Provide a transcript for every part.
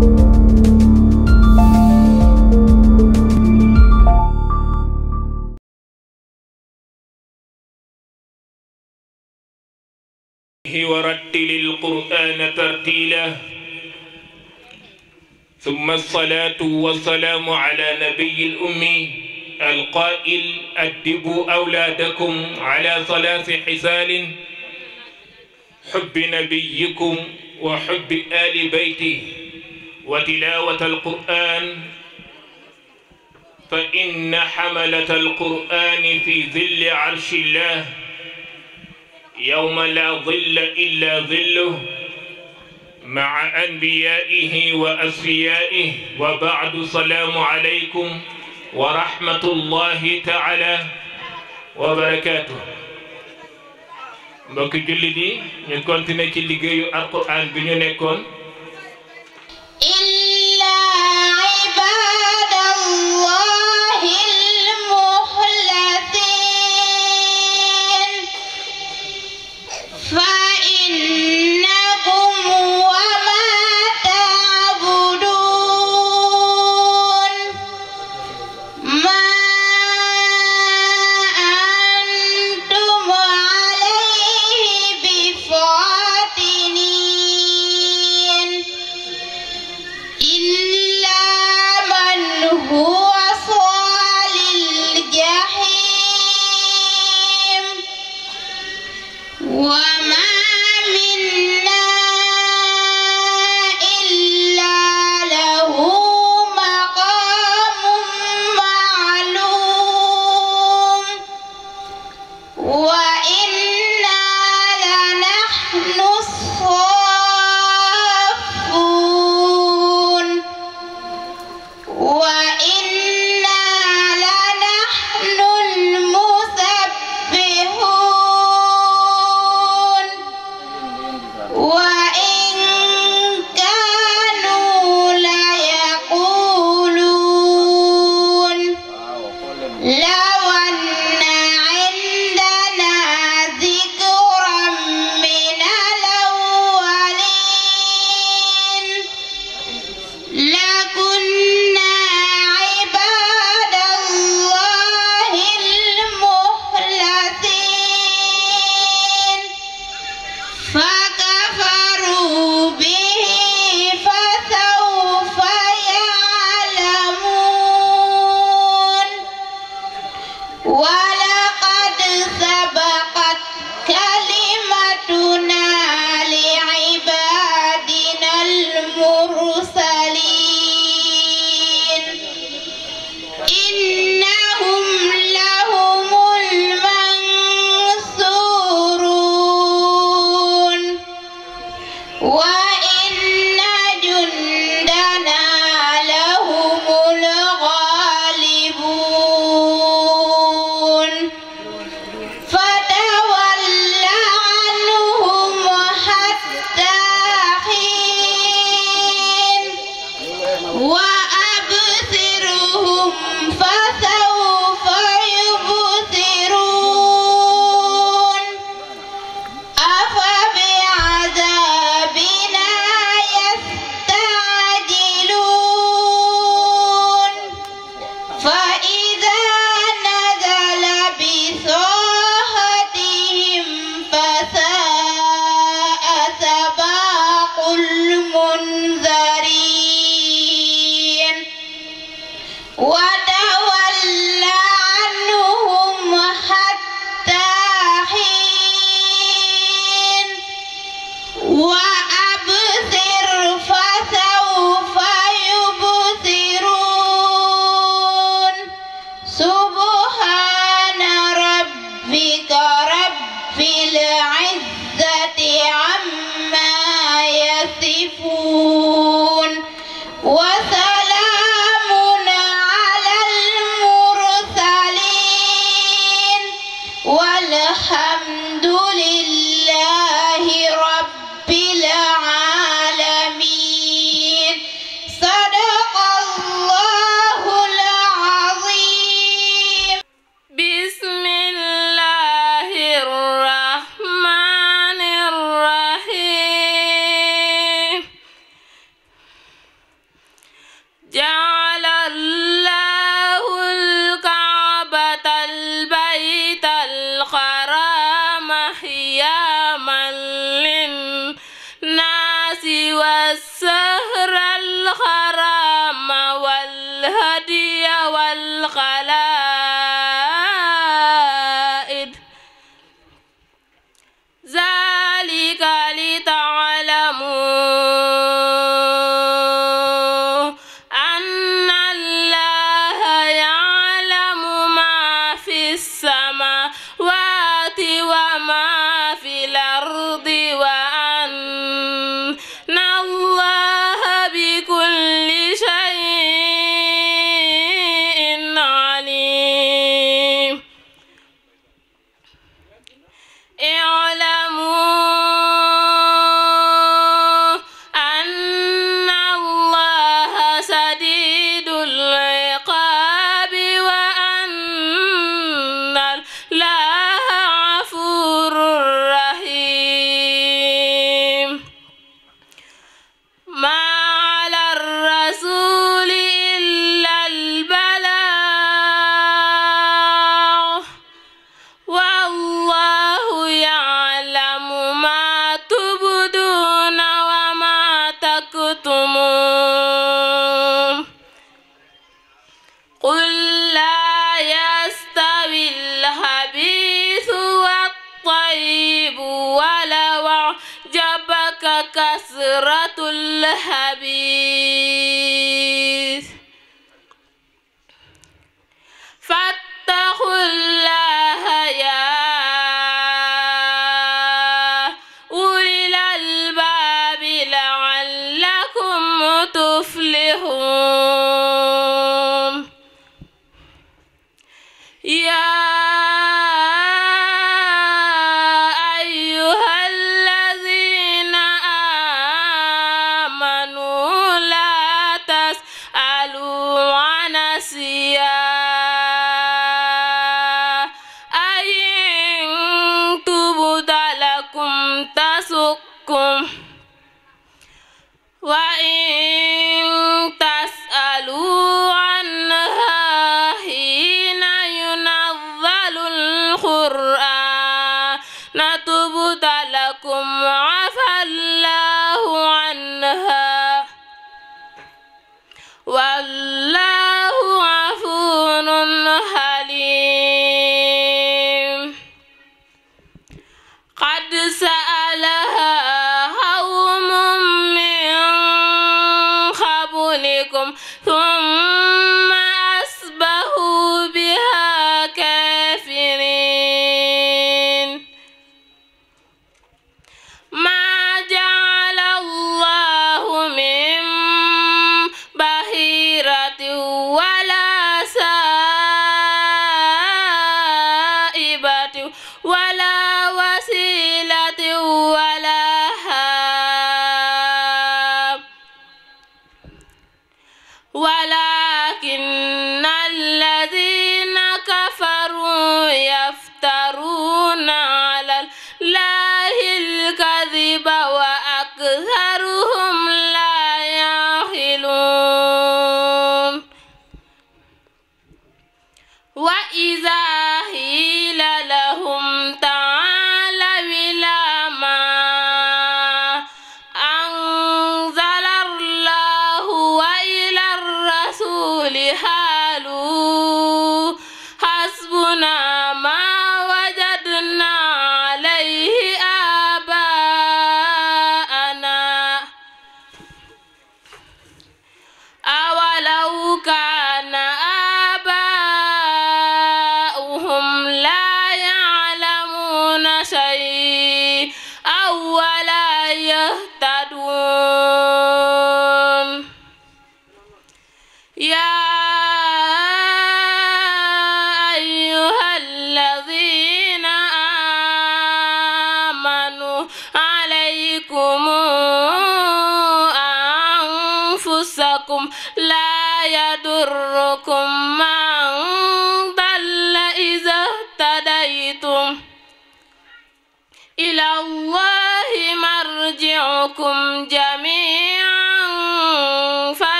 ورتل القرآن ترتيلا ثم الصلاة والسلام على نبي الأمي القائل أدبوا أولادكم على ثلاث حسال حب نبيكم وحب آل بيته وتلاوة القرآن فإن حملة القرآن في ظل عرش الله يوم لا ظل إلا ظله مع أنبيائه وأسفيائه وبعد سلام عليكم ورحمة الله تعالى وبركاته mbokki jullit yi ñu continuer ci liggéeyu alquran bi ñu Five.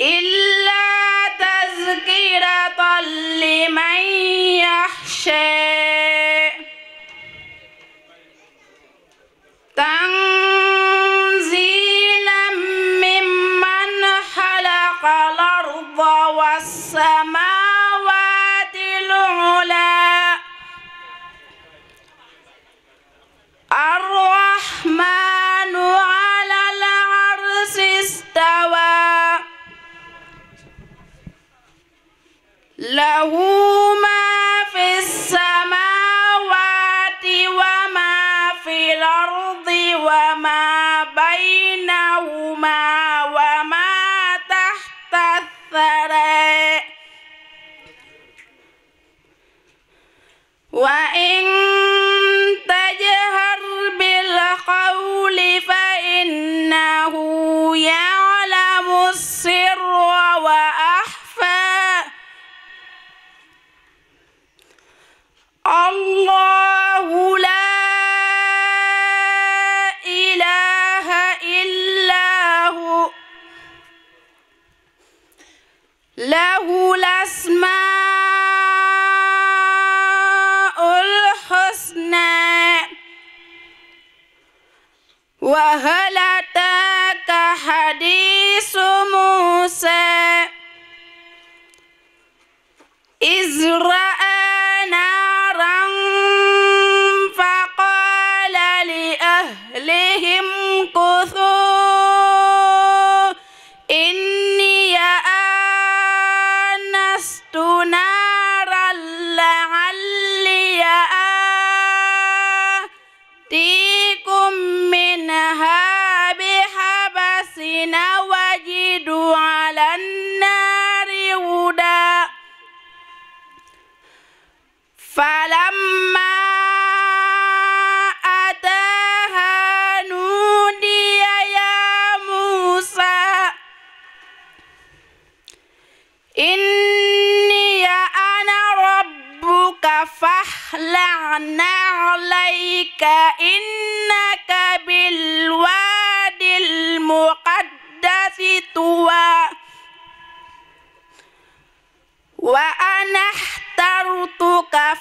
إلا تذكرة لمن يخشى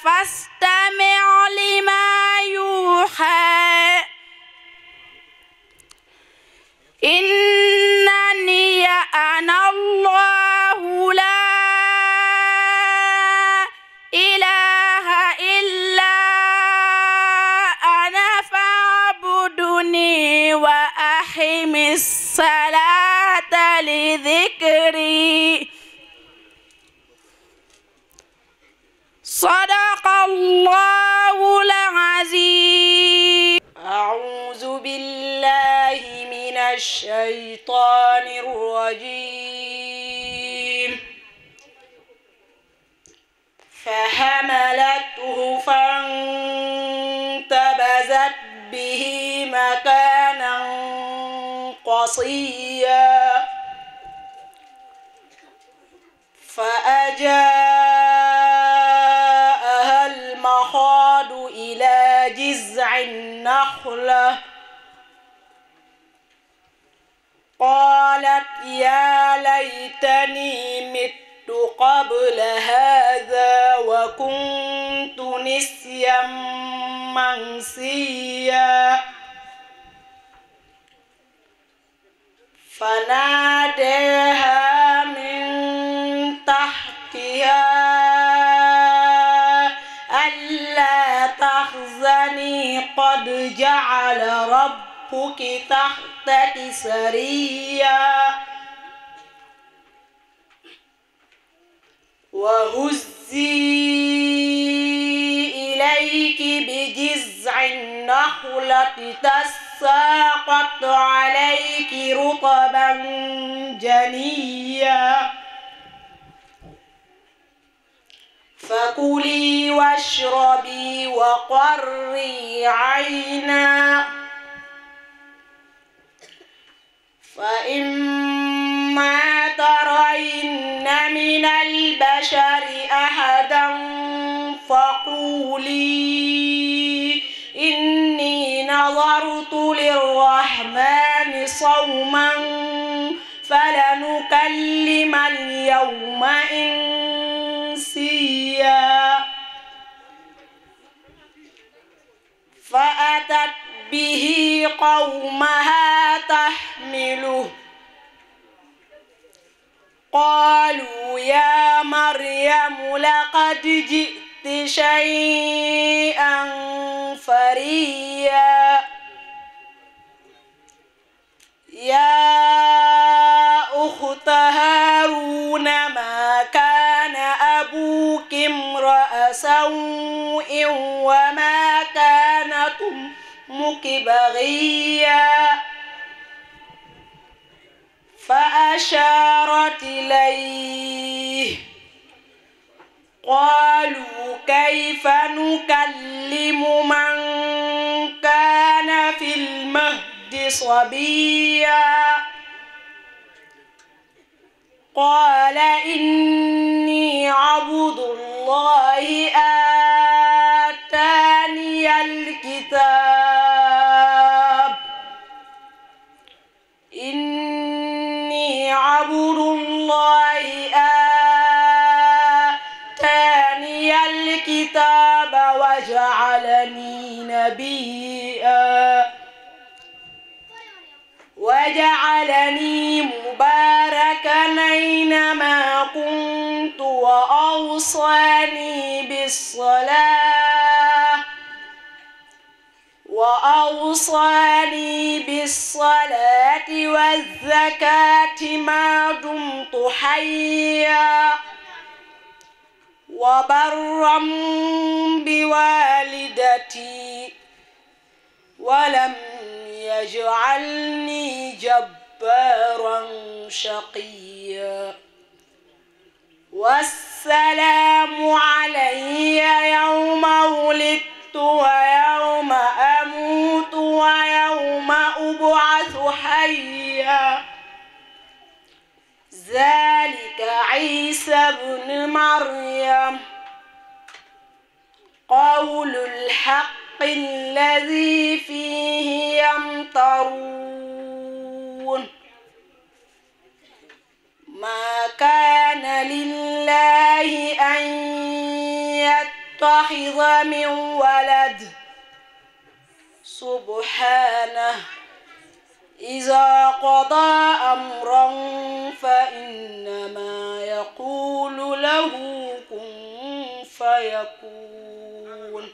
فاستمع لما الشيطان الرجيم فحملته فانتبذت به مكانا قصيا فأجاءها المخاض إلى جذع النخله قالت يا ليتني مت قبل هذا وكنت نسيا منسيا فناداها من تحتها ألا تحزني قد جعل ربي ربك تحتك سريا وهزي إليك بجذع النخلة تساقط عليك رطبا جنيا فكلي واشربي وقري عينا فإما ترين من البشر أحدا فقولي إني نظرت للرحمن صوما فلنكلم اليوم إنسيا فأتت به قومها تحمله قالوا يا مريم لقد جئت شيئا فريا يا أخت هارون ما كان أبوك امرأ سوء وما الفلك بغيا فأشارت إليه قالوا كيف نكلم من كان في المهد صبيا قال إني عبد الله آه العالمين نبيا وجعلني مباركا أينما كنت وأوصاني بالصلاة وأوصاني بالصلاة والزكاة ما دمت حياً وبرا بوالدتي ولم يجعلني جبارا شقيا والسلام علي يوم ولدت ويوم أموت ويوم أبعث حيا ذلك عيسى بن مريم قول الحق الذي فيه يمطرون ما كان لله أن يتخذ من ولد سبحانه إذا قضى أمرا فإنما يقول له كن فيكون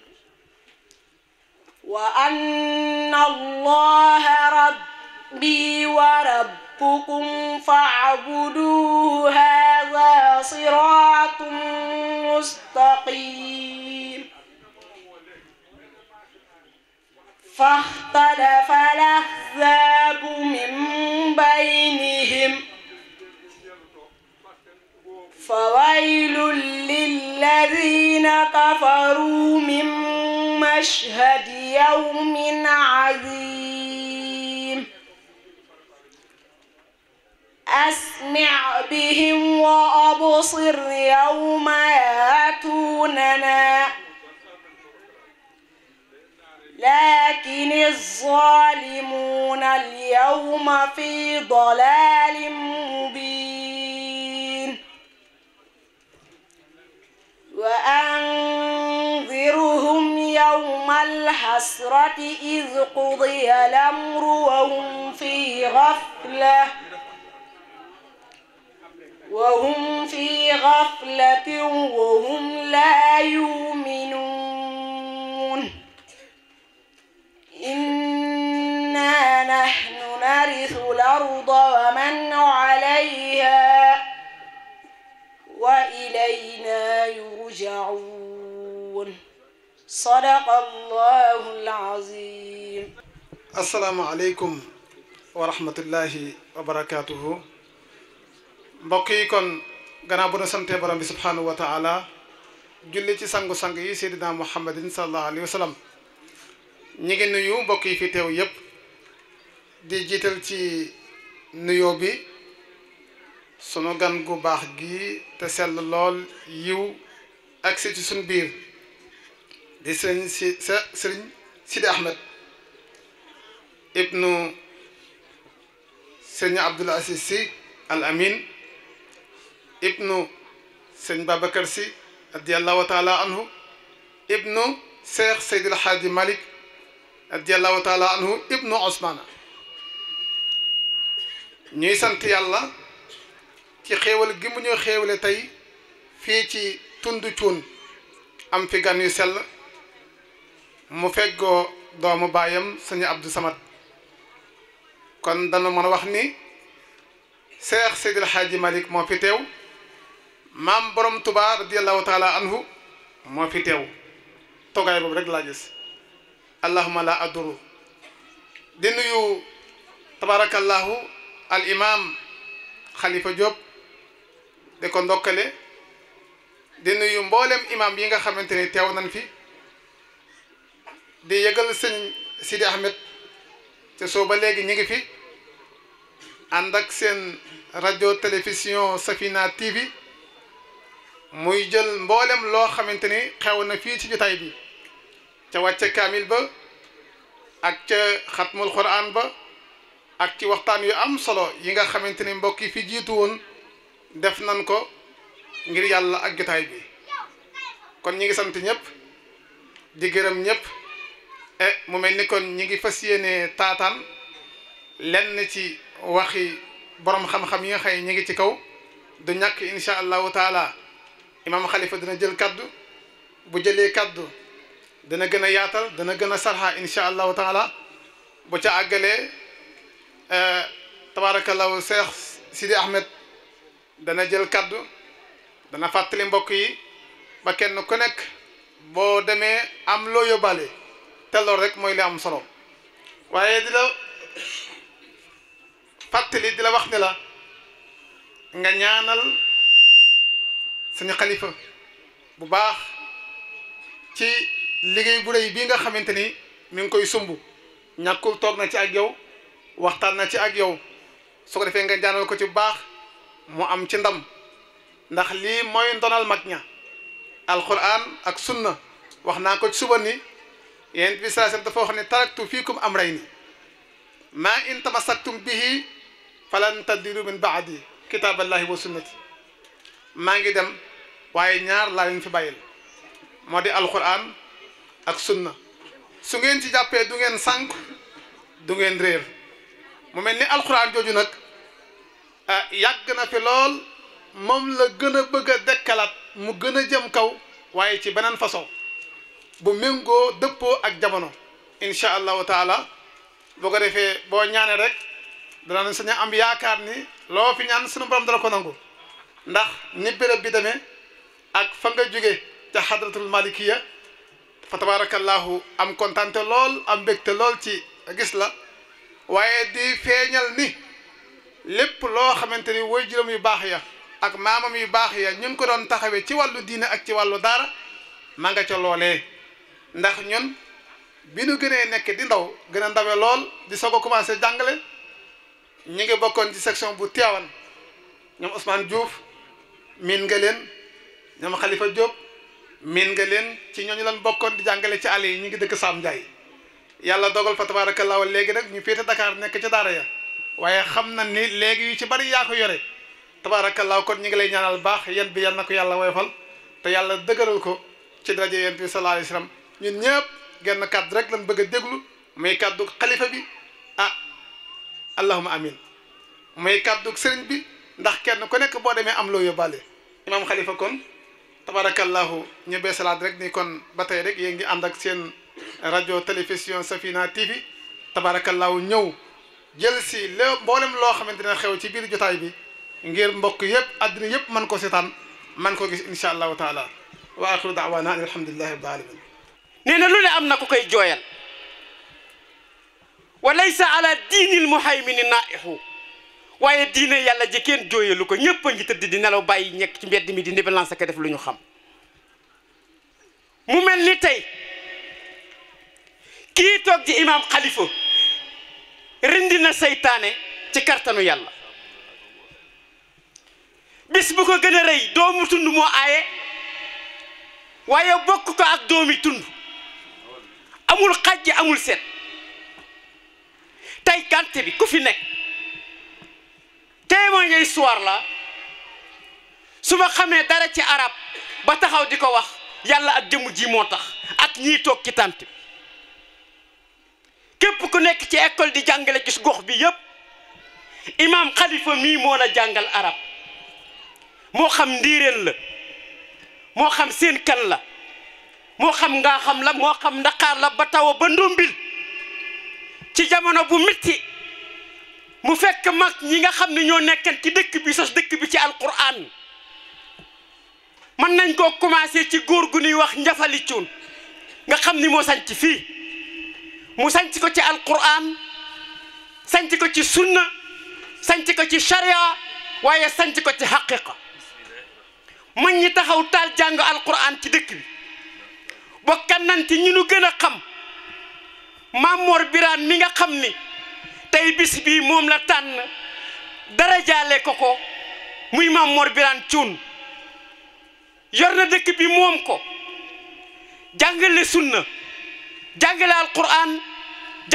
وأن الله ربي وربكم فاعبدوه هذا صراط مستقيم فاختلف الأحزاب من بينهم فويل للذين كفروا من مشهد يوم عظيم أسمع بهم وأبصر يوم ياتوننا لكن الظالمون اليوم في ضلال مبين وأنذرهم يوم الحسرة إذ قضي الأمر وهم في غفلة وهم في غفلة وهم لا يؤمنون إنا نحن نرث الأرض ومن عليها وإلينا يرجعون صدق الله العظيم السلام عليكم ورحمة الله وبركاته بقيكم غناب سنت برام سبحانه وتعالى جلتي سانغو سانغي سيدنا محمد صلى الله عليه وسلم ñi ngi nuyu mbokk yi fi teew yépp di jiital ci nuyoo bi sunu gan gu baax gi te sell lool yiw ak si ci suñ biir di sëriñ si sa sëriñ Sidi Ahmed ibnu sëriñ Abdul Aziz si Al Amin ibnu sëriñ Babacar Sy radiallahu taala anhu ibnu Cheikh Seydil Hadji Malick رضي الله تعالى عنه ابن عثمان ني سانت يالا تي خيوال گيم نيو خيوال تاي في تي توندو تون ام في گان يو سل مو فگو دوم بايام سني عبد الصمد كون دانا مانا واخني شيخ سيد الحاج مالك مو في تيو مام بروم توبا رضي الله تعالى عنه مو في تيو توغاي بوب رك لا جيس allahuma la aduru di nuyu tabarakallahu al imam Khalifa Diop di ko ndokkale di nuyu mboolem imam yi nga xamante ni teew nañ fi di yëgal sëñ Sidi Ahmed te soo ba léegi ñu ngi fi ànd ak seen rajo télévision Safina TV muy jël mboolem loo xamante ni xew na fii ci jotaay bi ca wàcce kaamil ba ak ca xatmul quran ba ak ci waxtaan yu am solo yi nga xamante ni mbokk yi fi jiitu woon def nan ko ngir yàlla ak jotaay bi kon ñi ngi sant ñëpp di gërëm ñëpp e mu mel ni kon ñi ngi fas yéene taataan lenn ci waxi boroom xam-xam yi nga xëy ñi ngi ci kaw du ñàkk incha allahu taala imam xalifa dina jël kàddu bu jëlee kaddu dana gën a yaatal dana gën a sarxa incha allahu taala bu ca àggalee tabaarakallahu Cheikh Sidi Ahmed dana jël kaddu dana fàttali mbokk yi ba kenn ku nekk boo demee am loo yóbbaale te loolu rek mooy li am solo waaye di la fàttali wax ne la nga ñaanal suñu xalifa bu baax ci. liggéey bu rëy bii nga xamante ni mi ngi koy sumb ñàkkul toog na ci ak yow waxtaan na ci ak yow su ko defee nga jaanal ko ci baax mu am ci ndam ndax lii mooy ndonal mag ña alquran ak sunna wax naa ko ci suba ni yéen bi saa dafa fii ne am fiikum amrayni maa in tamassaktum bihi falan tadillu min baadi kitaaballahi wa sunnati maa ngi dem waaye ñaar laa leen fi bàyyil moo ak sunna su ngeen ci jàppee du ngeen sànq du ngeen réer mu mel ni alxuraan jooju nag ah, yàgg na fi lool moom la gën a bëgg a dekkalaat mu gën a jëm kaw waaye ci beneen façon bu méngoo dëppoo ak jamono incha allahu taala boo ko defee boo ñaane rek danañ sañ am yaakaar ni loo fi ñaan sunu borom dara ko nangu ndax ni béréb bi demee ak fa nga jóge ca xadratul malikiya fa tabarakallahu am kontante lool am bégte lool ci gis la waaye di feeñal ni lépp loo xamante ni woy juróom yu baax ya ak maamam yu baax ya ñu ko doon taxawee ci wàllu diine ak ci wàllu daara ma nga ca loolee ndax ñun bi nu gënee nekk di ndaw gën a ndawe lool di soo a commencé jàngale ñu ngi bokkoon ci section bu Tivaouane ñoom Ousmane Diouf miin nga leen ñoom Khalifa Diop miin nga leen ci ñooñu lan bokkoon di jàngale ci àll yi ñu ngi dëkk Saam Njaay yàlla dogal fa tabaarakallaa léegi nag ñu féete Dakar nekk ca daara ya waaye xam na ni léegi yu ci bari yaa ko yore tabaarakallaa kon ñu ngi lay ñaanal baax yan bi yan na ko yàlla woyofal te yàlla dëgëral ko ci daraja yent bi sallallahu alayhi wasallam ñun ñëpp genn kàdd rek lañ bëgg a déglu muy kàddu xalifa bi ah allahuma amin muy kàddu sëriñ bi ndax kenn ku nekk boo demee am loo yóbbaale imaam xalifa kon تبارك الله ني بيسلات رك ني كون باتاي رك ييغي اندك سين راديو تيليفزيون سفينا تي في تبارك الله نيو جيلسي لو مبولم لو خامتيني خيو تي بير جوتاي بي غير مبوك ييب ادني ييب مان كو سيتان مان ان شاء الله تعالى واخر دعوانا الحمد لله رب العالمين نينا لولا امنا كو كاي وليس على الدين المهيمن نائحه waaye diine yàlla ji kenn jooyalu ko ñëpp a ngi tëdd di nelaw bàyyi ñekk ci mbedd mi di nébalancé ko def lu ñu xam mu mel ni tey kii toog di imaam xalifa rindi na seytaane ci kartanu yàlla bis bu ko gën a rëy doomu tund moo aaye waaye bokk ko ak doomi tund amul xajji amul seet tey gànte bi ku fi nekk témoin nga histoire la su ma xamee dara ci arab ba taxaw di ko wax yàlla ak jëmm ji moo tax ak ñiy toog ci tànt bi képp ku nekk ci école di jàngale ci gox bi yépp imam xalifa mii moo la jàngal arab moo xam ndiireen la moo xam seen kan la moo xam ngaa xam la moo xam ndaqaar la ba tawa ba ndumbil ci jamono bu metti mu fekk mag ñi nga xam ne ñoo nekkan ci dëkk bi sos dëkk bi ci alquran mën nañ koo commencé ci góor gu ñuy wax njafali cuun nga xam ni moo sanc fii mu sanc ko ci alquran sanc ko ci sunna sanc ko ci sharia waaye sanc ko ci xaqiqa man ñi taxaw taal jàng alquran ci dëkk bi bokkan nañ ci ñu nu gën a xam Maam Mor Biraan mi nga xam ni tey bis bi moom la tànn dara jaale ko ko muy maam Mor Birane Thioune yor na dëkk bi moom ko jàngale sunna jàngale alquran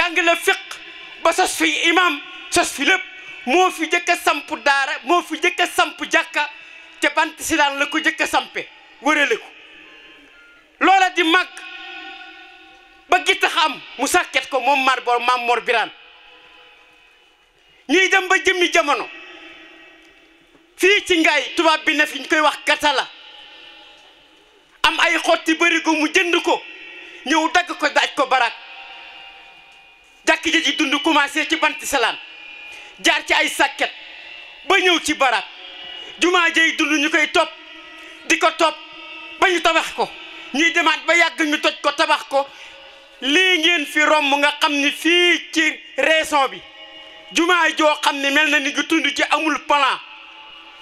jàngale fiq ba sos fi imam sos fi lépp moo fi jëkk a samp daara moo fi jëkk a samp jàkka te bant si daan la ko jëkk a sampe wërale loola di mag ba gittax am mu sàkket ko moom mar bor maam Mor ñuy dem ba jëmmi jamono fii ci ngaay tubaab bi na fi ñu koy wax katala am ay xotti bëri mu jënd ko ñëw dagg ko daaj ko barak jàkk ja ji dund commencé ci banti salaan jaar ci ay sàkket ba ñëw ci barak jumaa jey dund ñu koy topp di ko topp ba ñu tabax ko ñuy demaat ba yàgg ñu toj ko tabax ko lii ngeen fi romb nga xam ni fii ci raison bi jumaa joo xam ne mel na ni ju tund ci amul plan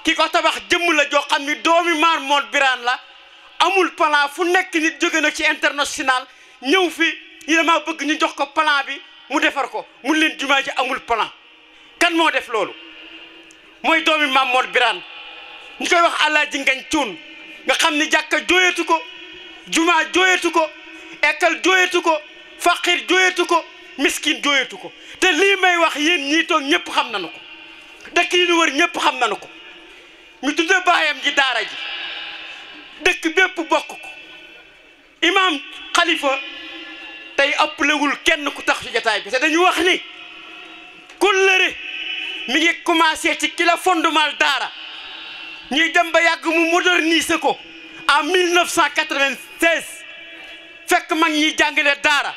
ki ko tabax jëmm la joo xam ni doomi maar moon biraan la amul plan fu nekk nit jóge na ci international ñëw fi ñi dama bëgg ñu jox ko plan bi mu defar ko mu leen jumaa ji amul plan kan moo def loolu mooy doomi maam moon biraan ñu koy wax alaaji ngañ cuun nga xam ni jàkka jooyatu ko jumaa jooyatu ko école jooyatu ko faqir jooyatu ko miskin jooyatu ko te lii may wax yéen ñii toog ñëpp xam nañu ko dëkk yi wër ñëpp xam nañu ko ñu tudde baayam ji daara ji dëkk bépp bokk ko imaam xalifa tey ëppalewul kenn ku tax ci jataay bi te dañu wax ni kóllëre mi ngi commencé ci ki la daara ñuy dem ba yàgg mu moderniser ko en 1996 fekk mag ñi jàngale daara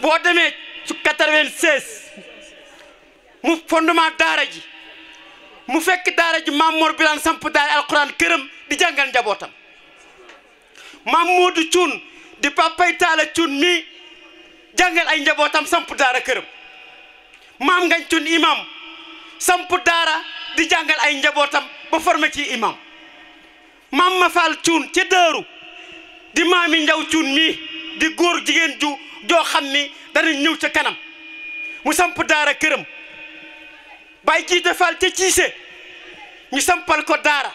boo demee su 96 mu fondement daara ji mu fekk daara ji maam Mor Birane samp daara alxuraan këram di jàngal njabootam maam Modou Thioune di papay Taala Thioune mi ay njabootam samp daara këram maam Ngagne Thioune imam samp daara di jàngal ay njabootam ba formé ci imam maam Mafal Thioune ca Daaru di maami Njaw Thioune mi di góor jigéen ju joo ni danañ ñëw ca kanam mu sampo daara këram bay jiite fal ca ciise ñu sampal ko daara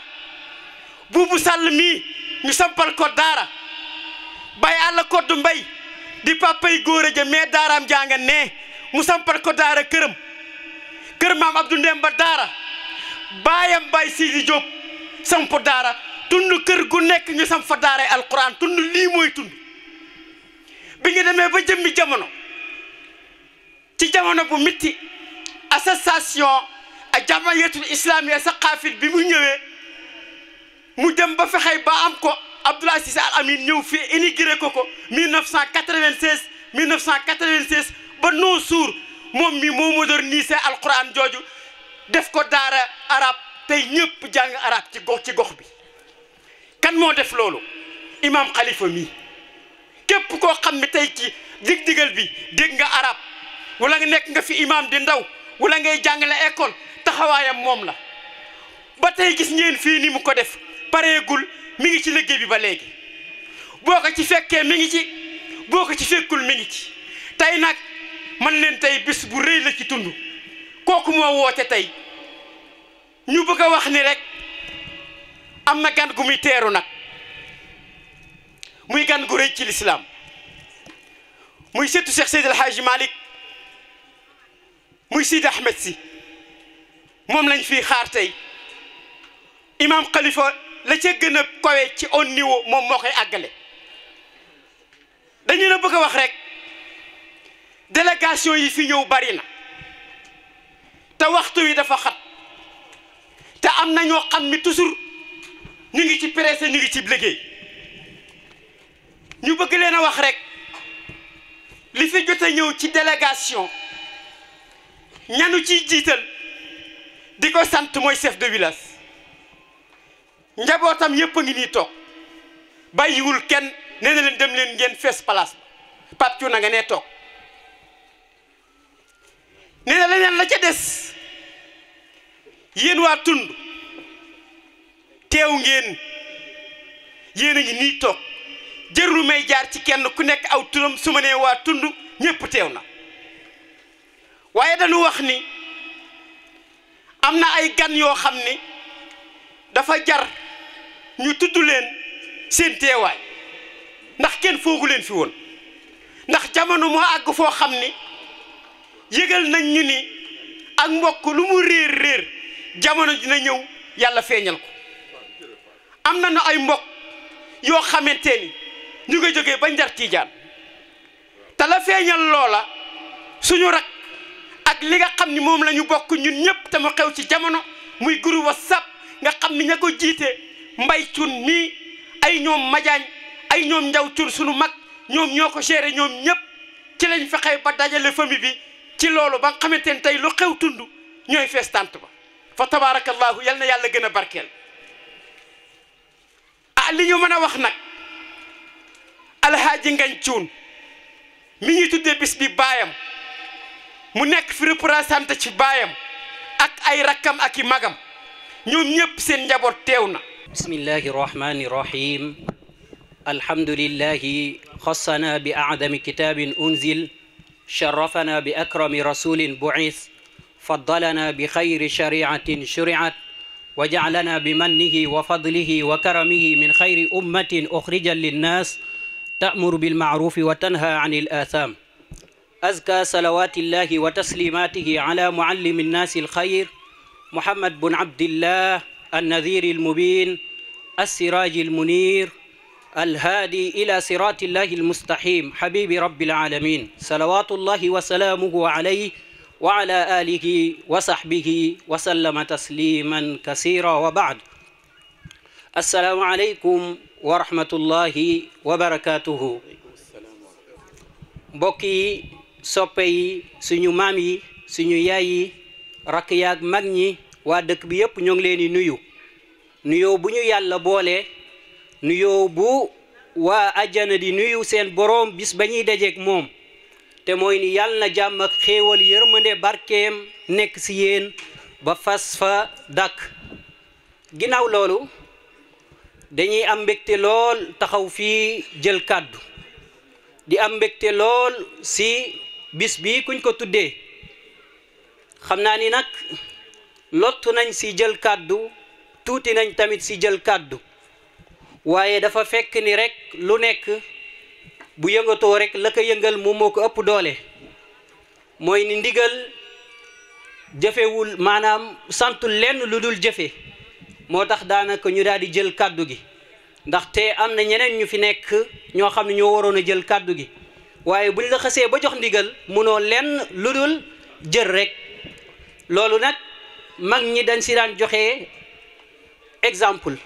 buubu sàll mii ñu sampal ko daara bàyyi àll koddu mbay di papay góore ja mais daaraam janga nee mu sampal ko daara këram kër maam du Ndemba daara baayam Baye Sidi Diop samp daara tund kër gu nekk ñu samp fa daaray alquran tund lii mooy bi nga demee ba jëmmi jamono ci jamono bu métti association ak jamayatul islamiyya saqaafil bi mu ñëwee mu dem ba fexey ba am ko Abdoulaye Cissé Al Amine ñëw fii inauguré ko ko 1996 1996 ba nos jours moom mi moo modernisé alquran jooju def ko daara arab tey ñëpp jàng arab ci gox ci gox bi kan moo def loolu imam xalifa mi képp koo xam ne tey ci dig bi dégg nga arab wala nga nekk nga fi imam di ndaw wala ngay jàngale école taxawaayam moom la ba tey gis ngeen fii ni mu ko def pareegul mi ngi ci liggéey bi ba léegi boo ko ci fekkee mi ngi ci boo ci fekkul mi ngi ci tey nag man leen tey bés bu rëy la ci tund kooku moo woote tey ñu bëgg wax ni rek am gan gu muy teeru nag muy gan gu rëy ci lislaam muy seetu Cheikh Seydil Hadji Malick muy Sidi Ahmed si moom lañ fiy xaar tey imam Khalifa la ca gën a kawe ci on niveau moom moo koy àggale dañu la bëgg a wax rek délégation yi fi ñëw bari na te waxtu wi dafa xat te am na ñoo xam ni toujours ñu ngi ci pressé ñu ngi ci liggéey ñu bëgg leen a wax rek li fi jot a ñëw ci délégation ñanu ciy jiital di ko sant mooy chef de village njabootam yëpp a ngi nii toog bàyyiwul kenn nee leen dem leen ngeen fees place ba nanga ne toog nee na leneen la ca des yéen waa tund teew ngeen yéen a ngi nii toog jërul may jaar ci kenn ku nekk aw turam su ma nee waa tund ñëpp teew na waye dañu wax ni amna ay gan yo xamni dafa jar ñu tuddu len seen teewaay ndax kenn fogu len fi won ndax jamono mo ag fo xamni yegal nañ ñu ni ak mbokk lu mu reer reer jamono dina ñew yalla feñal ko amna na ay mbokk yo xamanteni ñu ngi joge ba njar tiijaan ta la feñal lola suñu rak ak li nga xam ni moom lañu ñu bokk ñun ñëpp te mu xew ci jamono muy groupe whatsapp nga xam ni ña ko jiite mbay cun mii ay ñoom majaañ ay ñoom njaw cun suñu mag ñoom ñoo ko géré ñoom ñëpp ci lañ fexe ba dajale famille bi ci loolu ba nga xamante ne tey lu xew tund ñooy fees tant ba fa tabarakallahu yal na yàlla gën a barkeel ah li ñu mën a wax nag alhaaji ngañ cuun mi ñuy tuddee bis bi baayam munek nekk fi représenté ci bayam ak ay rakam ak magam ñoom ñëpp seen njabot teew bismillahir rahmanir rahim alhamdulillahi khassana bi a'dam kitabin unzil sharafana bi akram rasulin bu'ith faddalana bi xayri shari'atin shuri'at وجعلنا بمنه وفضله وكرمه من خير أمة أخرجا للناس تأمر بالمعروف وتنهى عن الآثام أزكى صلوات الله وتسليماته على معلم الناس الخير محمد بن عبد الله النذير المبين السراج المنير الهادي إلى صراط الله المستحيم حبيب رب العالمين صلوات الله وسلامه عليه وعلى آله وصحبه وسلم تسليما كثيرا وبعد السلام عليكم ورحمة الله وبركاته mbokk soppe yi suñu mam yi suñu yaay yi rak yaak mag ñi wa dekk bi yépp ñong leen nuyu nuyo bu ñu yàlla boole nuyo bu wa ajana di nuyu seen borom bis ba dajé ak mom té moy ni yàlla na ak xéewal yërmande barkeem nek ci yeen ba fasfa fa ginaaw ginnaaw loolu dañuy am mbégte lool taxaw fi jël kaddu di am mbégte lool si bis bii kuñ ko tuddee xam naa ni nag lottu nañ si jël kàddu tuuti nañ tamit si jël kàddu waaye dafa fekk ni rek lu nekk bu yëngatoo rek la ko yëngal moom moo ko ëpp doole mooy ni ndigal jëfewul maanaam santul lenn lu dul jëfe moo tax daanaka ñu daal di jël kàddu gi ndaxte am na ñeneen ñu fi nekk ñoo xam ne ñoo waroon a jël kàddu gi waaye bu la xasee ba jox ndigal munoo lenn lu dul jël rekk loolu nag mag ñi dañ si daan joxe exemple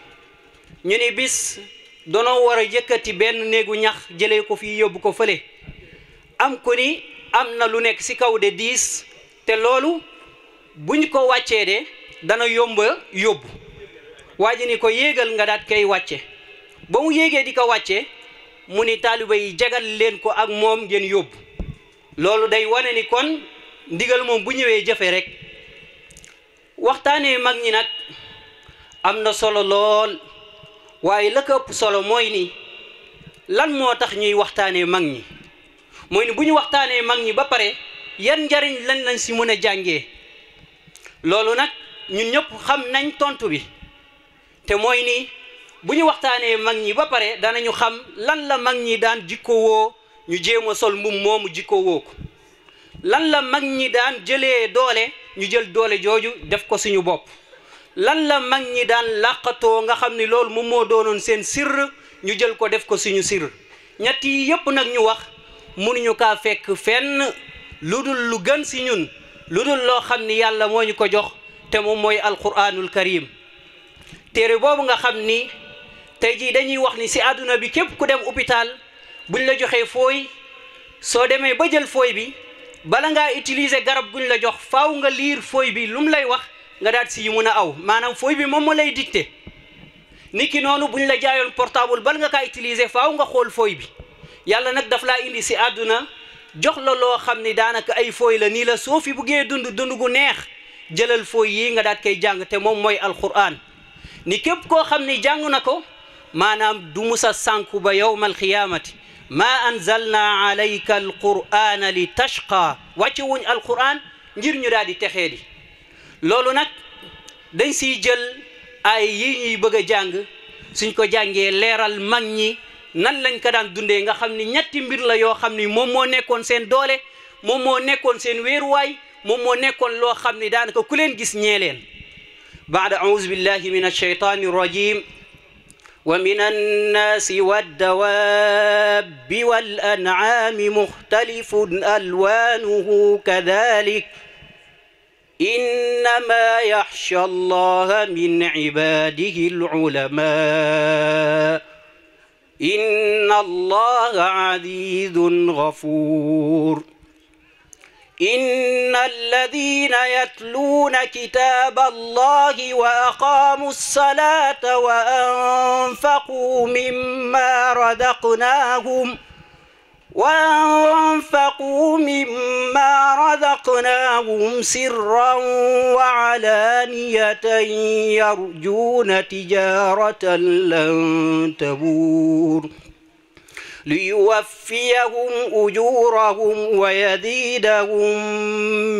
ñu ni bis danoo war a yëkkati benn néegu ñax jëlee ko fii yóbbu ko fële am ku ni am na lu nekk ci kaw de diis te loolu buñ ko wàccee de dana yomba yóbbu waa ji ni ko yéegal nga daat koy wàcce ba mu yéegee di ko wàcce muni talibé yi jégal leen ko ak mom ngeen yóbbu loolu day wone ni kon ndigal mom bu ñëwé jëfé rek waxtaanee mag ñi nak amna solo lol waye la ko solo moy ni lan mo tax ñuy waxtaanee mag ñi moy ni bu ñu waxtaanee mag ñi ba paré yan jariñ lan lañ si mëna a lolu nak ñun ñëpp xam nañ tontu bi té moy ni bu ñu waxtaanee mag ñi ba pare danañu xam lan la mag ñi daan jikkowoo ñu jéem a sol mbum moomu jikkowoo ko lan la mag ñi daan jëlee doole ñu jël doole jooju def ko suñu bopp lan la mag ñi daan làqatoo nga xam ni loolu moom moo doonoon seen sirr ñu jël ko def ko suñu sirr ñetti yi yëpp nag ñu wax mënuñu kaa fekk fenn lu dul lu gën si ñun lu dul loo xam ni yàlla moo ñu ko jox te moom mooy alquranul karim téere boobu nga xam ni tey jii dañuy wax ni si àdduna bi képp ku dem hôpital buñ la joxee fooy soo demee ba jël fooy bi bala ngaa utiliser garab guñ la jox faw nga liir fooy bi lum lay wax nga daat si yi mun a aw maanaam fooy bi moom moo lay dicté nit ki noonu buñ la jaayoon portable bal nga kaa utiliser faw nga xool fooy bi yàlla nag daf laa indi si àdduna jox la loo xam ni daanaka ay fooy la nii la soo fi buggee dund dund gu neex jëlal fooy yii nga daat koy jàng te moom mooy alquran ni képp koo xam ni jàng na ko maanaam du musa sànku ba yowmal xiyaamati maa anzalna alayka alqur'ana li tashqa wàcce wuñ alqur'an ngir ñu daal di texee di loolu nag dañ siy jël ay yi ñuy bëgg a jàng suñ ko jàngee leeral mag ñi nan lañ ko daan dundee nga xam ni ñetti mbir la yoo xam ni moom moo nekkoon seen doole moom moo nekkoon seen wéeruwaay moom moo nekkoon loo xam ni daanaka ku leen gis ñee leen baada auzu billahi min alsheytani rajim ومن الناس والدواب والأنعام مختلف ألوانه كذلك إنما يخشى الله من عباده العلماء إن الله عزيز غفور إن الذين يتلون كتاب الله وأقاموا الصلاة وأنفقوا مما رزقناهم وأنفقوا مما رزقناهم سرا وعلانية يرجون تجارة لن تبور ليوفيهم أجورهم ويديدهم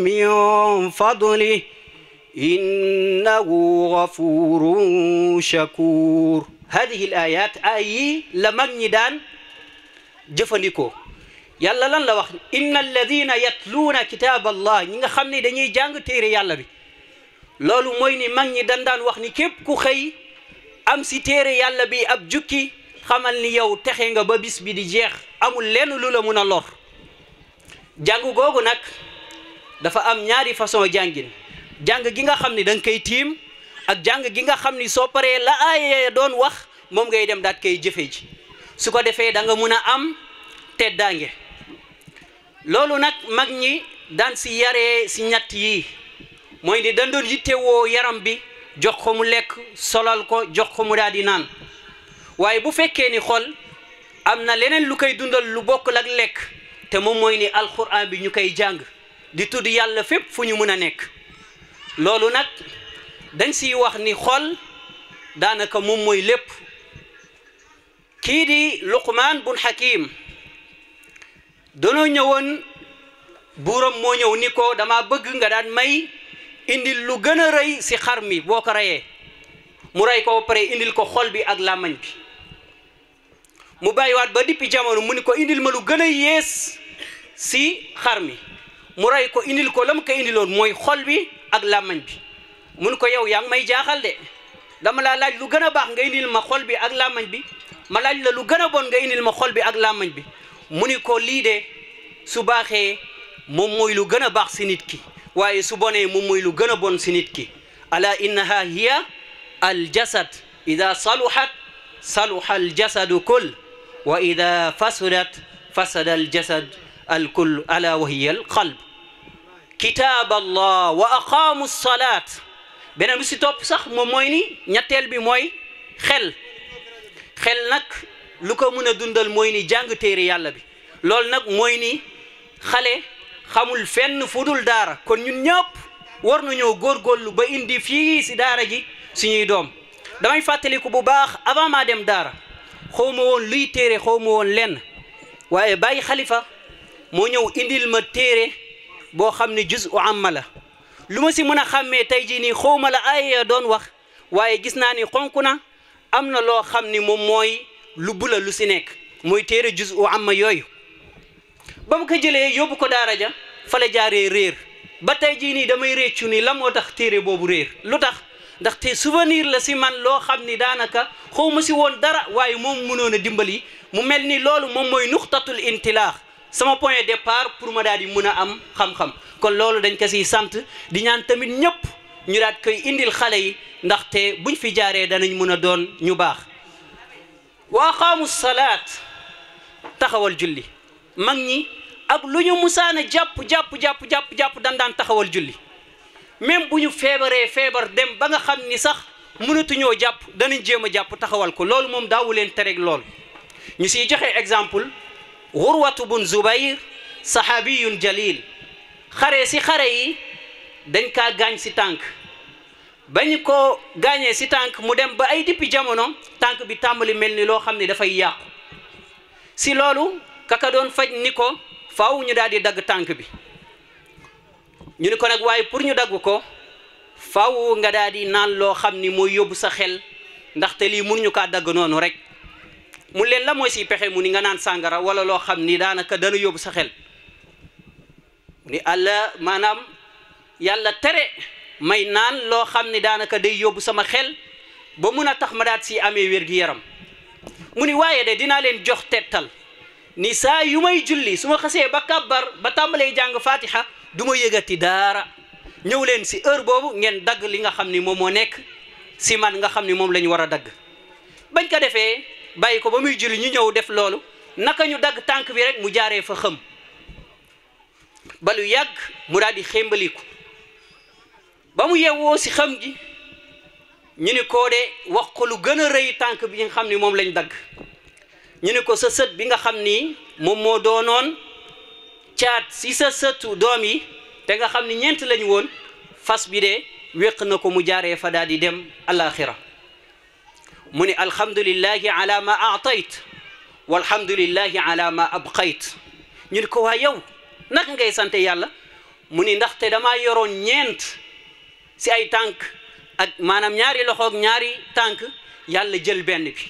من فضله إنه غفور شكور هذه الآيات أي لمن يدان جفنكو يلا لن لوخ إن الذين يتلون كتاب الله إن خامني دانيي جانغ تيري يالا بي لولو موي ني ماغ ني داندان وخني كيب كو خي ام سي تيري يالا بي اب جوكي xamal ni yow texe nga ba bis bi di jeex amul lenn lu la mun a lor jàng googu nag dafa am ñaari façon jàngin jàng gi nga xam ni danga nga koy tiim ak jàng gi nga xam ni soo paree la aaya doon wax moom ngay dem daat koy jëfe ji su ko defee danga nga mun a am teddaange loolu nag mag ñi daan si yare si ñett yi mooy ni dandoon yittewoo yaram bi jox ko mu lekk solal ko jox ko mu daal di naan waaye bu fekkee ni xool am na leneen lu koy dundal lu bokk lak lekk te moom mooy ni alxuraan bi ñu koy jàng di tudd yàlla fépp fu ñu mën a nekk loolu nag dañ si wax ni xool daanaka moom mooy lépp kii di luqmaan bun hakim danoo ñëwoon buuram moo ñëw ni ko dama bëgg nga daan may indil lu gën a rëy si xar mi boo ko reyee mu rey ko pare indil ko xool bi ak làmmañ bi mu bàyyiwaat ba dippi jamono mu ni ko indil ma lu gën a yées si xar mi mu rey ko indil ko la mu ko indiloon mooy xol bi ak làmmañ bi mu ni ko yow yaa may jaaxal de dama laa laaj lu gën a baax nga indil ma xol bi ak làmmañ bi ma laaj la lu gën a bon nga indil ma xol bi ak làmmañ bi mu ni ko lii de su baaxee moom mooy lu gën a baax si nit ki waaye su bonee moom mooy lu gën a bon si nit ki ala innaha hiya al jasad ida saluhat saluha al jasadu kull وإذا فسدت فسد الجسد الكل ألا وهي القلب كتاب الله وأقام الصلاة بنا بسي توب صح مويني نتيل بي خل خل نك لك من دون دل مويني جانغ تيري يالا بي لول نك مويني خل خمول فن فدول دار كون نيو نيوب ورنو نيو غور غول با اندي سيني دوم دامي فاتلي كو باخ أبا ما دار xaw ma woon luy téere xaw woon lenn waaye bàyyi xalifa moo ñëw indil ma téere boo xam ne juz u amma la lu ma si mën a xàmmee tey jii nii xaw la ay doon wax waaye gis naa ni xonk na am na loo xam ni moom mooy lu bula lu si nekk mooy téere juz u amma yooyu ba mu ko jëlee yóbbu ko daara ja fa jaaree réer ba tey jii nii damay réccu ni la moo tax téere boobu réer lu tax ndaxte souvenir la si man lo xamni danaka xawma xaw ma si woon dara waaye mom mënoon dimbali mu melni lolu mom moy nuqtatul intilaq sama point de départ pour ma dadi di am xam-xam kon lolu dañ ko siy sant di ñaan tamit ñëpp ñu daat koy indil xale yi ndaxte buñ fi jaaree danañ mën a doon ñu bax wa qamus salat taxawal julli magni ak luñu musana musaana jàpp jàpp jàpp jàpp jàpp dandaan taxawal julli même bu ñu feebaree feebar dem ba nga xam ni sax mënatuñoo jàpp danañ jéem a jàpp taxawal ko loolu moom daawu leen tereg lool ñu siy joxe exemple xurwatu bun zubayr sahabiyun jalil xare si xare yi dañ kaa gaañ si tànk bañ ko gaañee si tànk mu dem ba ay dippi jamono tànk bi tàmbali mel ni loo xam ni dafay yàqu si loolu kaka doon faj ni ko faw ñu daal di dagg tànk bi ñu ni ko nag waaye pour ñu dagg ko faw nga daal di naan loo xam ni mooy yóbbu sa xel ndaxte lii mun ñu kaa dagg noonu rek mu leen la mooy si pexe mu ni nga naan sàngara wala loo xam ni daanaka dana yóbbu sa xel mu ni maanaam yàlla tere may naan loo xam ni daanaka day yóbbu sama xel ba mun a tax ma daat si amee wér-gi-yaram mu ni waaye de dinaa leen jox tettal ni saa yu may julli su ma xasee ba kàbbar ba tàmbalee jàng fatiha du ma yëgati daara ñëw leen si heure boobu ngeen dagg li nga xam ni moom moo nekk si man nga xam ni moom lañu ñu war a dagg bañ ko defee bàyyi ko ba muy julli ñu ñëw def loolu naka ñu dagg tànk bi rek mu jaaree fa xëm ba lu yàgg mu daal di xémbaliku ba mu yewwoo si xam gi ñu ni koo de wax ko lu gën a rëy tànk bi nga xam ni moom lañ dagg ñu ni ko sa bi nga xam ni moom moo doonoon caat si sa sëtu doom yi te nga xam ni ñeent lañu woon fas bi de wéq na ko mu jaaree fa daal di dem alaxira mu ne alhamdulillahi ala ma aatayt walhamdulillahi ala ma abqayt ñu ne ko waa yow naka ngay sante yàlla mu ni ndaxte damaa yoroon ñeent si ay tànk ak maanaam ñaari loxoog ñaari tànk yàlla jël benn bi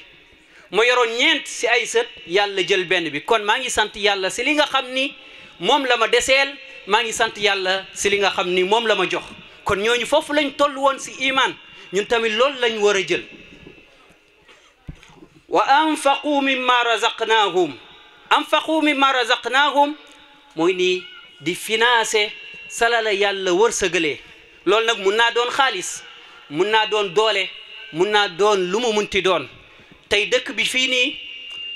ma yoroon ñeent si ay sët yàlla jël benn bi kon maa ngi sant yàlla si li nga xam ni moom la ma deseel maa ngi sant yàlla si li nga xam ni moom la ma jox kon ñooñu foofu lañu toll woon si iman ñun tamit loolu lañu war a jël wa anfaqu mimma razaqnaahum anfaqu mimma razaqnaahum mooy nii di financé salala yàlla yàlla wërsëgalee loolu nag mun naa doon xaalis mun naa doon doole mun naa doon lu mu munti doon tey dëkk bi fii nii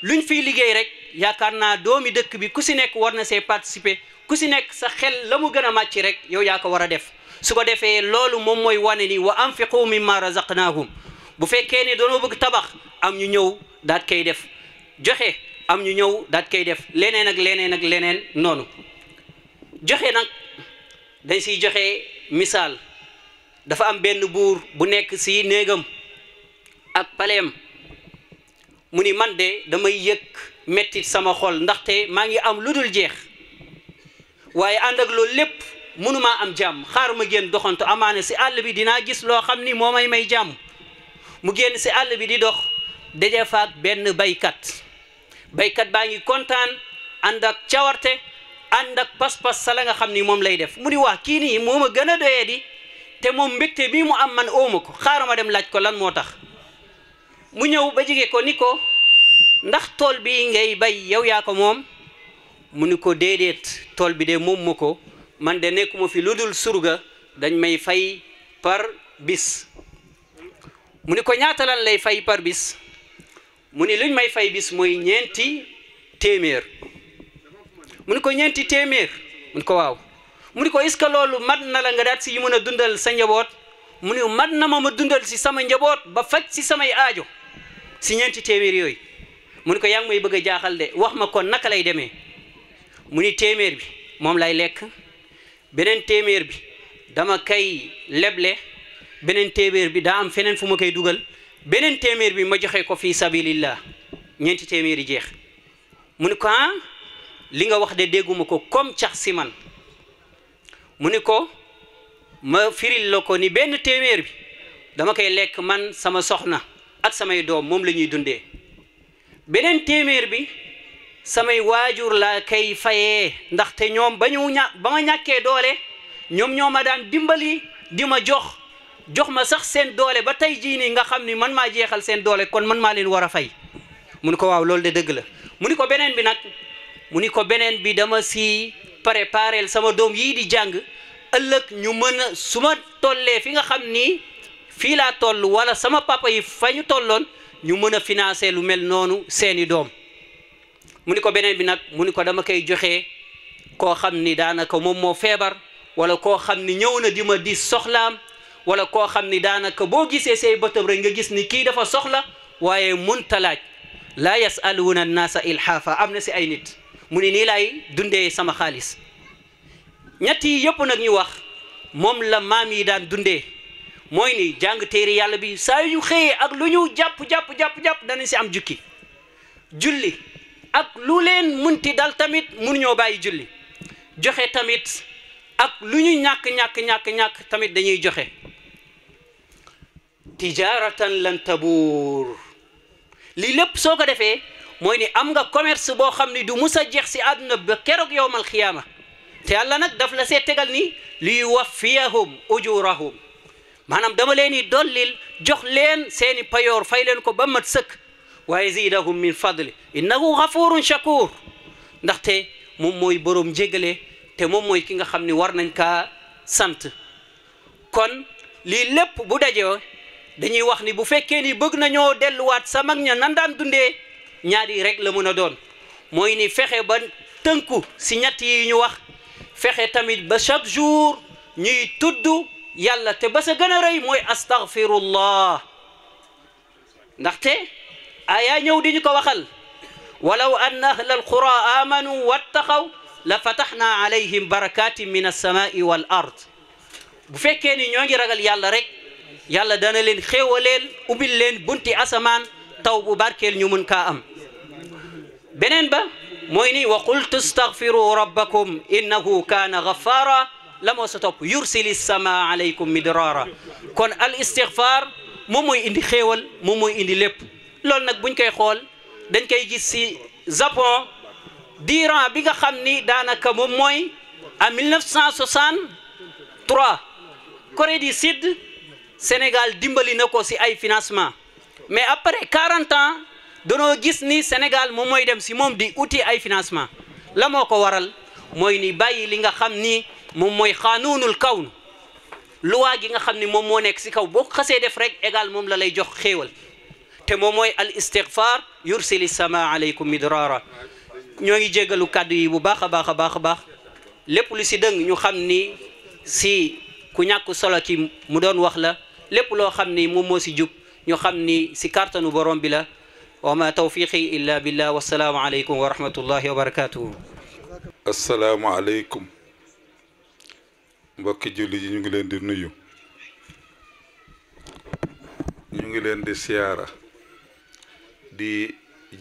luñ fiy liggéey rek yaakaar naa doomi dëkk bi ku si nekk war na see participer ku si nekk sa xel la mu gën a màcc rek yow yaa ko war a def su ko defee loolu moom mooy wane ni wa anfiqu mimma razaqnaahum bu fekkee ne dañoo bëgg tabax am ñu ñëw daat koy def joxe am ñu ñëw daat koy def leneen ak leneen ak leneen noonu joxe nag dañ siy joxe misaal dafa am benn buur bu nekk si néegam ak paleem mu ni man de damay yëg mettit sama xol ndaxte maa ngi am lu dul jeex waaye ànd loolu lépp mënumaa am jàmm xaar ma génn doxantu amaane si àll bi dinaa gis loo xam ni moo may may jàmm mu génn si àll bi di dox de faak benn baykat baykat baa ngi kontaan ànd ak cawarte ànd ak pas-pas sa la nga xam ni moom lay def mu ni waa kii nii moo ma gën a doyee di te moom mbégte bii mu am man ooma ko xaar dem laaj ko lan moo tax mu ñëw ba jege ko ni ko ndax tool bi ngay bay yow yaa ko moom mu ni ko déedéet tool bi de moom ko man de nekkuma fi lu dul suruga dañ may fay par bis mu ni ko ñaata lan lay fay par bis mu ni luñ may fay bis mooy ñeenti téeméer mu ni ko ñeenti téeméer mu ko waaw mu ni ko est-ce que loolu mat na la nga daat si yu mën a dundal sa njaboot mu ni mat na ma ma dundal si sama njaboot ba faj si samay aajo si ñeenti téeméer yooyu mu ni ko yaa ngi may bëgg a jaaxal de wax ma kon naka lay demee mu ni téeméer bi moom lay lekk beneen téeméer bi dama koy leble beneen téeméer bi daa am feneen fu ma koy dugal beneen téeméer bi ma joxe ko fi sabilillah ñeenti téeméeri jeex mu ni ko ah li nga wax de dégguma ko comme cax si man mu ni ko ma firil la ko ni benn téeméer bi dama koy lekk man sama soxna ak samay doom mom lañuy dundé benen témèr bi samay wajur la kay fayé ndax té ñom bañu ña ba nga ñaké doolé ñom ñoma daan dimbali di ma jox jox ma sax seen doolé ba tay ji ni nga xamni man ma jéxal seen doolé kon man ma leen wara fay mu ko waw lool de dëgg la mu ko benen bi nak mu ko benen bi dama si préparer sama doom yi di jang ëlëk ñu mëna a tollé fi nga xamni fi la tollu wala sama papa yi fañu tollon ñu mëna financer lu mel nonu seeni dom muniko benen bi nak muniko dama kay joxe ko xamni danaka mom mo febar wala ko xamni ñewna di ma di wala ko xamni danaka bo boo sey say rek nga gis ni ki dafa soxla waye munta la yasaluna an-nasa ilhafa amna ci ay nit muni ni lay dundé sama xaliss ñett yëpp ñu wax mom la mam yi daan dundé mooy ni jàng téere yàlla bi saa yu ñu xëyee ak lu ñu jàpp jàpp jàpp jàpp danañ si am jukki julli ak lu leen munti dal tamit mënuñoo bàyyi julli joxe tamit ak lu ñu ñàkk ñàkk ñàkk ñàkk tamit dañuy joxe tijaratan lan tabuur lii lépp soo ko defee mooy ni am nga commerce boo xam ni du mus jeex si àdduna ba keroog yowmal xiyaama te yàlla nag daf la see tegal ni li yuwaffiyahum ujurahum maanaam dama leen i dollil jox leen seeni payoor fay leen ko ba mat sëkk wa yazidahum min fadli innahu ghafurun shakur ndaxte moom mooy boroom jégale te moom mooy ki nga xam ni war nañ kaa sant kon lii lépp bu dajoo dañuy wax ni bu fekkee ni bëgg nañoo delluwaat sa mag ña nan daan dundee ñaari rek la mën a doon mooy ni fexe ba tënku si ñett yi ñu wax fexe tamit ba chaque jour ñuy tudd yàlla te ba sa gën a rëy mooy astaghfirullah ndaxte ayaa ñëw di ñu ko waxal walaw anna ahla alqura amanu wattaqaw la fataxna alayhim barakatin min alsamai wal ard bu fekkee ni ñoo ngi ragal yàlla rek yàlla dana leen xéewaleel ubbil leen bunti asamaan taw bu barkeel ñu mun kaa am beneen ba mooy ni wa qultu astaghfiru rabbakum innahu kaana gaffara la moo sa topp yursili sama aleykum midraara kon al istixfar moom mooy indi xéewal moom mooy indi lépp loolu nag buñ koy xool dañ koy gis si Japon diiran bi nga xam ni daanaka moom mooy en 1963 Corée du Sud Sénégal dimbali na ko si ay financement mais après 40 ans danoo gis ni Sénégal moom mooy dem si moom di uti ay financement la moo ko waral mooy ni bàyyi li nga xam ni moom mooy xaanuunul kawn luwaa gi nga xam ni moom moo nekk si kaw boo ko xasee def rek égal moom la lay jox xéewal te moom mooy al istigfaar yursili sama aleykum midraara ñoo ngi jégalu kàddu yi bu baax a baax a baax a baax lépp lu si dëng ñu xam ni si ku ñàkk solo ci mu doon wax la lépp loo xam ni moom moo si jub ñu xam ni si kàttanu borom bi la wa ma tawfiqi illa billah wassalaamu aleykum wa rahmatullahi wa barakatuhu assalaamu aleykum mbokki julli yi ñu ngi leen di nuyu ñu ngi leen di siyaara di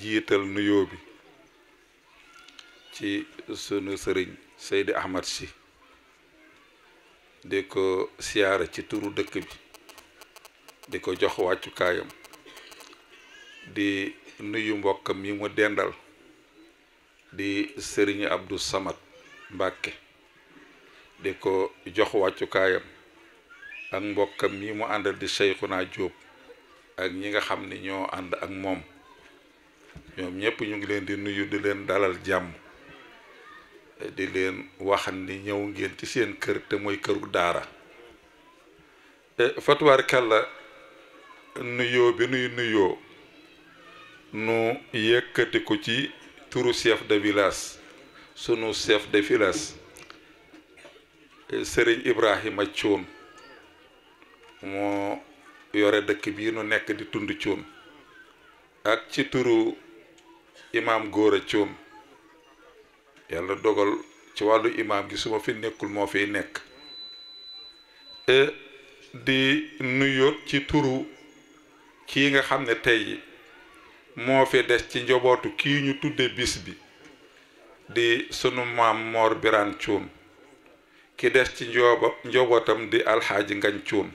jiital nuyoo bi ci sunu sëriñ Seydi Ahmad si di ko siyaara ci turu dëkk bi di ko jox wàccukaayam di nuyu mbokkam yi mu dendal di sëriñu abdu Samad Mbàkke deko ko jox kayam ak mbokam mi mu andal di Seyxuna job ak ñi nga xamni ño and ak mom ñom ñepp ñu ngi leen di nuyu di leen dalal jam di leen wax ni ñew ngeen ci seen kër te mooy këru daara eh, fatubaarkàlla nuyo bi nuyo nu yekati ko ci turu chef de village sunu chef de village Eh, sëriñ ibrahima cuun mo yore dëkk bii nu nekk di tund cuun ak ci turu imam góora cuun yàlla dogal ci wàllu imam gi suma fi nekkul moo fiy nekk e di nuyoot ci turu kii nga xam ne tey moo fi des ci njobootu kii ñu tudde bis bi di sunu maam moor biraan cuun ki des ci njooba njobootam di alxaaji ngañ cuun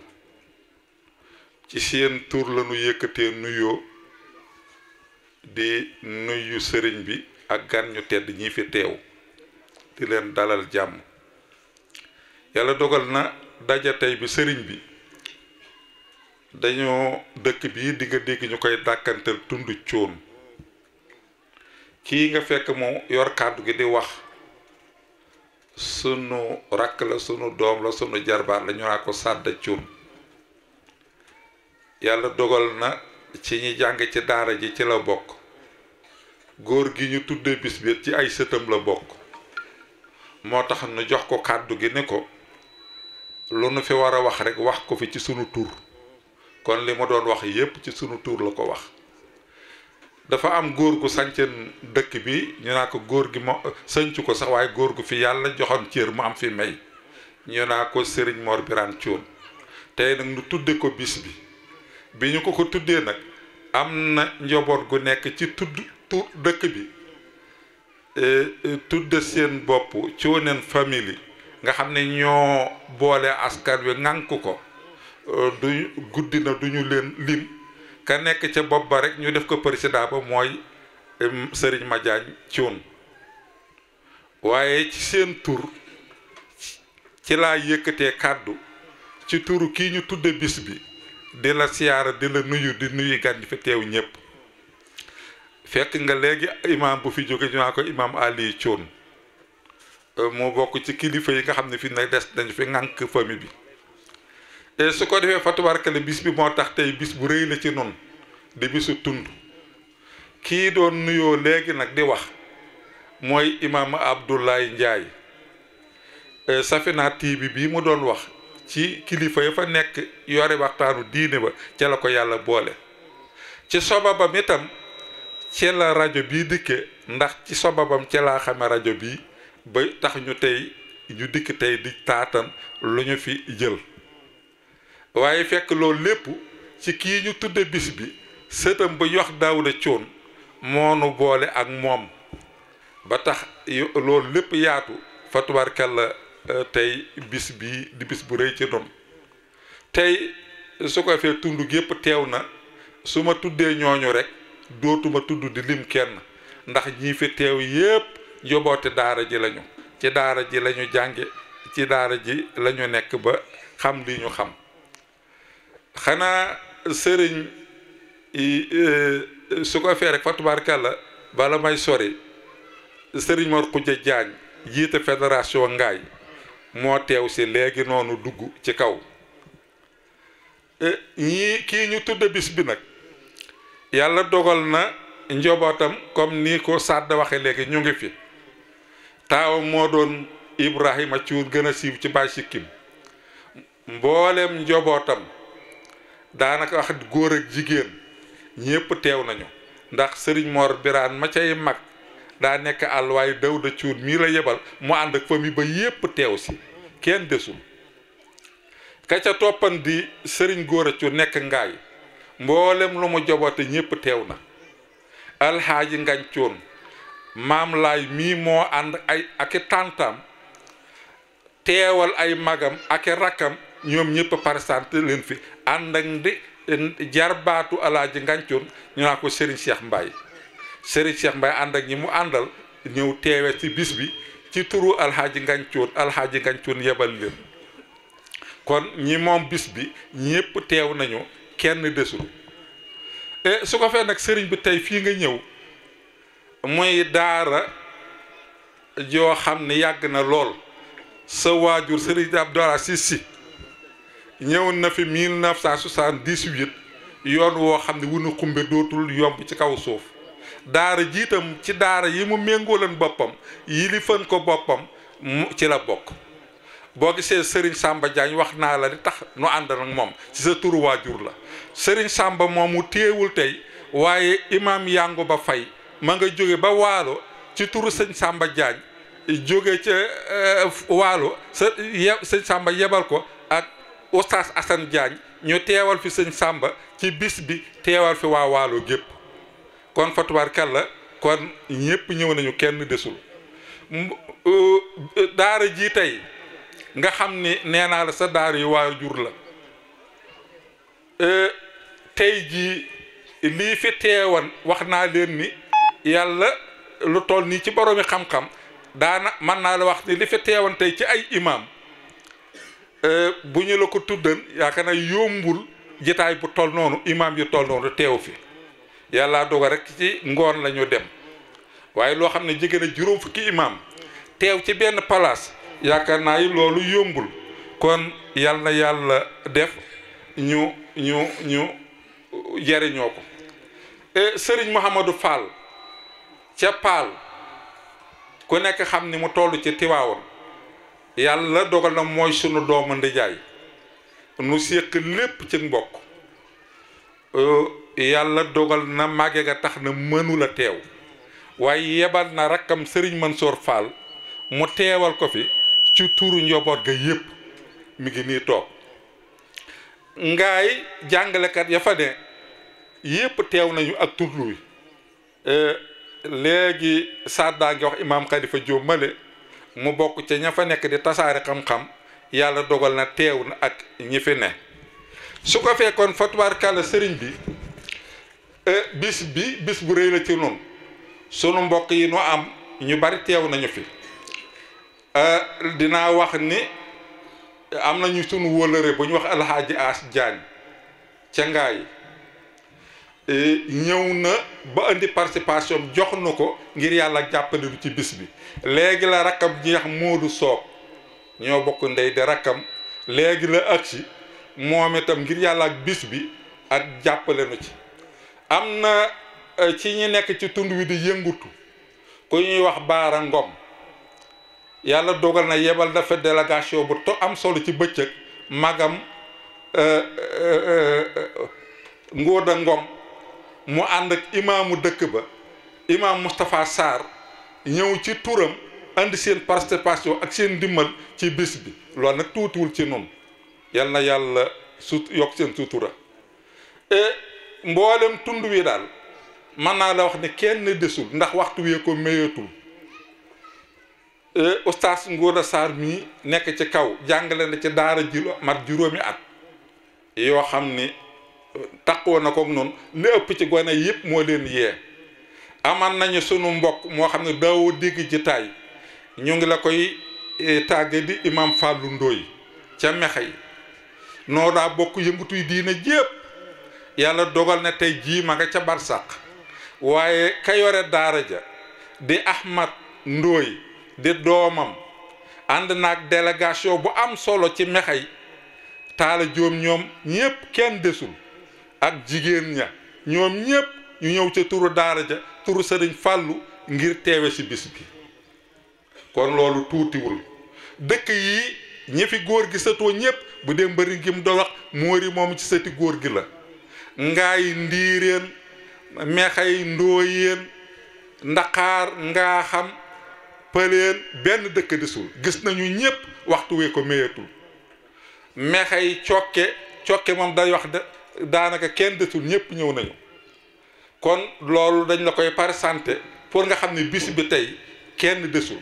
ci seen tur lañu yëkkatee nuyoo di nuyu sëriñ bi ak gan ñu tedd ñi fi teew di leen dalal jàmm yàlla dogal na daja tey bi sëriñ bi dañoo dëkk bii di nga ñu koy dàkkantal tund cuun kii nga fekk mu yor kàddu gi di wax sunu rakk la sunu doom la sunu jarbaat la ñu naa ko sàdda cuun yàlla dogal na ci ñi jàng ci daara ji ci la bokk góor gi ñu tuddee bis ci ay sëtam la bokk moo tax nu jox ko kàddu gi ne ko lu nu fi war a wax rekk wax ko fi ci sunu tur kon li ma doon wax yépp ci sunu tur la ko wax dafa am góor gu sanceen dëkk bi ñu naa ko góor gi mo sanc ko sax waaye góor gu fi yàlla joxoon cër mu am fi may ñu naa ko Serigne Mor Birane tey nag nu tudde ko bis bi bi ñu ko ko tuddee nag am na njaboot gu nekk ci tudd tu dëkk bi e, e, tudde seen bopp Thiounène famille nga xam ne ñoo boole askan wi ŋànk ko e, du guddi na du leen lim ka nekk ca bopp ba rek ñu def ko président ba mooy sëriñ Madiagne Thioune waaye ci seen tur ci laa yëkkatee kàddu ci tur kii ñu tudde bis bi di la siyaara di la nuyu di nuyu gan ñi fi teew ñépp fekk nga léegi imaam bu fi jóge ñu naa ko imaam Aliou Thioune euh, moo bokk ci kilifa yi nga xam ne fi ne des nañu fi ŋànk famille bi et su ko defee fatubarkale bis bi moo tax tey bis bu rëy la ci noonu di bisu tund kii doon nuyoo léegi nag di wax mooy imaam Abdoulaye Ndiaye euh, Safina TV bii mu doon wax ci kilifa yi fa nekk yore waxtaanu diine ba ca la ko yàlla boole ci sobabam itam ci la rajo bii dikke ndax ci sobabam ci laa xame rajo bi ba tax ñu tey ñu dikk tey di taatan lu ñu fi jël waaye fekk loolu lépp ci kii ñu tudde bis bi sëtam ba yox daawuda coon moonu boole ak moom ba tax loolu lépp yaatu fa la euh, tey bis bi di bis bu rëy ci noonu tey su ko fee tund gépp teew na su ma tuddee ñooñu rekk dootuma tudd di lim kenn ndax ñii fi teew yépp njoboote daara ji lañu ci daara ji lañu jànge ci daara ji lañu nekk ba xam li ñu xam xanaa sëriñ euh, su ko fee rek fa tubaarkàlla bala may sori sëriñ Mor Khoudia Diagne jiite fédération ngaay moo teew si léegi noonu dugg ci kaw euh, ñii kii ñu tudd bis bi nag yàlla dogal na njobootam comme ni ko sàdd waxe léegi ñu ngi fi taawam moo doon Ibrahima ci gën a siiw ci Baay Sikkim mboolem njobootam daanaka wax góor ak jigéen ñépp teew nañu ndax Serigne Mor Birane ma cay mag daa nekk àll waaye Dawda Cuun mii la yebal mu ànd ak famille ba yépp teew ci kenn desul ka ca toppan di góor a cu nekk ngaay mboolem lu mu joboote ñëpp teew na alxaaji ngañ cuun maam lay mii moo ànd ay ak tàntam teewal ay magam ak i rakkam ñoom ñëpp parsante leen fi àndande jarbaatu alaaji Ngancun ñu naa ko Serigne Cheikh Mbaye Serigne Cheikh Mbaye ànd ak ñi mu andal ñëw teewe ci bis bi ci turu alxaaji Ngancun alxaaji Ngancun yebal leen kon ñi moom bis bi ñëpp teew nañu kenn desul e su ko fee nag sëriñ bi tey fii nga ñëw muy daara jo ham ne na lool sa waajur sëriñ Abdoulaye Sissi ñëwoon na fi 1978 yoon woo xam ne wunu xumbe dootul yomb ci kaw suuf daara jiitam ci daara yi mu méngoolan boppam yilifan ko boppam mu ci la bokk boo gisee Serigne Samba Diagne wax naa la li tax nu ànd nag moom ci sa turu waajur la sëriñ Samba moom mu téewul tey waaye imaam yangu ba fay ma nga jóge ba waalo ci turu sëñ Samba Diagne jóge ca euh, waalo sa sëñ Samba yebal ko oustaz Assane Diagne ñu teewal fi seen sàmba ci bis bi teewal fi waa Waalo gépp kon fatuwaar kal la kon ñëpp ñëw nañu kenn desul euh, daara ji tey nga xam ni nee naa la sa daara yu jur la euh, tey jii lii fi teewan wax naa leen ni yàlla lu toll nii ci boroomi xam-xam daana mën naa la wax ni li fi teewan tey ci ay imam Euh, bu ñu la ko tuddal yaakaar na yombul jitaay bu toll noonu imaam yi toll noonu teew fi yàlla dogal rek ci ngoon lañu dem waaye loo xam ne jigéen a juróom fukki imaam teew ci benn palaas yaakaar naa yi loolu yómbul kon yal na yàlla def ñu ñu ñu jariñoo ko e, sëriñ Mouhamadou Fall ca Paal ku nekk xam ni mu toll ci Tiwaawoon yàlla dogal na mooy sunu doom doomu ndijaay nu séq lépp ci mbokk euh, yàlla dogal na màgge nga tax na mënula teew waaye yebal na rakkam sëriñ Mansoor Fall mu teewal ko fi ci tuuru njoboot ga yépp mu ngi nii toog ngay jàngalekat ya fa ne yépp teew nañu ak turlu wi euh, léegi saddaa ngi wax imaam Khalifa Diop male mu bokk ca ña fa nekk di tasaare xam-xam yàlla dogal na teew na ak ñi fi ne su ko fekkoon fatuwaar kàlla sëriñ bi e, bis bi bis bu rëy la ci noonu sunu mbokk yi nu am ñu bari teew nañu fi e, dinaa wax ni am nañu sunu wóllëre bu ñu wax alxaaji As Jaañ ca yi Euh, ñëw na ba indi participation jox na ko ngir yàlla ak jàppandiku ci bis bi léegi la rakkam jeex Moodu Soob ñoo bokk ndey di rakkam léegi la agsi moom itam ngir yàlla ak bis bi ak jàppale nu ci am na euh, ci ñu nekk ci tund wi di yëngutu ku ñuy wax Baara Ngom yàlla dogal na yebal dafa délégation bu am solo ci bëccëg magam euh, Ngóoda Ngom mu ànd ak imaamu dëkk ba imaam Moustapha Sarr ñëw ci turam andi seen participation ak seen ndimbal ci bis bi loolu nag tuutiwul ci noonu yal na yàlla su yokk seen sutura e tund wi daal mën naa la wax ni kenn desul ndax waxtu wee ko mayeetul e, oustaz Ngouda Sarr mii nekk ci kaw jàngale na ci daara ji mat juróomi at yoo xam ni taqoo na kook noonu li ëpp ci gone yëpp moo leen yee aman nañu sunu mbokk moo xam ne daawoo dégg ci taay ñu ngi la koy eh, tàgge di imam Fallou Ndoye ca mexe yi noo daa bokk yëngutuy diina jépp yàlla dogal na tey jii ma nga ca barsàq waaye kayore yore daara ja di Ahmad Ndoye di doomam ànd naag délégation bu am solo ci mexe yi taala joom ñoom ñépp kenn desul ak jigéen ña ñoom ñépp ñu ñëw ca turu daara ja turu sëriñ fàllu ngir teewe ci bis bi kon loolu tuutiwul dëkk yi ñi góor gi sëtoo ñépp bu dee mbëri gi mu doon wax moori moom ci sëti góor gi la ngaay ndiiréen mexay ndóoyéen ndaxaar ngaa xam pëleen benn dëkk di disul gis nañu ñépp waxtu wee ko méyatul mexay cokke cokke moom day wax de daanaka kenn desul ñëpp ñëw nañu kon loolu dañ la koy par santé pour nga xam ni bisi bi tey kenn desul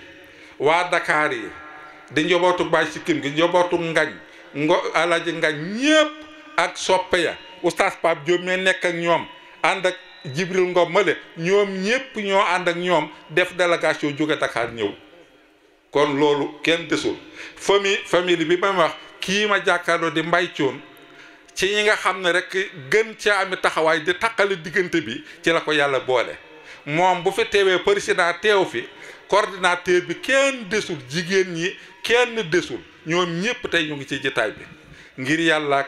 waa dakaar yi di njobootu Baay Sikkim gi njobootu Ngañ ngo Alaaji Ngañ ñëpp ak soppe ya oustaz Pape Diop nekk ak ñoom ànd ak Jibril Ngom male ñoom ñëpp ñoo ànd ak ñoom def délégation jóge Dakar ñëw kon loolu kenn desul famille famille bi ma wax kii ma jàkkaarloo di mbay coon ci ñi nga xam ne rek gën ca ami taxawaay di taqale diggante bi ci la ko yàlla boole moom bu fi teewee président teew fi coordinateur bi kenn desul jigéen ñi kenn desul ñoom ñëpp tey ñu ngi ci jitaay bi ngir yàlla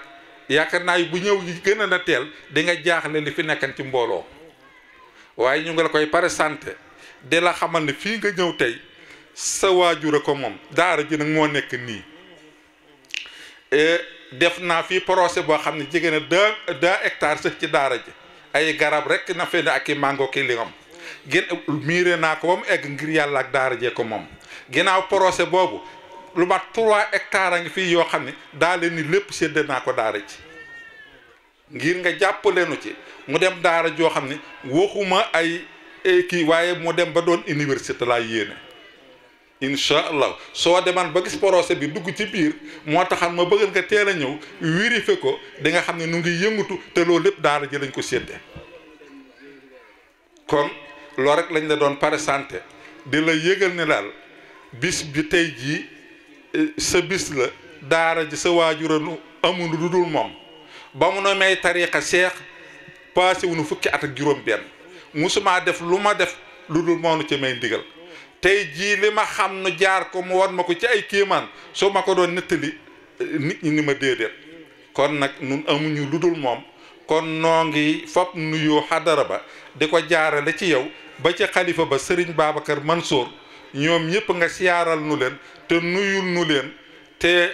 yaakaar naa bu ñëw yi gën na teel di nga jaaxle li fi nekkan ci mbooloo waaye ñu ngi la koy présenté di la xamal ne fii nga ñëw tey sa waajur a ko moom daara ji nag moo nekk nii eh, def naa fii procès boo xam ne jege na deux deux hectares sax ci daara ji ay garab rek na fee ne ak i mango ki lingom miire naa ko ba mu egg ngir yàlla ak daara jee ko moom ginnaaw procès boobu lu mat trois hectares a ngi fii yoo xam ne daa leen lépp sédde naa ko daara ji ngir nga jàpp leenu ci mu dem daara joo xam ne waxuma ay kii waaye mu dem ba doon université laa yéene incha allah soo demaan ba gis procès bi dugg ci biir moo taxam ma bëgg nga teel a ñëw vérifier ko di nga xam ne nu ngi yëngatu te loolu lépp daara ji lañ ko séddee kon loo rek lañ la doon présenté di la yëgal ne daal bis bi tey jii eh, sa bis la daara ji sa waajuralu amul lu dul moom ba mu no may tariixa seex passé wu nu fukki at ak juróom benn musuma def lu ma def lu dul nu ca may ndigal tey jii li ma xam nu jaar ko mu won ma ko ci ay kéemaan soo ma ko doon nettali eh, nit ñi ni ma déedéet kon nag nun amuñu lu dul moom kon noo ngi fop nuyoo xadara ba di ko jaarale ci yow ba ci xalifa ba sëriñ Babacar Mansour ñoom ñëpp nga siyaaral nu leen te nuyul nu leen te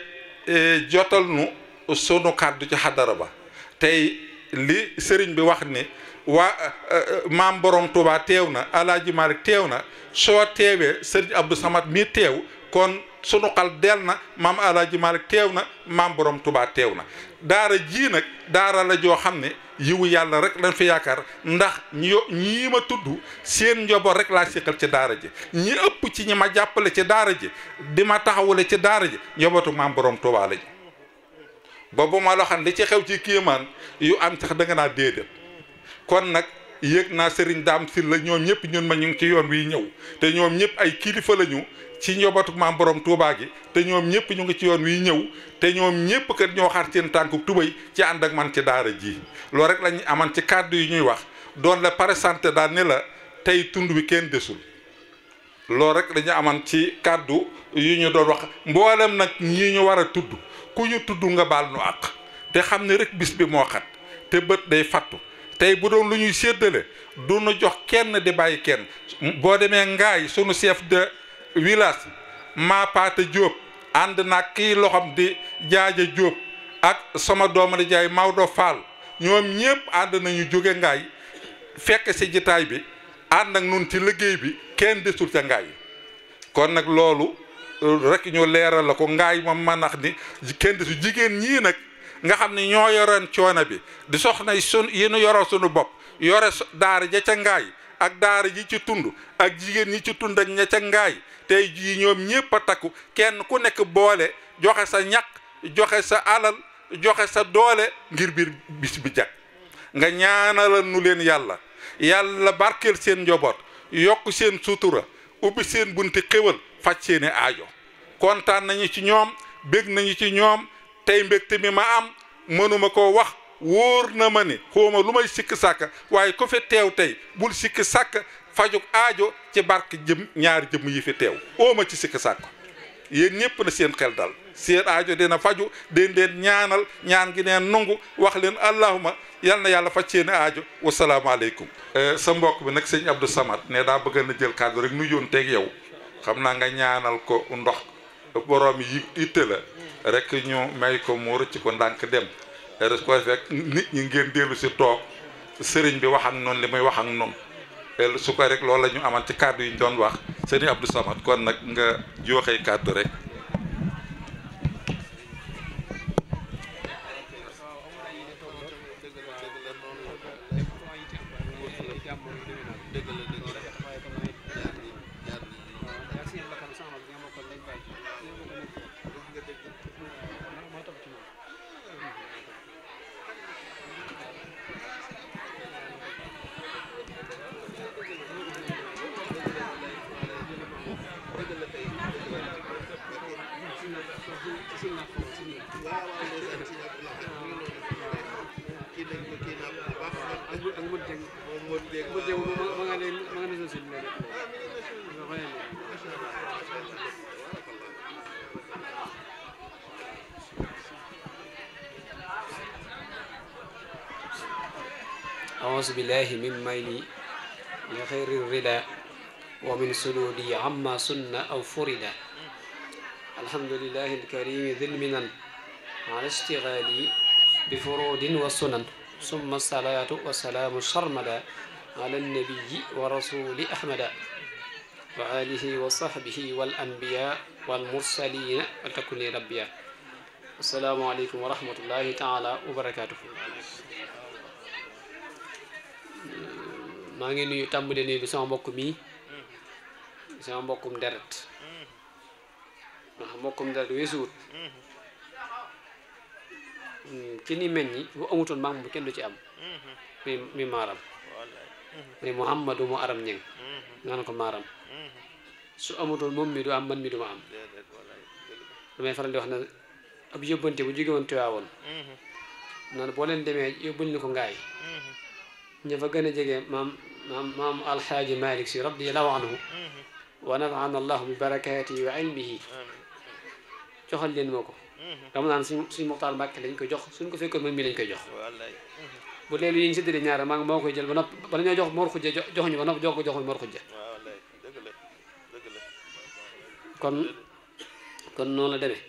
eh, jotal nu sunu kàddu ci xadara ba tey li sëriñ bi wax ni waa euh, euh, maam borom Touba teew na alaaji Malick teew na soo teewee sëriñ Abdou Samad mii teew kon sunu xal del na maam alaaji Malick teew na maam borom Touba teew na daara jii nag daara la joo xam ne yiwu yàlla rek lañ fi yaakaar ndax ñi ñii ma tudd seen njaboot rek laa siqal ci daara ji ñi ëpp ci ñi ma jàppale ci daara ji di ma taxawale ci daara ji njabootu maam borom Touba lañu boobu ma loo xam li ci xew ci kéemaan yu am sax da nga naa déedéet kon nag yéeg naa Serigne Dame Sylla ñoom ñëpp ñun ma ñu ngi ci yoon wi ñëw te ñoom ñëpp ay kilifa lañu ci njobatu maam borom Touba gi te ñoom ñëpp ñu ngi ci yoon wi ñëw te ñoom ñëpp kat ñoo xaar seen tànku tubéy ci ànd ak man ci daara jii loolu rek lañuy aman ci kàddu yi ñuy wax doon la pare santé daal ni la tey tund wi kenn desul loolu rek dañu aman ci kàddu yi ñu doon wax mboolem nag ñi ñu war a tudd ku ñu tudd nga baal nu àq te xam ni rek bis bi moo xat te bët day fattu tey bu doon lu ñuy séddale du nu jox kenn di bàyyi kenn hmm? boo demee ngaay sunu chef de village Maapaata Diop ànd nag kii loxoom di jaaja Diop ak sama doomu di jaay Maodo Fall ñoom ñëpp ànd nañu jóge ngaay fekk si jitaay bi ànd ak nun ci liggéey bi kenn desul ca ngaay kon nag loolu rek ñu leeral la ko ngaay moom manax ni kenn desu jigéen ñii nag nga xam ne ñoo yoroon coono bi di soxna sun yi nu yoroo sunu bopp yore daara ja ca ngaay ak daara ji ci tund ak jigéen ñi ci tund ak ña ca ngaay tey jii ñoom ñépp a takku kenn ku nekk boole joxe sa ñaq joxe sa alal joxe sa doole ngir biir bis bi jag nga ñaanalal nu leen yàlla yàlla barkeel seen njobot yokk seen sutura ubbi seen bunti xéwal faj seeni aajo kontaan nañu ci ñoom bég nañu ci ñoom tey mbégte mi ma am mënuma ko wax wóor na ma ni xawma lu may sikk sàkk waaye ko fi teew tey bul sikk sàkk fajug aajo ci bark jëm ñaari jëm yi fi teew ooma ci sikk sàkk yéen ñëpp na seen xel dal seen aajo dina faju den leen ñaanal ñaan gi neen nungu wax leen allahuma yal na yàlla faj seen aajo wasalaamaaleykum eh, sa mbok bi nag sëñ Abdou Samad ne daa bëgg na jël kàddu rek nu yoon teeg yow xam naa nga ñaanal ko ndox borom yi itte la rek ñu may ko mu ci ko ndànk dem su ko defee nit ñi ngeen dellu si toog sëriñ bi wax noonu li muy wax ak noonu su ko rek loolu la ñu amal ci kàddu yi ñu doon wax sëriñ Abdou Samad kon nag nga jooxee kàddu rek. أعوذ بالله من ميلي لغير الردى ومن سنودي عما سن أو فردا الحمد لله الكريم ذي المنن على اشتغالي بفرود وسنن ثم الصلاة والسلام الشرمدا على النبي ورسول أحمد وآله وصحبه والأنبياء والمرسلين وتكن ربيا السلام عليكم ورحمة الله تعالى وبركاته maa ngi nuyu tàmbali nuyu bi sama mbokk mii sama mbokkum deret ndax mbokkum deret weesuwut ki ni meññi bu amutoon maam bu kenn du ci am mi mi maaram muy Muhammadu mu aram ñëng naan ko maaram su amutoon moom mi du am man mi du ma am damay faral di wax na ab yóbbante bu jóge woon Tiwaawoon mm-hmm. naan boo leen demee yóbbuñ la ko ngaay نفقنا جيجا مام مام mam maam maam alxaaji malik si radiallahu anhu mhm. wa nafana allahu bi barakaatihi wa ilmihi joxal leen ma ko dama mhm. naan suñ suñ muxtaar mbàkke lañ ko jox suñ ko fekkoon moom mii lañ koy jox mhm. bu léegi yi ñu séddale ñaara maa ngi moo koy jël ba ko kon kon noonu la demee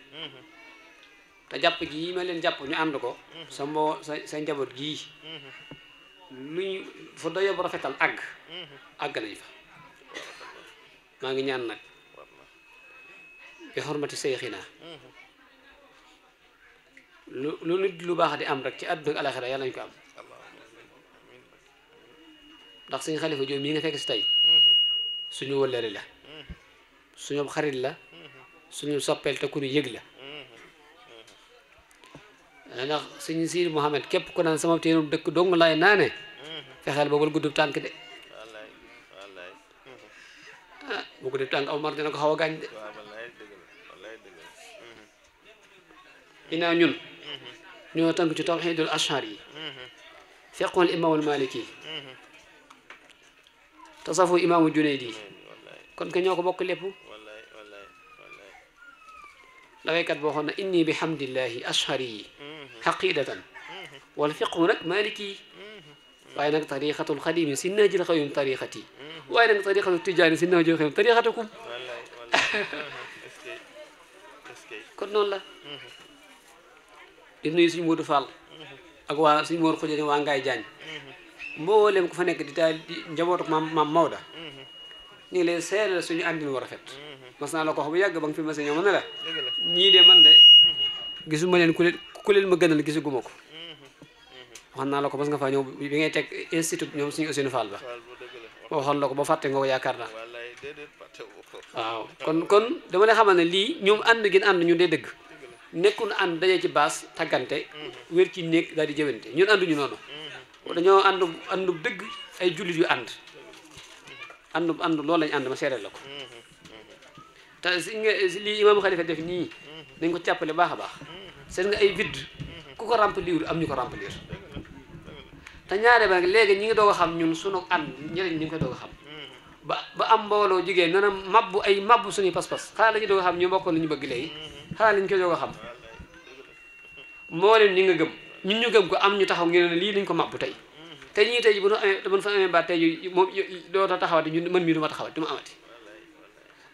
te gi ma len ñu ko sa lu ñu fa doyo bu rafetal àgg mhm. àgg nañ fa maa ngi ñaan nag bi xormati seyxina mhm. lu lu nit lu baax di am rek ci àdduna ak alaxira yàlla nañ ko am ndax suñu xalifa joom yi nga fekk si tey mhm. suñu wëllëri la suñu xarit la suñu soppeel te ku ñu yëg la ndax suñu Sidi Mouhamed képp ku naan sama téerum dëkk dong lay naane mhm. fexeel ba bul guddub tànk de ah bu guddub tànk xaw a gaañ de dinaa mhm. ñun mhm. ñoo tënk ci tawxiidul ashar yi fiqul imaamul maliki tasafu imaamu junayd kon ke ko bokk lépp لغاية كتبوا هنا إني بحمد الله أشهري حقيقة والفق هناك مالكي وأنك طريقة الخديم سنة جلقهم طريقتي وأنك طريقة التجار سنة جلقهم طريقتكم كنوا الله إذن يسمو دفال أقوى سمو الخجر وانقاي جان مولم كفنك دتال جبورك مام مودا نيلي سيل سوني أندل ورفت mas ya, iya, mhm, mhm. oh, ya na la ko wax bu bang fi mas ñoom na la ñi de man de gisuma len ku leen ma gënal gisuguma ko na la ko nga fa ñoom bi ngay tek institut ñoom suñu usine Fall ba ba waxoon la ko ba fàtte nga ko na waaw kon kon dama lay xamane li ñoom and gin and ñu de deug iya, nekkun and dajee ci baas tagante mhm. wër ci néeg daal di jëwënte ñun ñu noonu dañu andu andu deug ay julit yu and andu andu lo lañ and ma te si nga eh, lii imam xalifa def nii mhm. dañ ko càppale baax a baax mhm. seen nga ay vidd ku ko remplir am ñu ko remplir te ñaare ba léegi ñi ngi doog a xam ñun sunu ànd ñeneen ñi ngi koy doog a mhm. ba ba am mbooloo jigéen nana mabbu ay mabbu suñuy pas-pas xanaa la ñu xam ñu bokkoon li ñu bëgg léegi xanaa la ñu koy doog a ñi nga gëm ñun ñu gëm ko am ñu taxaw ngeen lii dañ ko mabbu tey te ñii tey ji bu nu amee bu ma taxawati du ma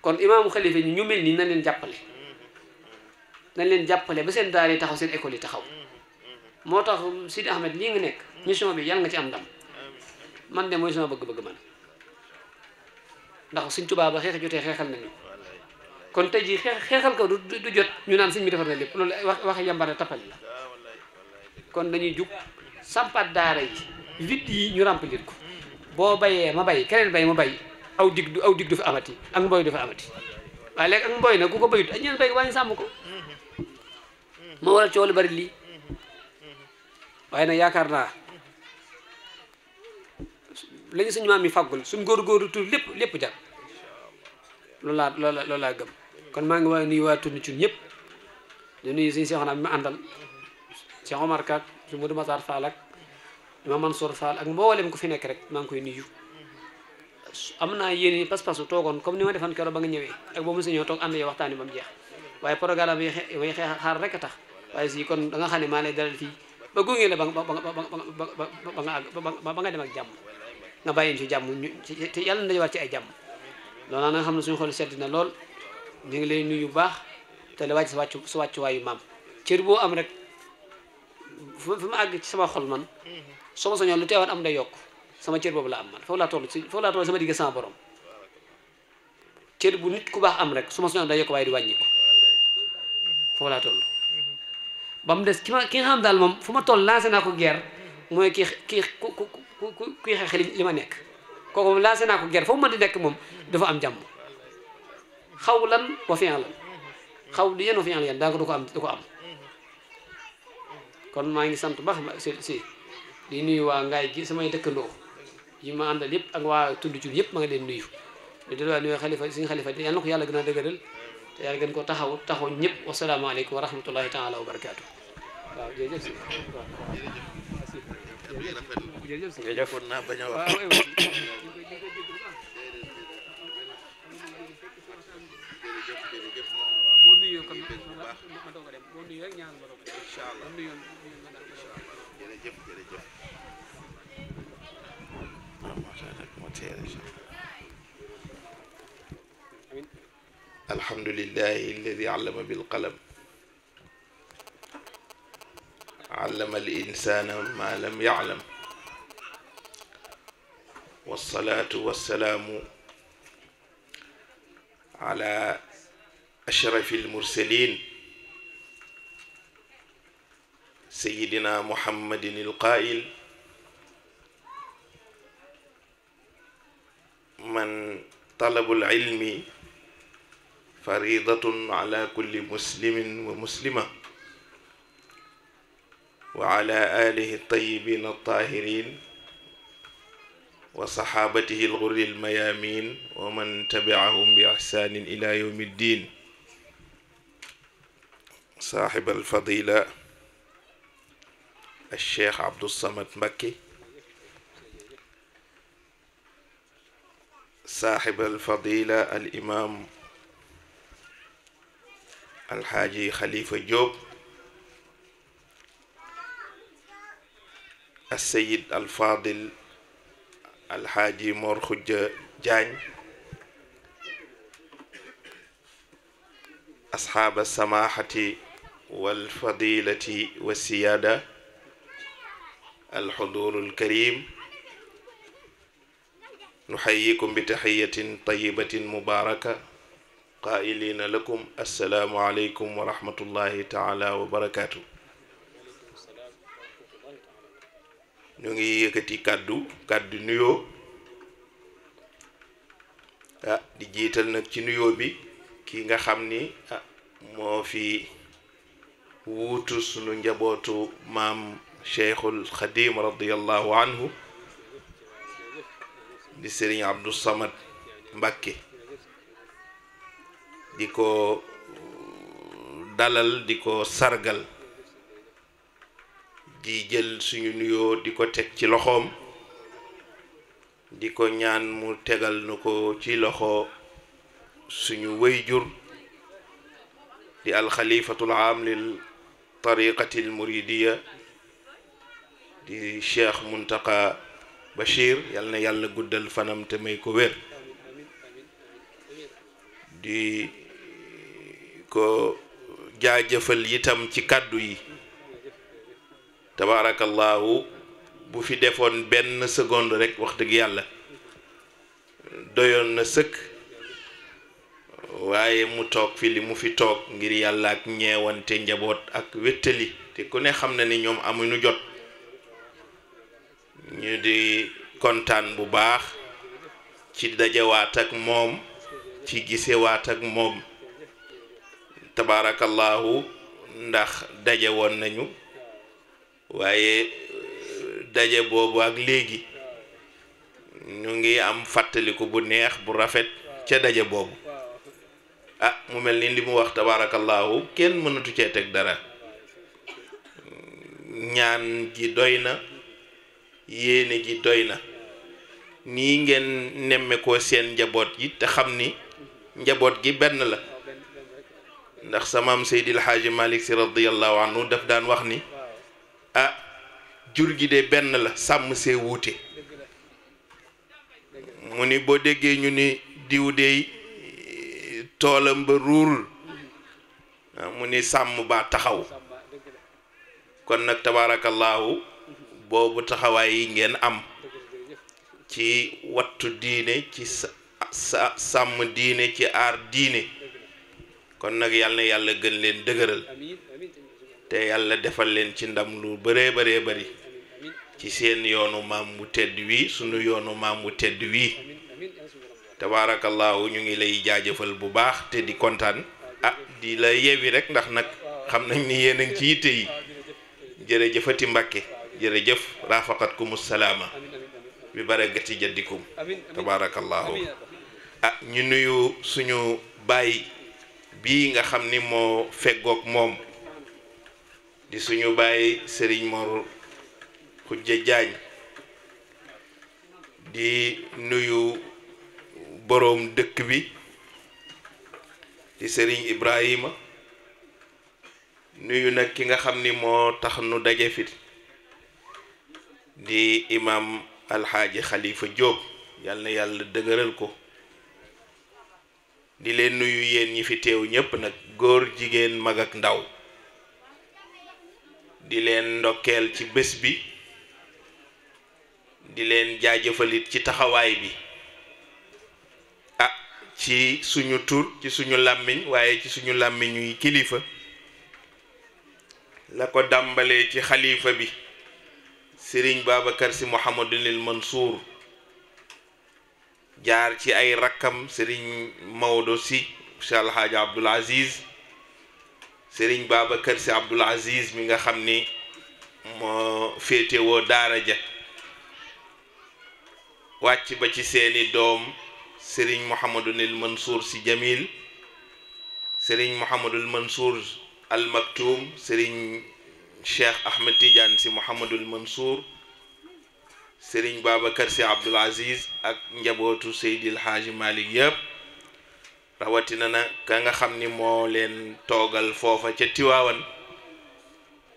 kon imam khalifa ñi ñu melni nañ leen jappalé nañ leen jappalé ba seen daari taxaw seen école yi taxaw motax Sidi Ahmed li nga nek mission bi yalla nga ci am dam man de moy sama bëgg-bëgg man ndax seigne touba ba xex jotté xexal nañu kon tay ji xeex ko du du jot ñu naan seigne bi defal na lepp loolu wax wax yambaare tappale la kon dañuy juk sampat daara yi vite yi ñu remplir ko bo baye ma baye keneen baye ma baye aw digg du aw dig du fi amati ak mboy du amati waaye nag ku ko bayut ak ñeen béyk waa ñu sàmm ko moo waral coow lu bari lii waaye nag yaakaar naa la suñ suñu maam yi fàggul suñ góor-góorlu tur lépp lépp jar loolu laa loolu laa gëm kon maa ngi waaye nuyu waa turni cun ñëpp di nuyu suñu seexoon a ma àndal Cheikh Omar Ka su Modou Matar Fall ak Imam Mansour Fall ak mboolem ku fi nekk rek maa ngi koy nuyu am naa yéen pas-pasu toogoon comme ni ma defan keroog ba nga ñëwee ak ba mu si ñëw toog ànd yow waxtaani ba mu jeex waaye programme yi way xeex xaar rek tax waaye si kon da nga xam ne maa lay dalal fii ba gunge la ba ba ba ba nga ba nga dem ak jàmm nga bàyyi ci jàmm ñu te yàlla na wàcc ci ay jàmm loolu nga xam ne suñu xol sedd na lool ñu ngi lay nuyu baax te la wàcc sa wàccu sa wàccuwaayu maam cër boo am rek fu ma àgg ci sama xol man mm-hmm. soo ma sañoon lu teewaat am day yokk sama cër boobu la am man foofu laa toll si foofu laa toll sama digg sama borom cër bu nit ku baax am rek su ma soñoon day yokk waaye di wàññi ko foofu laa toll ba mu des ki ma ki nga xam daal moom fu ma toll lancé naa ko guerre mooy kii kii ku ku ku ma nekk kooku lancé naa ko guerre foofu ma di nekk moom dafa am jàmm xaw lan wa fi lan xaw li yan wa fi lan daa ko du ko am du ko am kon maa ngi sant baax ma si si di nuyu waa ngaay gi samay dëkkandoo yi ma àndal yëpp ak waa tund ci yëpp ma nga leen nuyu di delluwaay nuyu xalifa suñu xalifa di yàlla ko yàlla gën a dëgëral te yàlla gën ko taxaw taxaw ñëpp alaykum wa rahmatullahi taala wa barakaatu waaw jërëjëf si الحمد لله الذي علم بالقلم علم الإنسان ما لم يعلم والصلاة والسلام على أشرف المرسلين سيدنا محمد القائل من طلب العلم فريضة على كل مسلم ومسلمة وعلى آله الطيبين الطاهرين وصحابته الغر الميامين ومن تبعهم بإحسان إلى يوم الدين صاحب الفضيلة الشيخ عبد الصمد مكي صاحب الفضيلة الإمام الحاجي خليفة جوب السيد الفاضل الحاجي مرخج جان أصحاب السماحة والفضيلة والسيادة الحضور الكريم nuxayyikum bi taxiyatin tayibatin mubaaraka qaa'iliina lakum assalaamu aleykum wa rahmatullahi taala wa barakaatu ñu ngi yëkkati kàddu kàddu nuyoo ah di jiital nag ci nuyoo bi ki nga xam ni ah moo fi wuutu sunu njabootu maam Cheikhul Xadim radiyallahu anhu di Serigne Abdou Samad mbacke diko uh, dalal diko sargal di jël suñu nuyo di ko ci loxom di ko ñaan mu tegal nuko ci loxo suñu wayjur di al aam lil tariqati al di cheikh Muntaka Bachir yal na yàlla guddal fanam te may ko wér di ko jaajëfal itam ci kàddu yi tabaarakallaahu bu fi defoon benn seconde rek wax dëgg yàlla doyoon na sëkk waaye mu toog fi li mu fi toog ngir yàlla ak ñeewante njaboot ak wéttali te ku ne xam na ni ñoom amuñu jot ñu di kontaan bu baax ci dajewaat ak moom ci gisewaat ak moom tabaarakallaahu ndax daje woon nañu waaye daje boobu ak léegi ñu ngi am fàttaliku bu neex bu rafet ca daje boobu ah mu mel ni limu mu wax tabaarakallaahu kenn mënatu cee teg dara ñaan gi doy na yéene gi doy na nii ngeen nemmeekoo seen njaboot yi te xam ni njaboot gi benn la ndax samaam Seydil Xaaji Malik si radiyallahu anhu daf daan wax ni ah jur gi de benn la sàmm see wuute mu ni boo déggee ñu ni diw dey toolam ba ruurul ah, mu ni sàmm baa taxaw kon nag tabaarakallaahu boobu taxawaay yi ngeen am ci wattu diine ci sa sàmm diine ci aar diine kon nag yàlla yàlla gën leen dëgëral te yàlla defal leen ci ndam lu bëree bëree bari ci seen yoonu maam bu tedd wi sunu yoonu maam bu tedd wi tabaarakallaahu ñu ngi lay jaajëfal bu baax te di kontaan ah di la yewi rek ndax nag xam nañ ni yéen a ngi ci yitte Mbàkke jërëjëf raafaqat kumu salaama bi ci jaddikum tabaarakallaahu ah ñu nuyu suñu baay bii nga xam ni moo fegook moom di suñu baay Serigne Mor Khoudia Diagne di nuyu boroom dëkk bi di Serigne Ibrahima nuyu nag ki nga xam ni moo tax nu daje fit di imaam alxaaji xalifa Jóob yal yàlla dëgëral ko di leen nuyu yéen ñi fi teew ñépp nag góor jigéen mag ak ndaw di leen ndokkeel ci bés bi di leen jaajëfalit ci taxawaay bi ah ci suñu tur ci suñu làmmiñ waaye ci suñu làmmiñuy kilifa la ko dàmbalee ci xalifa bi sëriñ Babacar si Mouhamadunil Mansour jaar ci ay rakkam sëriñ Maodo si Cheikh Alhaaji Abdoul Aziz sëriñ Babacar si Abdoul Aziz mi nga xam ni moo féetewoo daara ja wàcc ba ci seeni doom sëriñ Mouhamadunil Mansour si Jamil sëriñ Mouhamadul Mansour al Maktoum sëriñ cheikh ahmed tidiane si mouhamadul mansour sëriñ babacar si abdul aziz ak njabootu seydil haaji malik yëpp rawatina na ka nga xam ni moo leen toogal foofa ca tiwaawan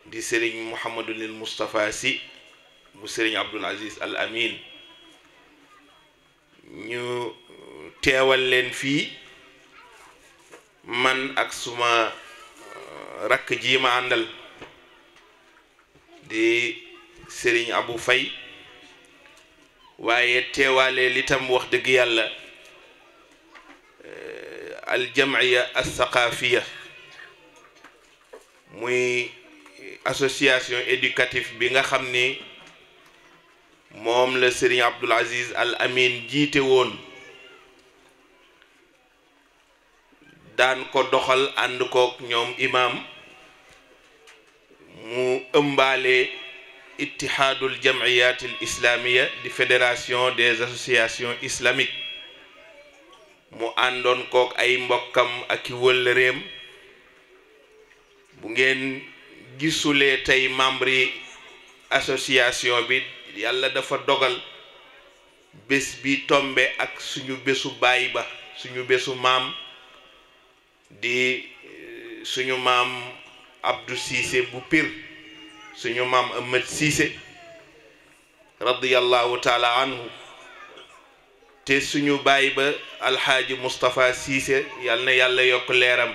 di sëriñ mouhamadulil moustapha si bu sëriñ abdul aziz al amin ñu teewal leen fii man ak suma rakk ji ma àndal di Serigne Abou fay waye tewale litam wax deug yàlla al thaqafiyya muy association éducative bi nga xamni mom le Serigne Abdoul Aziz Al Amin jité won dan ko doxal ànd ko ñom imam mu ëmbaale ittihaadul jamiyat al islamiya di fédération des associations islamiques mu àndoon kook ay mbokkam ak i wëllëreem bu ngeen gisulee tey membre yi association bi yàlla dafa dogal bés bi tombe ak suñu bésu baay ba suñu bésu maam di eh, suñu maam Abdou Cissé bu piir suñu maam Ahmed Cissé radiyallahu taala anhu te suñu baay ba alxaaji Moustapha Cissé yal yàlla yokk leeram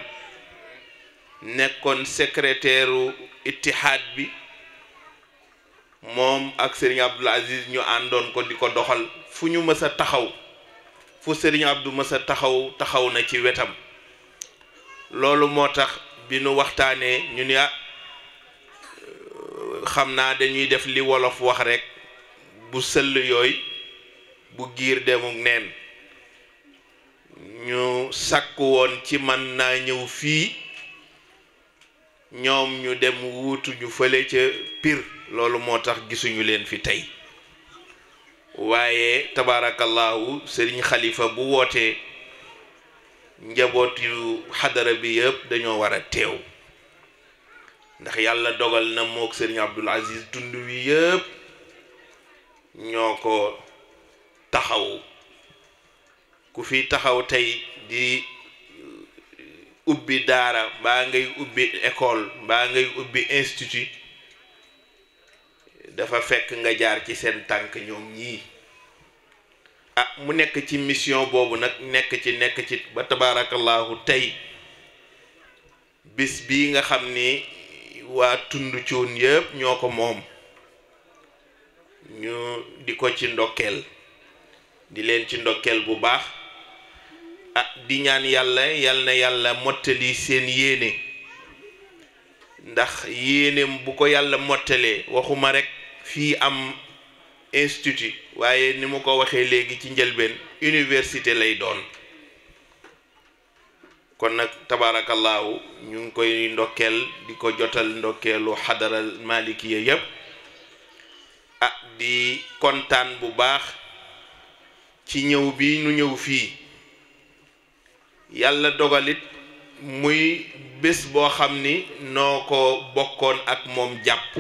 nekkoon secrétaire u bi moom ak Serigne Abdoul Aziz ñu àndoon ko di ko doxal fu ñu mës a taxaw fu Serigne Abdou mës taxaw taxaw na ci wetam loolu moo tax bi nu waxtaanee ñu ne ah xam naa dañuy def li wolof wax rekk bu sëll yooy bu giir demuk neen ñu sàkku woon ci man naa ñëw fii ñoom ñu dem wuutu ñu fële ca piir loolu moo tax gisuñu leen fi tey waaye tabaarakallaahu sëriñ xalifa bu wootee njaboot yu xadara bi yëpp dañoo war a teew ndax yàlla dogal na mook sëriñ Abdul Aziz tund wi yëpp ñoo ko taxaw ku fi taxaw tey di ubbi daara mbaa ngay ubbi école mbaa ngay ubbi institut dafa fekk nga jaar ci seen tànk ñoom ñii a ah, mu nekk ci mission boobu nag nekk ci nekk ci ba tabaarakallaahu tey bis bii nga xam ni waa tund cuun yëpp ñoo ko moom ñu di ko ci ndokkeel di leen ci ndokkeel bu baax ah di ñaan yàlla yal na yàlla mottali seen yéene ndax yéeneem bu ko yàlla mottalee waxuma rekk fii am institut waaye ni mu ko waxee léegi ci njëlbeen université lay doon kon nag tabaarakallaahu ñu ngi koy ndokkeel di ko jotal ndokkeelu xadara malikiya yépp ah di kontaan bu baax ci ñëw bi nu ñëw fii yàlla dogalit muy bés boo xam ni noo ko bokkoon ak moom jàpp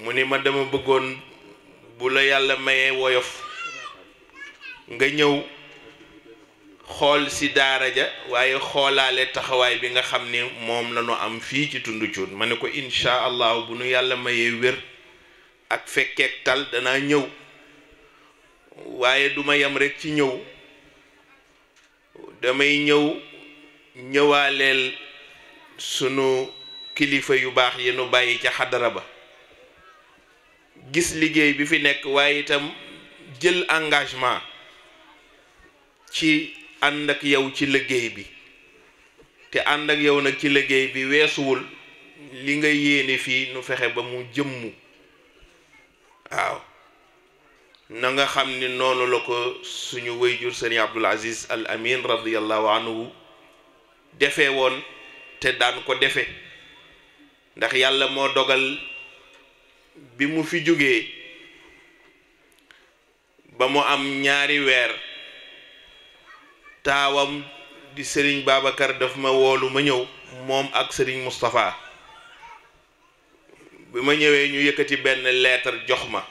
mu ni ma dama bëggoon bu la yàlla mayee woyof nga ñëw xool si daara ja waaye xoolaale taxawaay bi nga xam ni moom la am fii ci tund cuun ma ne ko incha allahu bu nu yàlla mayee wér ak fekkeek tal danaa ñëw waaye duma yem rekk ci ñëw damay ñëw ñëwaaleel sunu kilifa yu baax yi nu bàyyi ca xadara ba gis liggéey bi fi nekk waaye itam jël engagement ci ànd ak yow ci liggéey bi te ànd ak yow nag ci liggéey bi weesuwul li nga yéene fii nu fexe ba mu jëmmu waaw na nga xam ni noonu la ko suñu wayjur sëriñ Abdul Aziz Al Amin radiyallahu anhu defee woon te daan ko defe ndax yàlla moo dogal bi mu fi jógee ba mu am ñaari weer taawam di sëriñ Babacar daf ma woolu ma ñëw moom ak sëriñ Moustapha bi ma ñëwee ñu yëkkati benn leetar jox ma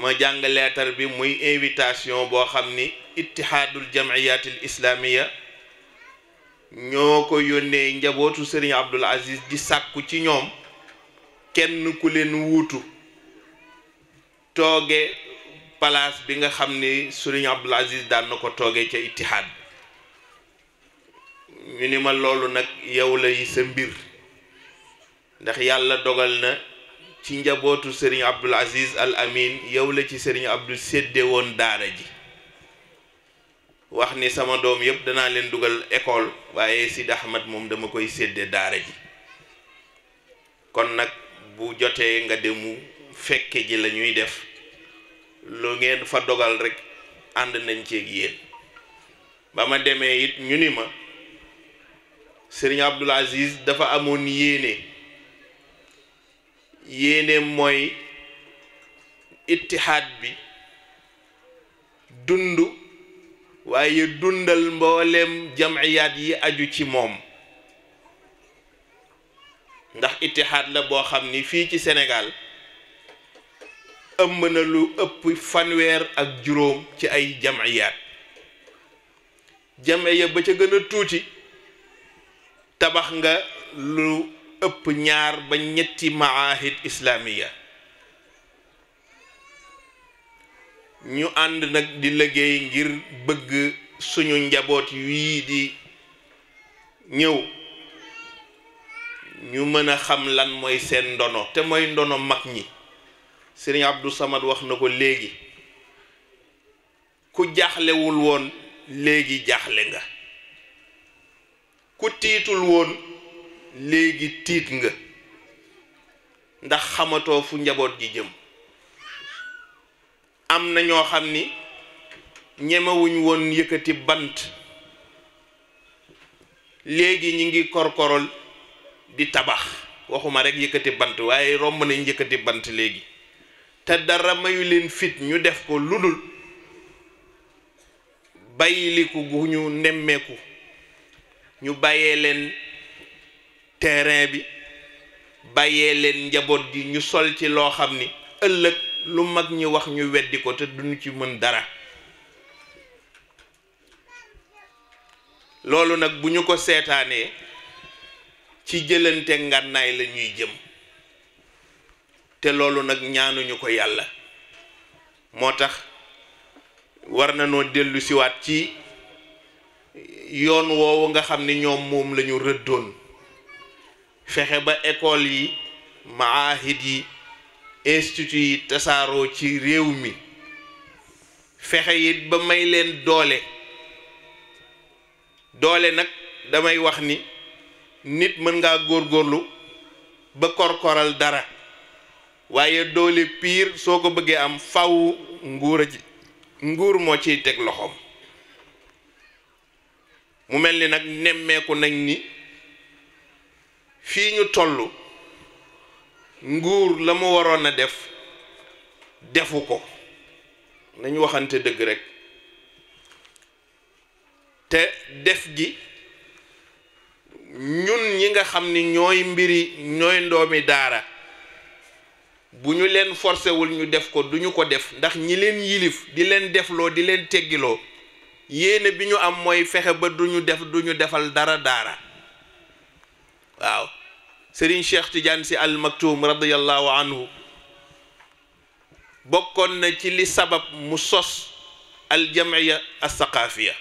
ma jàng lettre bi muy invitation boo xam ni ittihaadul jamiyat al islamiya ñoo ko yónnee njabootu sëriñ Abdul Aziz di sàkku ci ñoom kenn ku leen wuutu tooge palaas bi nga xam ni Sëriñ Abdul Aziz daan ko tooge ca Ittihaad ñu ni ma loolu nag yow lay sa mbir ndax yàlla dogal na ci njabootu Serigne Abdul Aziz Al Amin yow la ci Serigne Abdul sédde woon daara ji wax ni sama doom yëpp danaa leen dugal école waaye Sid Ahmad moom dama koy sédde daara ji kon nag bu jotee nga demu fekke ji la ñuy def lu ngeen fa dogal rekk ànd nañ ceeg yéen ba ma demee it ñu ni ma sëriñ Abdul Aziz dafa amoon yéene yéene mooy ittihaad bi dund waaye dundal mboolem jamciyaat yi aju ci moom ndax itixaat la boo xam ni fii ci Sénégal ëmb na lu ëpp fanweer ak juróom ci ay jamiyaat jamiya ba ca gën a tuuti tabax nga lu ëpp ñaar ba ñetti maahid islamiya ñu ànd nag di liggéey ngir bëgg suñu njaboot yii di ñëw ñu mën a xam lan mooy seen ndono te mooy ndono mag ñi sëriñ Abdou Samad wax na ko léegi ku jaaxlewul woon léegi jaaxle nga ku tiitul woon léegi tiit nga ndax xamatoo fu njaboot gi jëm am na ñoo xam ni ñemewuñ woon yëkkati bant léegi ñi ngi korkorol di tabax waxuma rek yëkkati bant waaye romb nañ yëkkati bant léegi te dara mayu leen fit ñu def ko ludul bàyyiliku gu ñu nemmeeku ñu bàyyee leen terrain bi bàyyee leen njaboot gi ñu sol ci loo xam ni ëllëg lu mag ñi wax ñu weddi ko te duñu ci mën dara loolu nag bu ñu ko seetaanee ci jëlante ngànnaay lañuy jëm te loolu nag ñaanuñu ko yàlla moo tax war na noo dellu ci yoon woowu nga xam ni ñoom moom lañu rëddoon fexe ba école yi maahid yi institut yi tasaaroo ci réew mi fexe it ba may leen doole doole nag damay wax ni nit mën ngaa góor góorlu ba korkoral dara waaye doole piir soo ko bëggee am faw nguur a ci nguur moo ciy teg loxoom mu mel ni nag nemmeeku nag ni fii ñu tollu nguur la mu waroon a def defu ko nañu waxante dëgg rekk te def gi ñun ñi nga xam ni ñooy mbiri ñooy ndoomi daara bu ñu leen forcé ñu def ko duñu ko def ndax ñi leen yilif di leen defloo di leen teggiloo yéene bi ñu am mooy fexe ba duñu def duñu defal dara daara waaw Serigne Cheikh Tidiane si al Maktoum radiyallahu anhu bokkoon na ci li sabab mu sos al jamiya as saqaafiya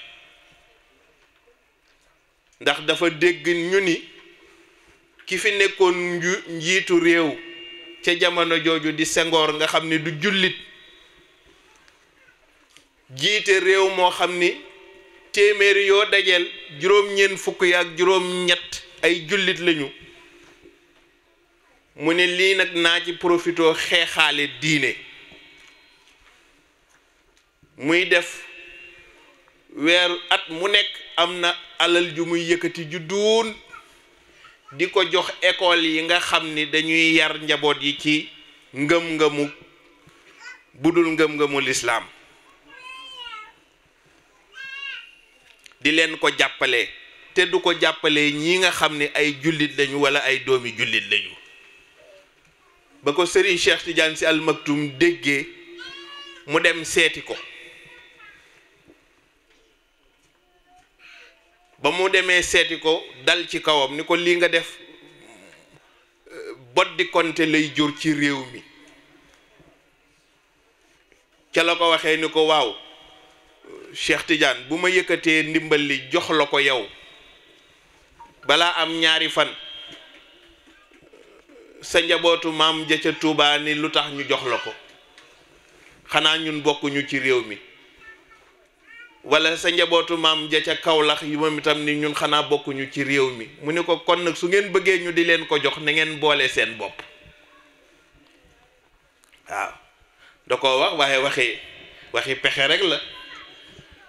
ndax dafa dégg ñu ni ki fi nekkoon njiitu réew ca jamono jooju di Senghor nga xam ni du jullit jiite réew moo xam ni téeméeri yoo dajeel juróom-ñeent fukk ya juróom-ñett ay jullit lañu mu ne lii nag naa ci profitoo xeexale diine muy def weer at mu nekk am na alal ju muy yëkkati ju di ko jox école yi nga xam ni dañuy yar njaboot yi ci ngëm-ngëmu budul ngëm-ngëmu lislaam di leen ko jàppale te du ko jàppale ñi nga xam ni ay jullit lañu wala ay doomi jullit lañu ba ko Serigne Cheikh Tidiane Sy Al Maktoum mu dem seeti ko ba mu demee seeti ko dal ci kawam ni ko lii nga def boddi konte lay jur ci réew mi ca la ko waxee ni ko waaw Cheikh Tidiane bu ma yëkkatee ndimbal li jox la ko yow balaa am ñaari fan sa njabootu maam ja ca Tuubaa ni lu tax ñu jox la ko xanaa ñun bokkuñu ci réew mi wala sa njabootu maam ja ca Kaolack yi moom itam ni ñun xanaa bokkuñu ci réew mi mu ne ko kon nag su ngeen bëggee ñu di leen ko jox na ngeen boole seen bopp waaw da ko wax waaye waxi waxi pexe rek la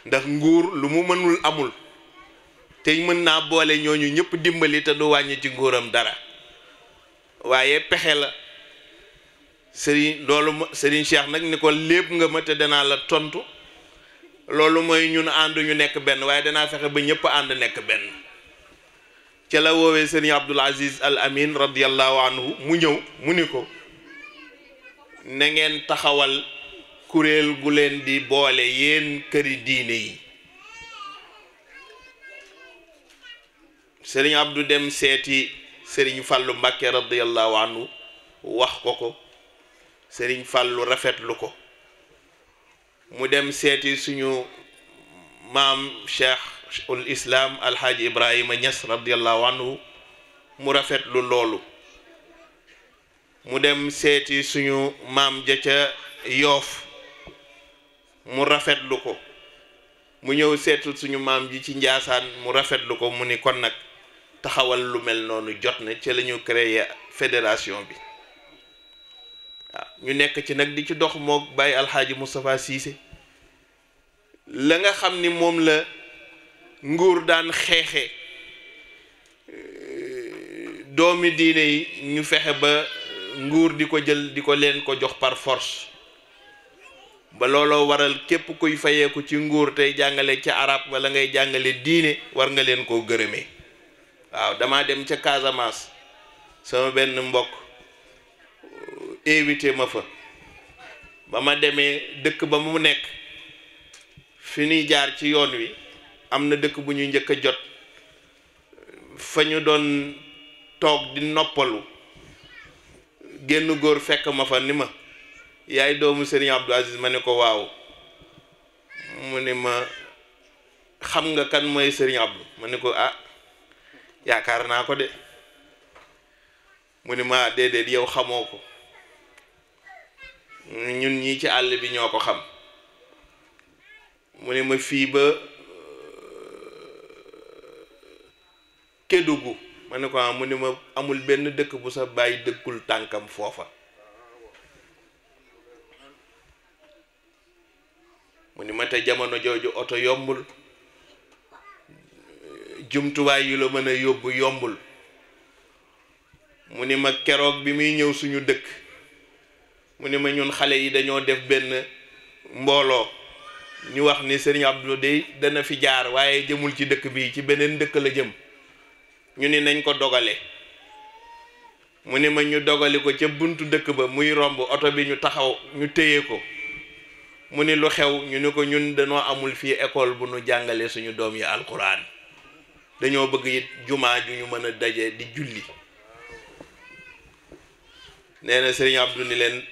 ndax nguur lu mu mënul amul te mën naa boole ñooñu ñëpp dimbali te du wàññi ci nguuram dara waaye pexe la sëriñ loolu sëriñ Cheikh nag ni ko lépp nga ma te danaa la tontu. loolu mooy ñun ànd ñu nekk benn waaye danaa fexe ba ñëpp ànd nekk benn ca la woowee sëriñ Abdul Aziz Al Amin radiyallahu anhu mu ñëw mu ni ko na ngeen taxawal kuréel gu leen di boole yéen këri diine yi sëriñ Abdou dem seeti sëriñ Fàllu Mbàkke radiyallahu anhu wax ko ko sëriñ Fàllu rafetlu ko mu dem seeti suñu maam cheikh ul islaam alxaaji ibrahima ñas radiallahu anhu mu rafetlu loolu mu dem seeti suñu maam ja ca yoof mu rafetlu ko mu ñëw seetul suñu maam ji ci njaasaan mu rafetlu ko mu ni kon nag taxawal lu mel noonu jot na ci la ñu créer bi ñu nekk ci nag di ci dox moo bàyyi alxaaji Moustapha Cissé la nga xam ni moom la nguur daan xeexee euh, doomi diine yi ñu fexe ba nguur di ko jël di ko leen ko jox par ba looloo waral képp kuy fayeeku ci nguur tey jàngale ci arab wala ngay jàngale diine war nga leen koo gërëmee waaw dama dem ca Casamance sama benn mbokk invité ma fa ba ma demee dëkk ba mu nekk fi ñuy jaar ci yoon wi am na dëkk bu ñu njëkk a jot fa ñu doon toog di noppalu génn góor fekk ma fa ni ma yaay doomu sëriñ Abdou Aziz ma ne ko waaw mu ne ma xam nga kan mooy sëriñ Abdou ma ne ko ah yaakaar naa ko de mu ni ma ah, déedéet yow xamoo ko ñun ñii ci àll bi ñoo ko xam mu ni ma fii ba euh, Kédougou ma ne ko ah, amul benn dëkk bu sa bàyyi dëkkul tànkam foofa mu ni ma te jamono jooju oto yombul jumtuwaay yu la mën a yóbbu yombul mu ni ma keroog bi muy ñëw suñu dëkk mu ne ma ñun xale yi dañoo def benn mbooloo ñu wax ni sëriñ Abdou dey dana fi jaar waaye jëmul ci dëkk bi ci beneen dëkk la jëm ñu ni nañ ko dogale mu ne ma ñu dogali ko ca buntu dëkk ba muy romb oto bi ñu taxaw ñu téye ko mu ni lu xew ñu ni ko ñun dañoo amul fii école bu nu jàngale suñu doom yi alquran dañoo bëgg it jumaa ju ñu mën a daje di julli nee na sëriñ ni leen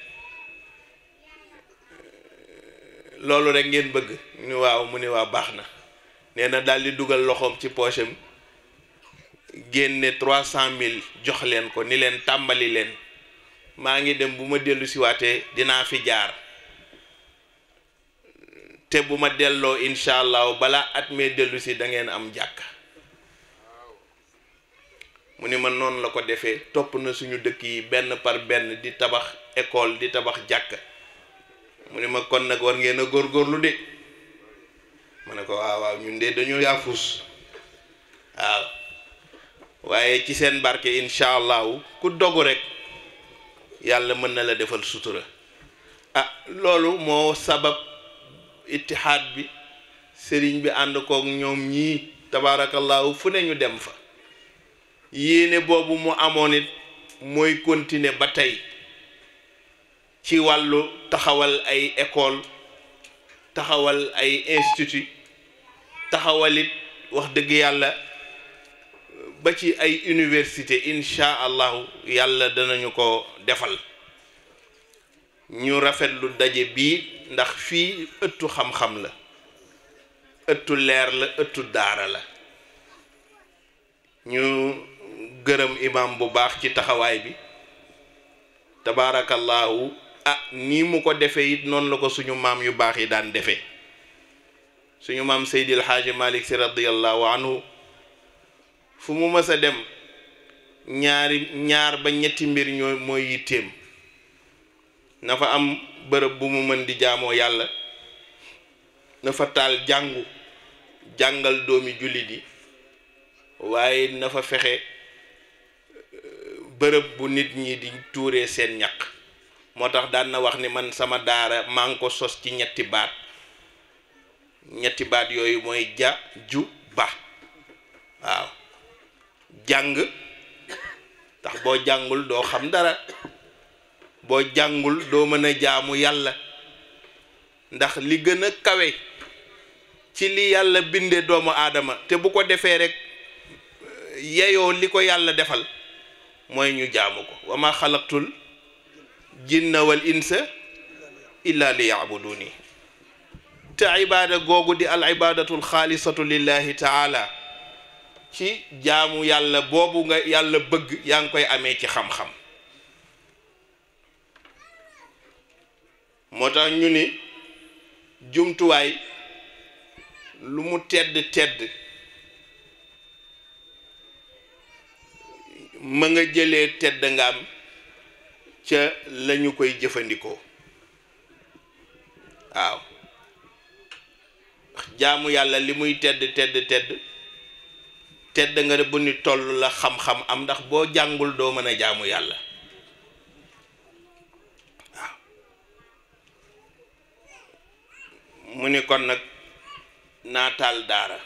loolu rek ngeen bëgg ni waaw mu ni waa baxna neena dal di dugal loxom ci poosam genné 300000 jox leen ko ni leen tambali leen ma ngi dem buma delu ci waté dina fi jaar te buma dello inshallah bala at me delu si da ngeen am jakk mu ni man non la ko défé top na suñu dëkk yi benn par ben di tabax école di tabax jakk mu ne ma kon nag war ngeen a góorgóorlu de mu ne ko waaw ñun de dañu yaafus waaw waaye ci seen barke incha allahu ku dogu rek yàlla mën na la defal sutura ah loolu moo sabab ittihaad bi sëriñ bi ànd kook ñoom ñii tabaarakallaahu fu ne ñu dem fa yéene boobu mu amoon it mooy continuer ba tey ci wàllu taxawal ay école taxawal ay institut taxawalit wax dëgg yàlla ba ci ay université insha allahu yàlla danañu ko defal ñu rafetlu daje bii ndax fii ëttu xam-xam la ëttu leer la ëttu daara la ñu gërëm imam bu baax ci taxawaay bi tabaarakallaahu ah nii mu ko defe it noonu la ko suñu maam yu baax yi daan defe suñu maam Seydil Hadji Malick si radiyallahu anhu fu mu mës a dem ñaari ñaar ba ñetti mbir ñoo mooy yitteem na fa am bërëb bu mu mën di jaamoo yàlla na fa taal jàngu jàngal doomi jullit yi waaye na fa fexe bërëb bu nit ñi di tuure seen ñaq moo tax daan na wax ni man sama daara maa ngi ko sos ci ñetti baat ñetti baat yooyu mooy ja ju ba waaw jàng tax boo jàngul doo xam dara boo jàngul doo mën a jaamu yàlla ndax li gën a kawe ci li yàlla binde doomu aadama te bu ko defee rek yeyoo li ko yàlla defal mooy ñu jaamu ko wa ma xalaqtul jinna wal insa illa li yabuduni te ibaada googu di al ibaadatul xaalisatu lillahi taala ci jaamu yàlla boobu nga yàlla bëgg yaa ngi koy amee ci xam-xam moo tax ñu ni jumtuwaay lu mu tedd tedd ma nga jëlee tedd nga am ca lañu koy jëfandikoo waaw jaamu yàlla li muy tedd tedd tedd tedd nga ne bu ni toll la xam-xam am ndax boo jàngul doo mën a jaamu yàlla mu ne kon nag naataal daara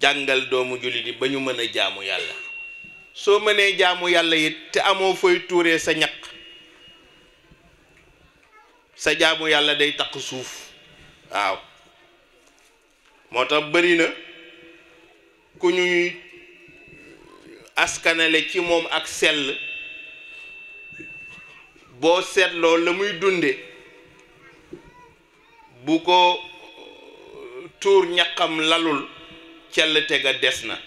jàngal doomu jullit yi ba ñu mën a jaamu yàlla soo mënee jaamu yàlla it te amoo fooy tuuree sa ñaq sa jaamu yàlla day taq suuf waaw moo tax bëri na ku ñuy askanale ci moom ak sell boo seetloo la muy dunde bu ko tuur ñaqam lalul cell tega des na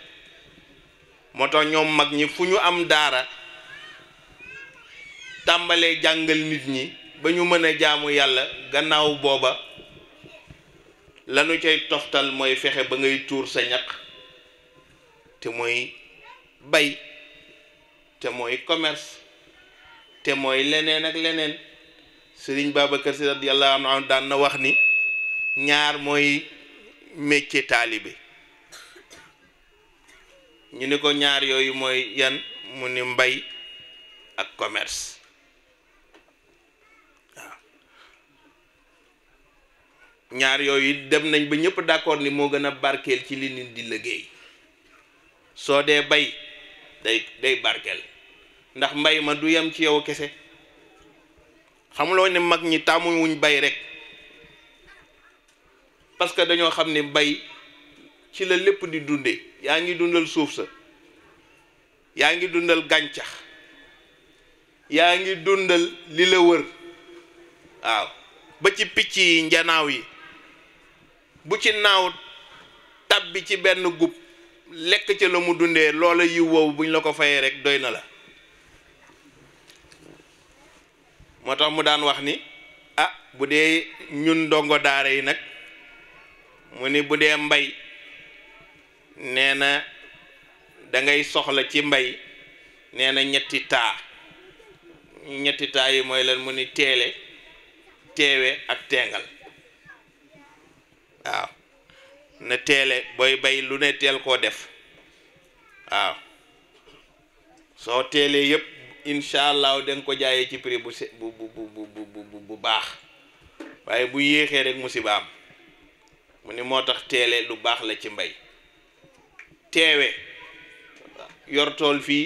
moo tax ñoom mag ñi fu ñu am daara tàmbalee jàngal nit ñi ba ñu mën a jaamu yàlla gannaaw booba lanu cay toxtal mooy fexe ba ngay tuur sa ñaq te mooy bay te mooy commerce te mooy leneen ak leneen sëriñ Babacar Si radiyallahu anhu daan na wax ni ñaar mooy métier taalibe ñu ni ko ñaar yooyu mooy yan mu ni mbay ak commerce waaw ñaar yooyu dem nañ ba ñëpp d'accord ni moo gën a barkeel ci li nit di liggéey soo dee bay day day barkeel ndax mbay ma du yem ci yow kese xamuloo ne mag ñi wuñ bay rek parce que dañoo xam ne bay ci la lépp di dunde yaa ngi dundal suuf sa yaa ngi dundal gàncax yaa ngi dundal li la wër waaw ba ci picc yi njanaaw yi bu ci naaw tàbbi ci benn gub lekk ci la mu dundee loola yiw woowu buñ la ko fayee rek doy na la moo tax mu daan wax ni ah bu dee ñun dongo daara yi nag mu ni bu dee mbay nee na da ngay soxla ci mbay nee na ñetti taa ñetti taa yi mooy lan mu ni teele teewe ak tengal waaw na teele booy bay lu ne teel koo def waaw soo teelee yëpp incha allah da ko jaayee ci prix bu se bu bu bu bu baax waaye bu yéexee rek musibaam mu ni moo tax teele lu baax la ci mbay teewe yor tool fii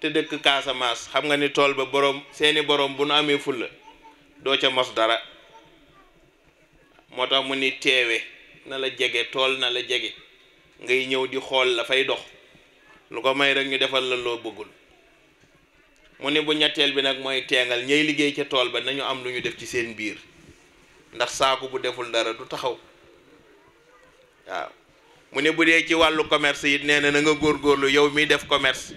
te dëkk Casamance xam nga ni tool ba borom seeni borom bu nu amee fulla doo ca mos dara moo tax mu ni teewe na la jege tool na la jege ngay ñëw di xool la dox lu ko may rek ñu defal la loo bëggul mu ne bu ñetteel bi nag mooy teengal ñay liggéey ca tool ba nañu am lu ñu def ci seen biir ndax saaku bu deful dara du taxaw waaw mu ne bu dee ci wàllu commerce yi nee na na nga góorgóorlu yow mi def commerce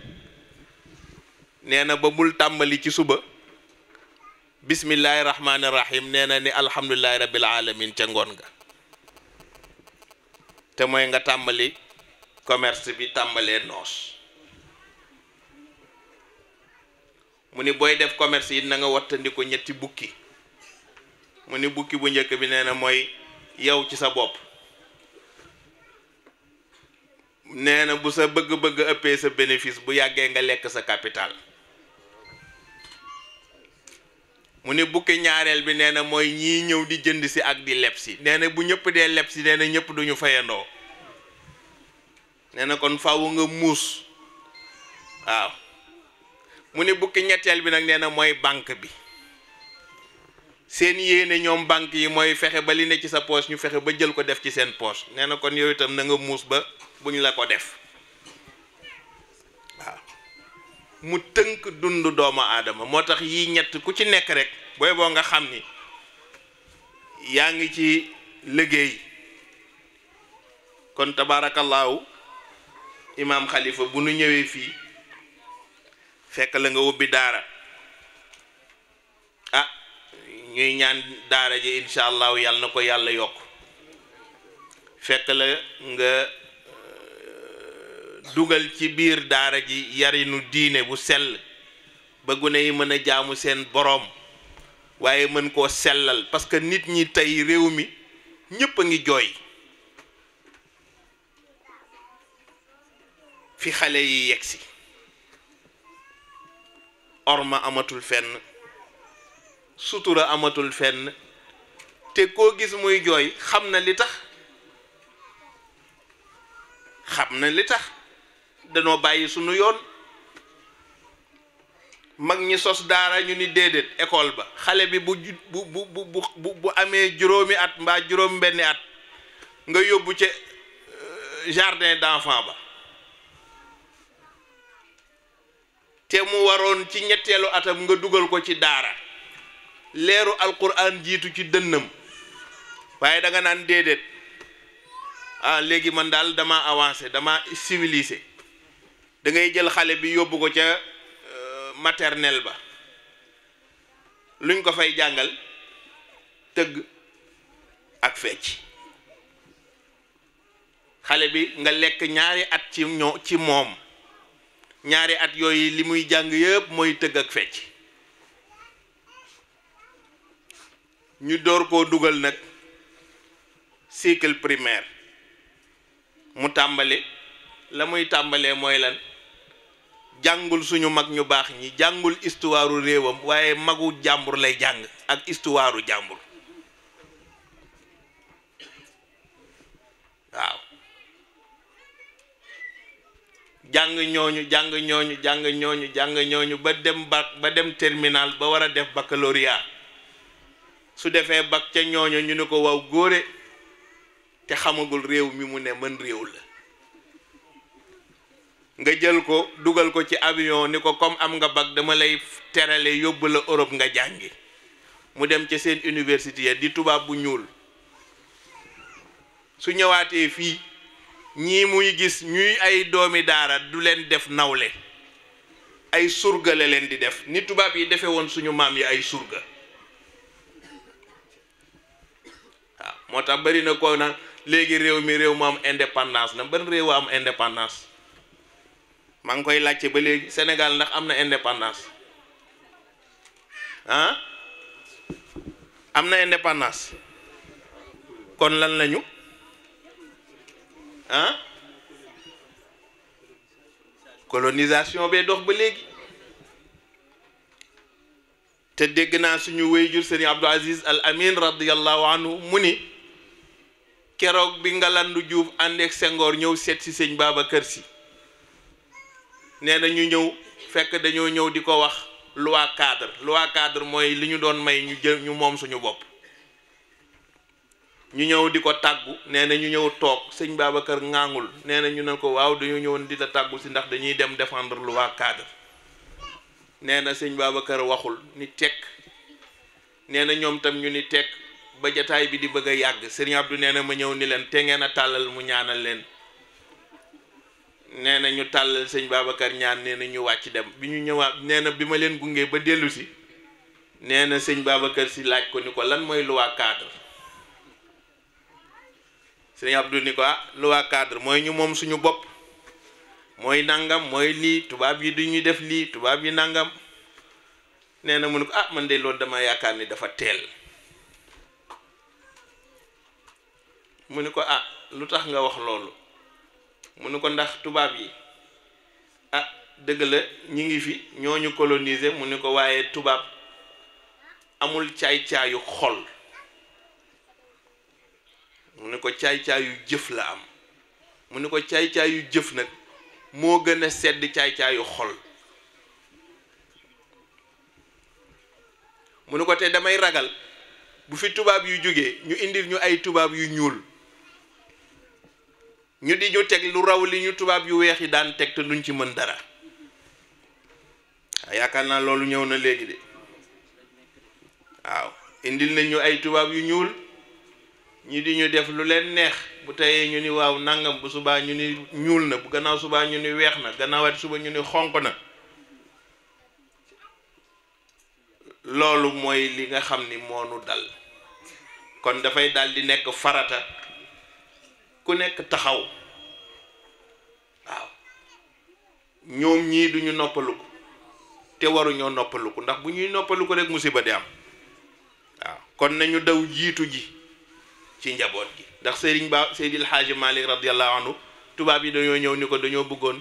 nee na ba bul tàmbali ci suba bismillahi rahmaani rahim nee na ni alhamdulilahi rabbil alamin ca ngoon nga te mooy nga tàmbali commerce bi tàmbalee noos mu ni booy def commerce yi na nga wattandiku ñetti bukki mu ni bukki bu njëkk bi nee na mooy yow ci sa bopp nee bu sa bëgg-bëgg ëppé sa bénéfice bu yàggee nga lekk sa capital mu ne bukki ñaareel bi nee moy ñi di jënd ci ak di lepsi. si bu ñëpp dé lepsi si ñëpp duñu fayandoo nee kon faaw nga mus waaw mu ne bi nak nee moy mooy banque bi seen yéene ñom banque yi moy fexé ba li ne ci sa poche ñu fexé ba jël ko def ci seen poche nee kon yoy itam na nga mus ba buñ la ko def Muteng mu teunk dundu dooma adama motax yi ñett ku ci nekk rek boy bo nga xamni yaangi ci liggey kon tabarakallah imam khalifa bu nu ñewé fi fekk la nga ubbi dara ah ñuy ñaan dara ji inshallah yalla nako yalla yok fekk la nga dugal ci biir daara gi yarinu diine bu sell ba gune yi mën a jaamu seen boroom waaye mën koo sellal parce que nit ñi tey réew mi ñépp a ngi jooy fi xale yi yegsi orma amatul fenn sutura amatul fenn te koo gis muy jooy xam na li tax xam na li tax danoo bàyyi sunu yoon mag ñi sos daara ñu ni déedéet école ba xale bi bu bu bu bu bu amee juróomi at mbaa juróom benni at nga yóbbu ca euh, jardin d'enfant ba te mu waroon ci ñetteelu atam nga dugal ko ci daara leeru alquran jiitu ci dënnam waaye danga naan déedéet ah, léegi man daal dama avancé dama civilisé da ngay jël xale bi yóbbu ko ca euh, maternelle ba luñ ko fay jàngal tëgg ak fecc xale bi nga lekk ñaari at ci ñoo ci moom ñaari at yooyu li muy jàng yëpp mooy tëgg ak fecc ñu door koo dugal nag cycle primaire mu tàmbali la muy tàmbalee mooy lan jàngul suñu mag ñu baax ñi jàngul istuwaaru réewam waaye magu jàmbur lay jàng ak istuwaaru jàmbur waaw jàng ñooñu jàng ñooñu jàng ñooñu ba dem bac ba dem terminal ba war a def baccalauréat su defee bac ca ñooñu ñu ne ko waw góore te xamagul réew mi mu ne mën réew la nga jël ko dugal ko ci avion ni ko comme am nga bag dama lay terale yóbbu la Europe nga jàngi mu dem ci seen université ya di tubaab bu ñuul su ñëwaatee fii ñii muy gis ñuy ay doomi daara du leen def nawle ay surga la leen di def ni tubaab yi defe woon suñu maam yi ay surga waaw moo tax bari na ko naan léegi réew mi réew mu am indépendance na ba réew am indépendance maa ngi koy laajte ba léegi Sénégal ndax am na indépendance ah am na indépendance kon lan lañu ah colonisation bee dox ba léegi te dégg naa suñu wéyjur sëriñ Abdou Aziz Al Amin radiyallahu anhu mu ni keroog bi Ngalandu Diouf ànd ak Senghor ñëw seet si sëñ kër si neena ñu ñew fekk dañoo ñew di wax loi cadre loi cadre moy li ñu doon may ñu ñu mom suñu bop ñu ñew di taggu neena ñu ñew tok sëñ babakar ngangul neena ñu nako waaw di la taggu ci ndax dañuy dem défendre loi cadre neena na babakar waxul ni tek neena ñom tam ñu ni tek ba jotaay bi di bëgg yagg yàgg Abdou neena ma ñew ni len te mu ñaanal len nee ñu talal sëñ babakar ñaan nee ñu wacc dem bi ñu ñëwaat nee na leen gungé ba dellu ci nee na babakar Babacar si laaj ko ni lan moy loi cadre sëñ Abdou ni ko ah loi cadre moy ñu mom suñu bop moy nangam moy lii tubab yi duñu def li tubab yi nangam nee mu ko ah man de lool dama yaakaar ni dafa tel mu ko ah lutax nga wax loolu mu ne ko ndax tubaab yi ah dëgg la ñi ngi fi ñooñu coloniser mu ne ko waaye tubaab amul caay-caayu xol mu ne ko caay-caayu jëf la am mu ne ko caay-caayu jëf nag moo gën a sedd caay-caayu xol mu ne ko te damay ragal bu fi tubaab yu jógee ñu indil ñu ay tubaab yu ñuul ñu di ñu teg lu raw li ñu tubaab yu weex yi daan teg te luñ ci mën dara ah, yaakaar naa loolu ñëw na léegi de waaw indil nañ ay tubaab yu ñuul ñi di ñu def lu leen neex bu teyee ñu ni waaw nangam bu subaa ñu ni ñuul na bu gannaaw subaa ñu ni weex na gannaawaat suba ñu ni xonq na loolu mooy li nga xam ni moonu dal kon dafay dal di nekk farata ku nekk taxaw waaw ñoom ñii duñu noppalu ko te waruñoo noppalu ko ndax bu ñuy noppalu ko rek musiba de am waaw kon nañu daw jiitu ji ci njaboot gi ndax Serigne Ba Seydil Hadji Malick radiyallahu anhu tubaab yi dañoo ñëw ni ko dañoo bëggoon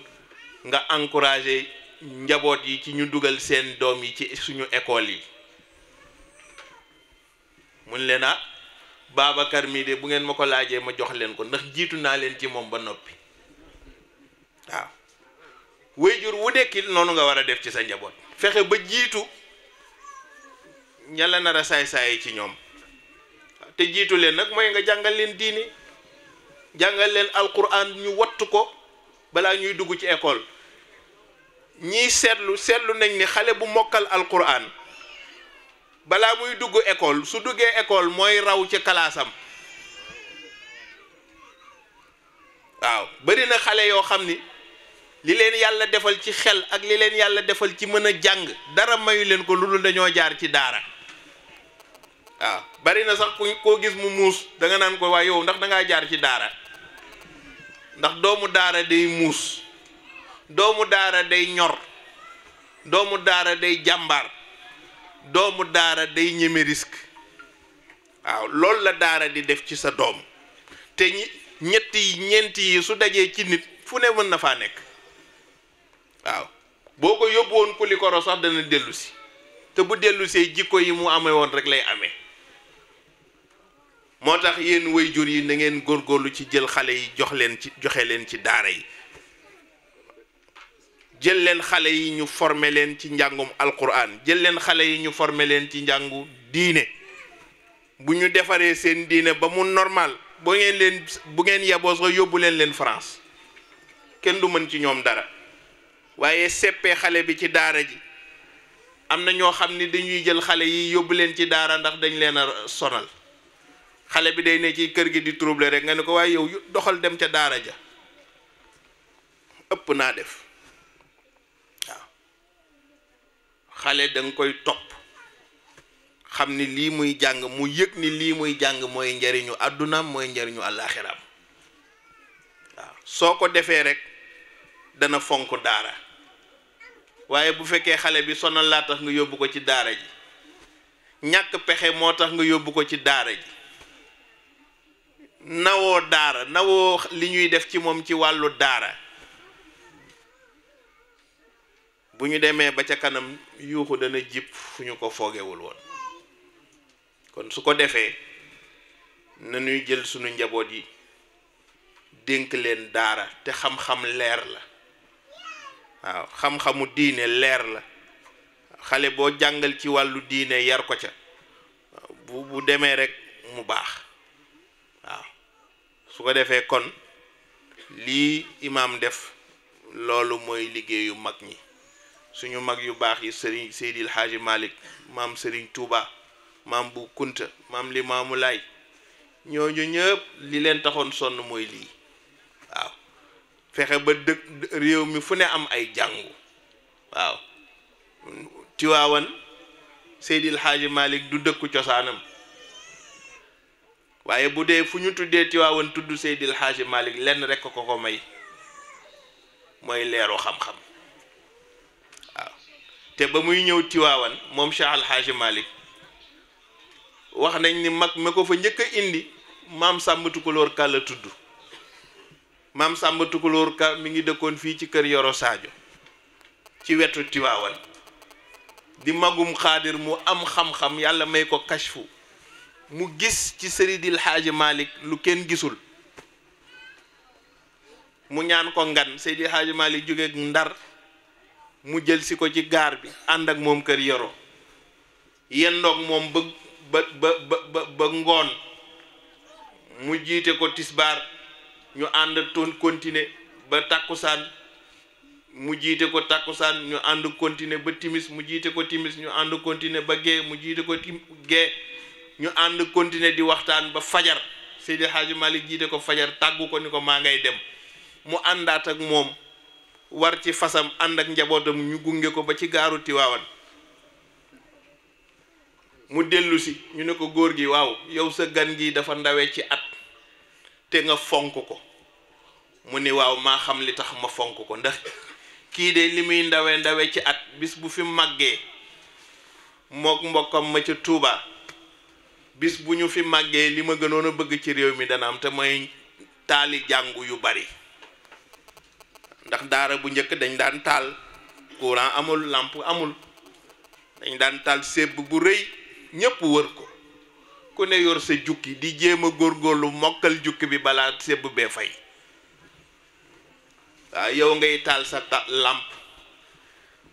nga encourager njaboot yi ci ñu dugal seen doom yi ci suñu école yi mun leen Babacar mii de bu ngeen ma ko laajee ma jox leen ko ndax jiitu naa leen ci moom ba noppi waaw wéyjur wu dekkil noonu nga war a def ci sa njaboot fexe ba jiitu ñala nar a saay-saay ci ñoom te jiitu leen nag mooy nga jàngal leen diini jàngal leen alquran ñu wattu ko balaa ñuy dugg ci école ñiy seetlu seetlu nañ ni xale bu mokkal alquran balaa muy dugg école su duggee ecole mooy raw ca kalaasam waaw bari na xale yoo xam ni li leen yàlla defal ci xel ak li leen yàlla defal ci mën a jàng dara mayu leen ko lu dul dañoo jaar ci daara waaw bari na sax ku koo gis mu muus da nga naan ko waa yow ndax da jaar ci daara ndax doomu daara day muus doomu daara day ñor doomu daara day jàmbaar doomu daara day ñeme risque waaw loolu la daara di def ci sa doom te ñi ñett yi su dajee ci nit fu ne mën na faa nekk waaw boo ko yóbbu woon kuli koro sax dana dellu te bu dellu see jikko yi mu amee rek lay amee moo tax yéen way jur yi na góor góorlu ci jël xale yi jox leen ci joxe leen ci daara yi jël leen xale yi ñu former leen ci njàngum alquran jël leen xale yi ñu former leen ci njàngu diine bu ñu defaree seen diine ba mu normal boo leen bu ngeen yaboo soo yóbbu leen leen France kenn du mën ci ñoom dara waaye seppee xale bi ci daara ji am na ñoo xam ni dañuy jël xale yi yóbbu leen ci daara ndax dañu leen a sonal xale bi day ne ci kër gi di trouble rek nga ne ko waaye yow doxal dem ca daara ja ëpp naa def xale da koy topp xam ni lii muy jàng mu yëg ni lii muy jàng mooy njariñu àddunaam mooy njariñu àllaaxiraam waaw soo ko defee rekk dana fonk daara waaye bu fekkee xale bi sonal laa tax nga yóbbu ko ci daara ji ñàkk pexe moo tax nga yóbbu ko ci daara ji nawoo daara nawoo li ñuy def ci moom ci wàllu daara bu ñu demee ba ca kanam yuuxu dana jib fu ñu ko foogewul woon kon su ko defee nañuy jël sunu njaboot yi dénk leen daara te xam-xam leer la waaw xam-xamu diine leer la xale boo jàngal ci wàllu diine yar ko ca bu bu demee rek mu baax waaw su ko defee kon lii imaam def loolu mooy liggéeyu mag ñi suñu mag yu baax yi Serigne Seydil Hadji Malick maam Serigne Touba maam bu Kunta maam Limaamu Laay ñooñu ñëpp li leen taxoon sonn mooy lii waaw fexe ba dëkk réew mi fu ne am ay jàngu waaw Tiwaawan Seydil Hadji Malick du dëkku cosaanam waaye bu dee fu ñu tuddee Tiwaawan tudd Seydil Hadji Malick lenn rekk ko ko may mooy leeru xam-xam te ba muy ñëw Tiwaawan moom Cheikh Al malik wax nañ ni mag mi ko fa njëkk a indi maam Sàmba Tukulóor Ka la tudd maam Sàmba Tukulóor Ka mi ngi dëkkoon fii ci kër Yoro saajo ci wetu Tiwaawan di magum xaadir mu am xam-xam yàlla may ko kashfu mu gis ci Seydil Hadj Malick lu kenn gisul mu ñaan ko ngan Seydil Hadj Malick jóge Ndar mu jël si ko ci gaar bi ànd ak moom kër yoro yenn yendoog moom ba ba ba ngoon mu jiite ko tisbaar ñu ànd ton continuer ba tàkkusaan mu jiite ko tàkkusaan ñu ànd continuer ba timis mu jiite ko timis ñu ànd continuer ba gee mu jiite ko tim gee ñu ànd continuer di waxtaan ba fajar Seydi Hadji Malick jiite ko fajar tàggu ko ni ko maa ngay dem mu àndaat ak moom war ci fasam ànd ak njabootam ñu gunge ko ba ci gaaru Tiwaawan mu dellusi ñu ne ko góor gi waaw yow sa gan gi dafa ndawe ci at te nga fonk ko mu ni waaw maa xam li tax ma fonk ko ndax kii de li muy ndawe ndawe ci at bis bu fi màggee mook mbokkam ma ca tuubaa bis bu ñu fi màggee li ma gënoon a bëgg ci réew mi dana am te mooy taali jàngu yu bari ndax daara bu njëkk dañ daan taal courant amul lampe amul dañ daan taal sébb bu rëy ñépp wër ko ku ne yor sa jukki di jéem a góorgóorlu mokkal jukki bi balaa sébb bee fay waaw yow ngay taal sa lamp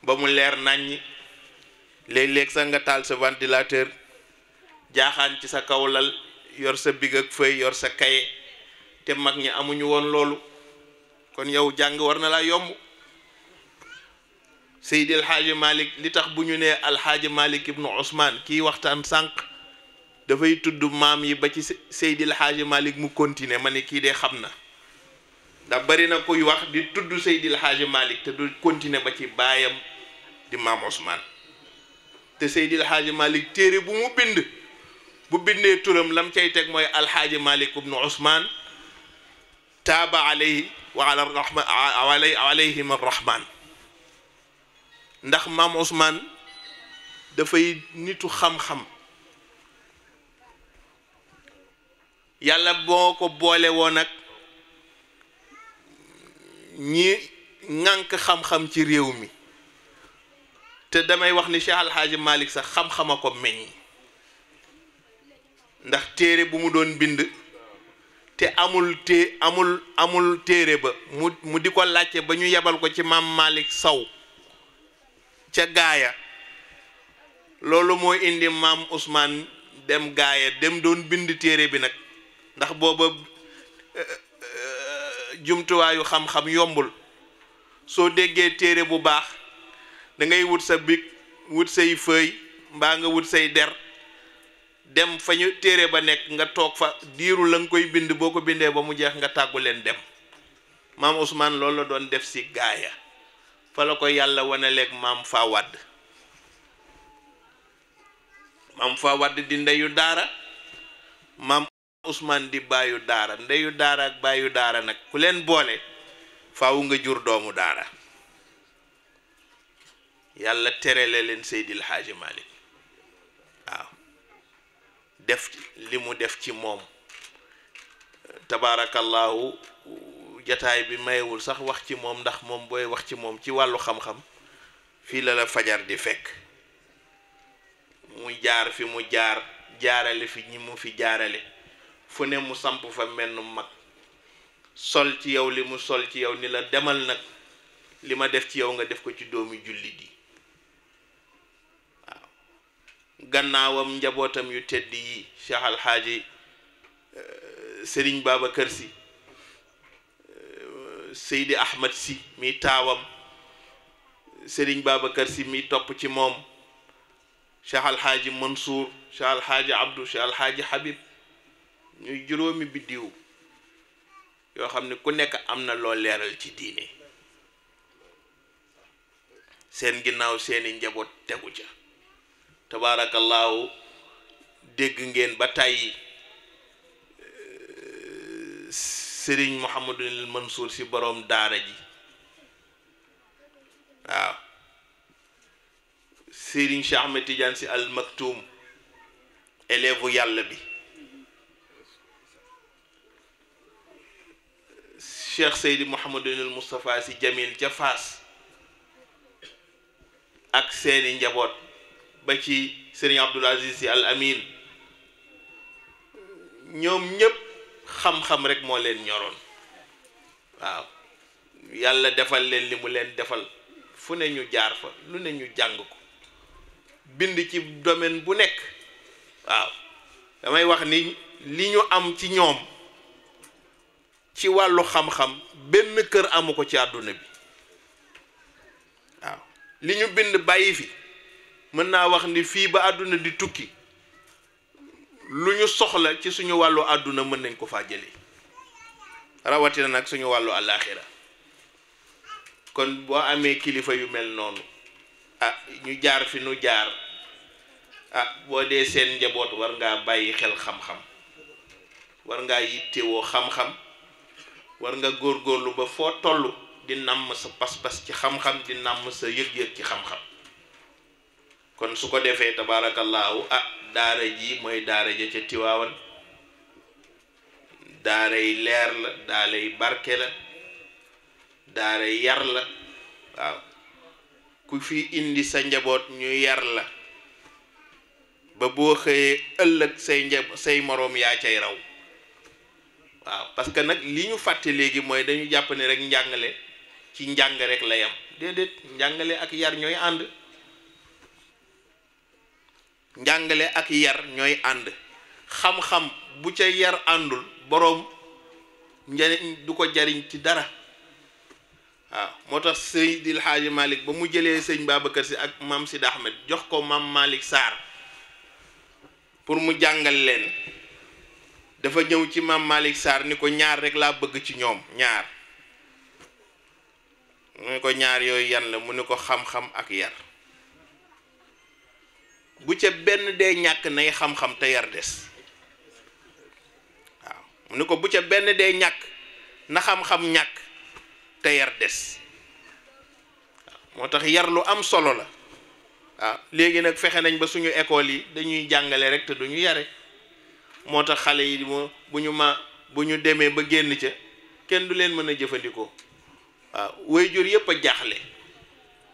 ba mu leer naññ léeg-léeg sa nga taal sa ventilateur jaaxaan ci sa kaw lal yor sa bigak yor sa kaye te mag ñi amuñu woon loolu kon yow jàng war na laa yomb seydil El malik Malick li tax bu ñu nee Al Hadj Malick ibnu Ousmane kii waxtaan sànq dafay tudd maam yi ba ci Seydi El malik mu continuer ma ne kii de xam na ndax bari na kuy wax di tudd Seydi El Hadj Malick te du continuer ba ci baayam di maam Ousmane te Seydi El Hadj Malick téere bu mu bind bu bindee turam lam cay teg mooy Al Hadj Malick ibnu Ousmane. تاب عليه وعلى الرحمن علي عليهم الرحمن ندخ مام عثمان دا فاي نيتو خم خم يالا بوكو بولي وناك ني نانك خم خم تي ريومي تا داماي واخ ني شيخ الحاج مالك سا خم خماكو ميني ndax téré bu mu doon bind te amul té amul amul téere ba mu di ko laajte ba ñu yebal ko ci maam Malick Sow ca gaaya loolu moo indi maam Ousmane dem gaaya dem doon bind téere bi nag ndax booba euh, euh, jumtuwaayu xam-xam yombul soo déggee téere bu baax da ngay wut sa bic wut say feuille mbaa nga wut say der dem fa ñu téere ba nekk nga toog fa diiru la nga koy bind boo ko bindee ba mu jeex nga tàggu leen dem maam Ousmane loolu la doon def ci gaaya fa la ko yàlla wanaleeg maam maam Fawad di ndeyu daara maam Ousmane di baayu daara ndeyu daara ak baayu daara nag ku leen boole faw nga jur doomu daara yàlla terele leen Seydil Hadji def limu def ci mom tabaarakallaahu jotaay bi mayewul sax wax ci mom ndax mom boy wax ci mom ci walu xam xam-xam fi la la fajar di fek muy jaar fi mu jaar jaarale fi ñi mu fi jaarale fu ne mu samp fa menn mag sol ci yow li mu sol ci yow ni la demal nag li ma def ci yow nga def ko ci doomi julli di gannaawam njabootam yu tedd yi Cheikh Alxaaji eh, Serigne Babacar Sy eh, Seydi Ahmad Sy mi taawam Serigne Babacar Sy mi topp ci moom Cheikh Alxaaji Mansour Cheikh Alxaaji Abdou Cheikh Alxaaji Habib ñuy juróomi biddiw yoo xam ne ku nekk am na loo leeral ci diine seen ginnaaw seeni njaboot tegu ca tabaarakallaahu dégg ngeen ba tàyyi eh, sëriñ Mouhamadul Mansour si boroom daara ji waaw sëriñ Cheikh Ahmed si al Maktoum élève yàlla bi Cheikh Seydi Mouhamadul Moustapha si Jamil ca ak seeni njaboot ba ci Serigne Abdoul Aziz Sy Al Amin ñoom ñëpp xam-xam rek moo leen ñoroon waaw yàlla defal leen li mu leen defal fu ne ñu jaar fa lu ne ñu jàng ko bind ci domaine bu nekk waaw damay wax ni li ñu am ci ñoom ci wàllu xam-xam benn kër amu ko ci àdduna bi waaw li ñu bind bàyyi fi mën naa wax ni fii ba àdduna di tukki lu ñu soxla ci suñu wàllu àdduna mën nañ ko faa jëlee rawatina nag suñu wàllu kon boo amee kilifa yu mel noonu ah ñu jaar fi nu jaar ah boo dee seen njaboot war ngaa bàyyi xel xam-xam war ngaa yittewoo xam-xam war nga góorgóorlu ba foo toll di sa pas-pas ci xam-xam di nàmm sa yëg-yëg ci xam-xam kon su ko defee tabaarakallaahu ah daara ji mooy daara ja ca tiwaawan daaray leer la daaray barke la daaray yar la waaw ku fi indi sa njaboot ñu yar la ba boo xëyee ëllëg say njab say moroom yaa cay raw waaw parce que nag li ñu fàtte léegi mooy dañu jàpp ne rek njàngale ci njàng rek la yam déedéet njàngale ak yar ñooy ànd njàngale ak yar ñooy ànd xam-xam bu ca yar àndul boroom njariñ du ko jariñ ci dara waaw moo tax Seydil Xaaji Malick ba mu jëlee sëñ Babacar Si ak maam si Ahmed jox ko maam Malick Sarr pour mu jàngal leen dafa ñëw ci maam Malick Sarr ni ko ñaar rek laa bëgg ci ñoom ñaar mu ne ko ñaar yooyu yan mu ne ko xam-xam ak yar bu ca benn dee ñàkk nay xam-xam te yar des waaw mu ni ko bu ca benn dee ñàkk na xam-xam ñàkk te yar des waaw moo tax yar lu am solo la waaw léegi nag fexe nañ ba suñu école yi dañuy jàngale rek te duñu yare moo tax xale yi bu ñu ma bu ñu demee ba génn ca kenn du leen mën a jëfandikoo waaw waajur yépp a jaaxle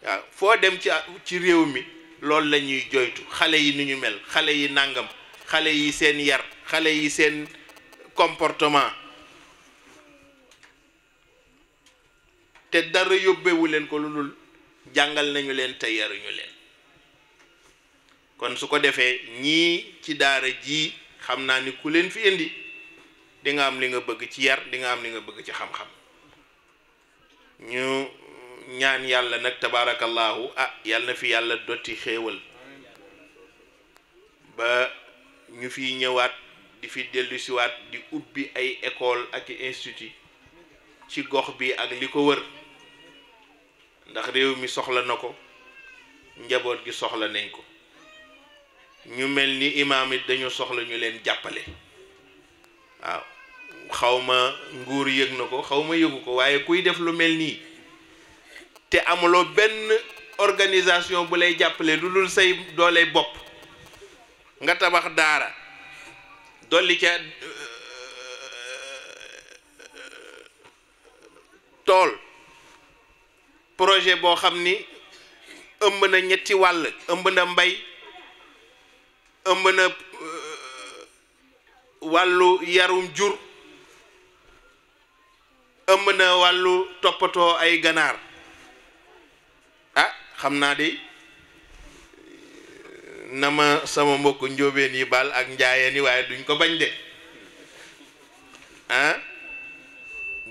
waaw foo dem ci ci réew mi lol la ñuy joytu xalé yi ni ñu mel xalé yi nangam xalé yi seen yar xalé yi seen comportement té dara wu len ko lulul jangal nañu leen te yaruñu len kon su ko defee ñii ci daara ji xamna ni ku len fi indi di nga am li nga bëgg ci yar di nga am li nga bëgg ci xam-xam ñu ñaan yàlla nag tabaarakallaahu ah yàlla fi yàlla dotti xéewal ba ñu fi ñëwaat di fi dellusiwaat di ubbi ay école ak i ci gox bi ak li ko wër ndax réew mi soxla na ko njaboot gi soxla nañ ko ñu mel ni imaam it dañu soxla ñu leen jàppale waaw xawma nguur yëg na ko xawma yëgu ko waaye kuy def lu mel nii te amuloo benn organisation bu lay jàppale lu dul say dooley bopp nga tabax daara dolli ca euh, tool projet boo xam ni ëmb na ñetti wàll ëmb na mbay ëmb na euh, wàllu yarum jur ëmb na wàllu toppatoo ay ganaar xam naa de eh, na ma sama mbokk njóobeen yi baal ak njaayeen yi waaye duñ ko bañ de ah,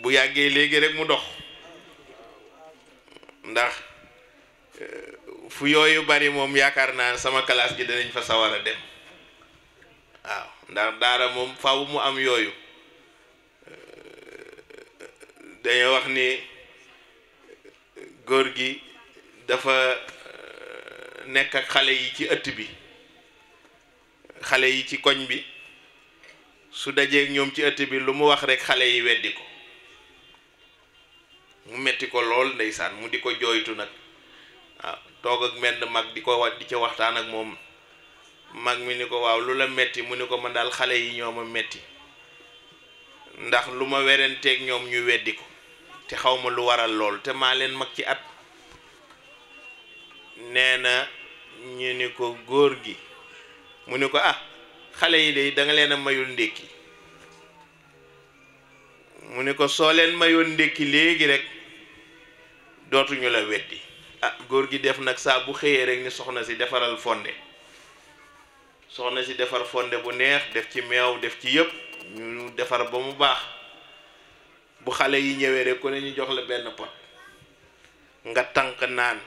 bu yàggee léegi rek mu dox ndax eh, fu yooyu bari moom yaakaar naa sama kalaas gi danañ fa sawar de dem waaw ndax daara moom faaw mu am yooyu eh, dañoo wax ni góor gi dafa euh, nekk ak xale yi ci ëtt bi xale yi ci koñ bi su dajeeg ñoom ci ëtt bi lu mu wax rekk xale yi weddi ko mu metti ko lool ndeysaan mu di ko jooytu nag waaw toog ak menn mag di ko di ca waxtaan ak moom mag mi ni ko waaw lu la metti mu ni ko man daal xale yi ñoo ma metti ndax lu ma werenteeg ñoom ñu weddi ko te xaw ma lu waral lool te maa leen mag ci at nee na ñu ni ko góor gi mu ni ko ah xale yi de da nga leen a mayul ndékki mu ni ko soo leen mayoon ndékki léegi rek dootuñu la weddi ah góor gi def nag saa bu xëyee rek ni soxna si defaral fonde soxna si defar fonde bu neex def ci meew def ci yëpp ñu defar ba mu baax bu xale yi ñëwee rek ku ne ñu jox la benn pot nga tànk naan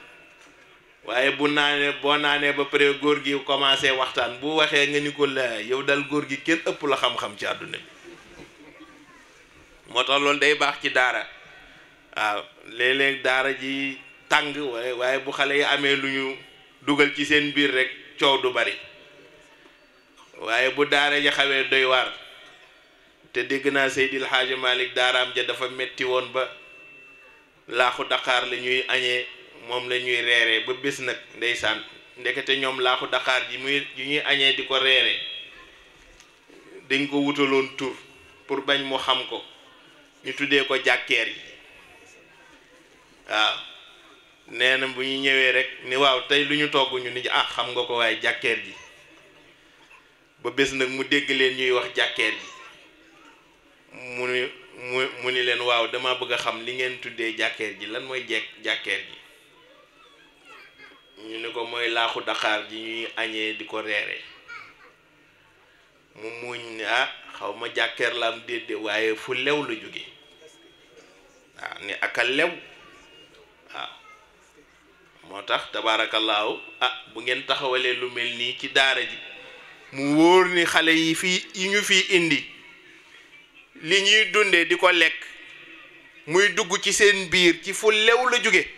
waaye bu naanee boo naanee ba pare góor gi commencé waxtaan bu waxee nga ni ko laa yow dal góor gi kenn ëpp la xam-xam ci àdduna moo tax loolu day baax ci daara waaw léeg daara ji tàng waaye bu xale yi amee lu ñu dugal ci seen biir rek coow du bari waaye bu daara ji xawee doy waar te dégg naa Seydil Hadji Malick daaraam ja dafa metti woon ba laaxu daqaar lañuy ñuy añee moom la ñuy reeree ba bés nag ndeysaan ndekete ñoom laaxu daqaar ji muy yi ñuy añee di ko reere dañ ko wutaloon tur pour bañ mu xam ko ñu tuddee ko jàkkeer yi waaw nee na bu ñu ñëwee rek ni waaw tey lu ñu togg ñu ni ah xam nga ko waaye jàkkeer ji ba bés nag mu dégg leen ñuy wax jàkkeer ji mu ni mu mu ni leen waaw dama bëgg a xam li ngeen tuddee jàkkeer ji lan mooy jekk jàkkeer ji ñu ni ko mooy laaxu daqaar ji ñuy añee di ko reere mu muuñ ni ah xaw ma jàkkeer la am déedéet waaye fu lew la jóge waaw ni aka lew moo tax tabaarakallaahu ah bu ngeen taxawalee lu mel nii ci daara ji mu wóor ni xale yi fii yi ñu fii indi li ñuy dunde di ko lekk muy dugg ci seen biir ci fu lew la jóge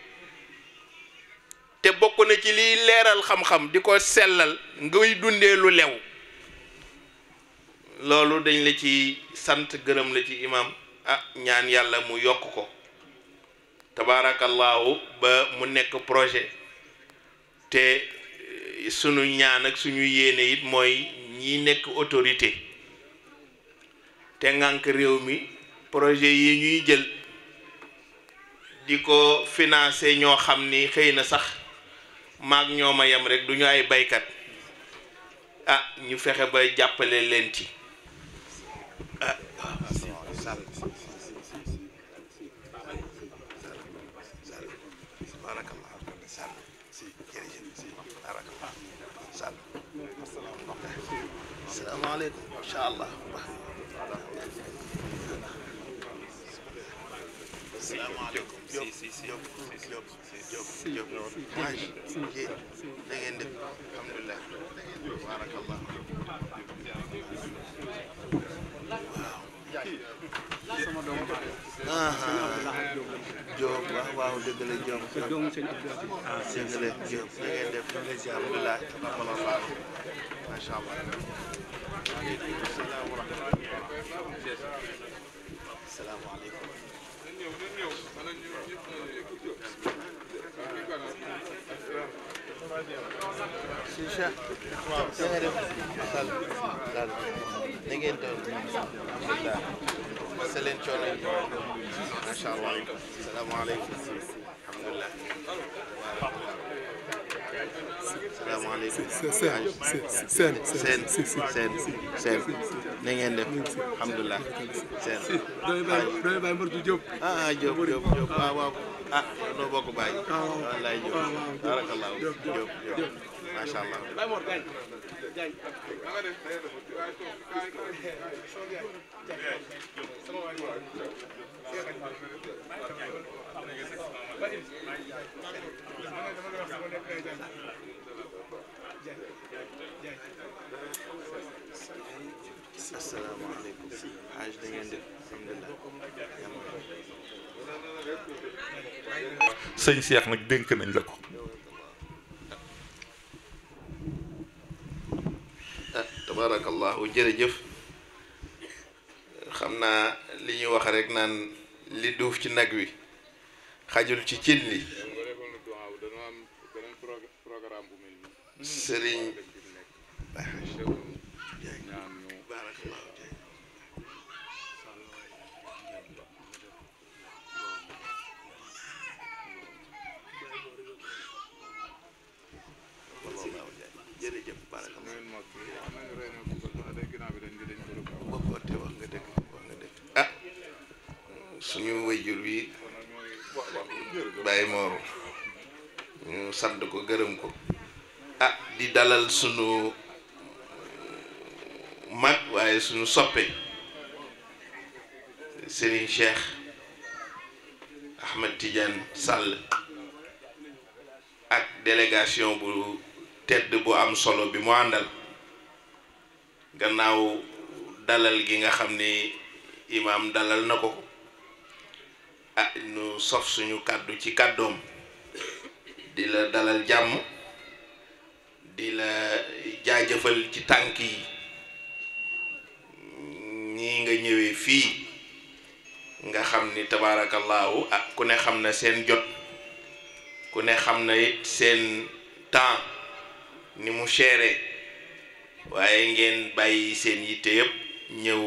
te bokk na ci liy leeral xam-xam di ko sellal ngay dundee lu lew loolu dañ la ci sant gërëm la ci imam ah ñaan yàlla mu yokk ko tabaarakallaahu ba mu nekk projet te eh, sunu ñaan ak suñu yéene it mooy ñi nekk autorité te ngànk réew mi projet yi ñuy jël di ko financer ñoo xam ni xëy na sax maag ñooma yem rek du ñu ay baykat ah ñu fexe ba jàppale leen ci salaamaaleykum incha allah salaamaaleykum si si si da ngeen def alhamdulilah barakallah sama doom Diop waaw waaw dëgg Cheikh da nga def sal daal na ngeen doon alhamdulilah sa leen coono yi macha allah salaamaaleykum alhamdulilah salaamaaleykum seen seen seen seen na ngeen def alhamdulilah seen doy bay doy bay Mbartu Diop ah Diop Diop Diop ah, waaw waaw ah noo bokk bàyyi. Ah, waaw ah, waaw wallaay Diop barakallahu Diop Diop macha allah. asalaamaaleykum. xaaj da ngeen def alhamdulilah. sëñ Cheikh nag dénk nañ la ko. ah tabaarakallaahu jërëjëf xam naa li ñuy wax rek naan li duuf ci nag wi xajul ci cin li. sëriñ. suñu wayjur bi Baye Mor ñu sant ko gërëm ko ah di dalal suñu uh, mag waaye suñu soppe Serigne Cheikh Ahmed Tidiane sàll ak délégation bu tedd bu am solo bi mu àndal gannaaw dalal gi nga xam ni imaam dalal na ko ah ñu sof suñu kàddu ci kàddoom di la dalal jàmm di la jaajëfal ci tànk yi nii nga ñëwee fii nga xam ni tabaarakallaahu ak ah, ku ne xam na seen jot ku ne xam na it seen temps ni mu seere waaye ngeen bàyyi seen yitte yëpp ñëw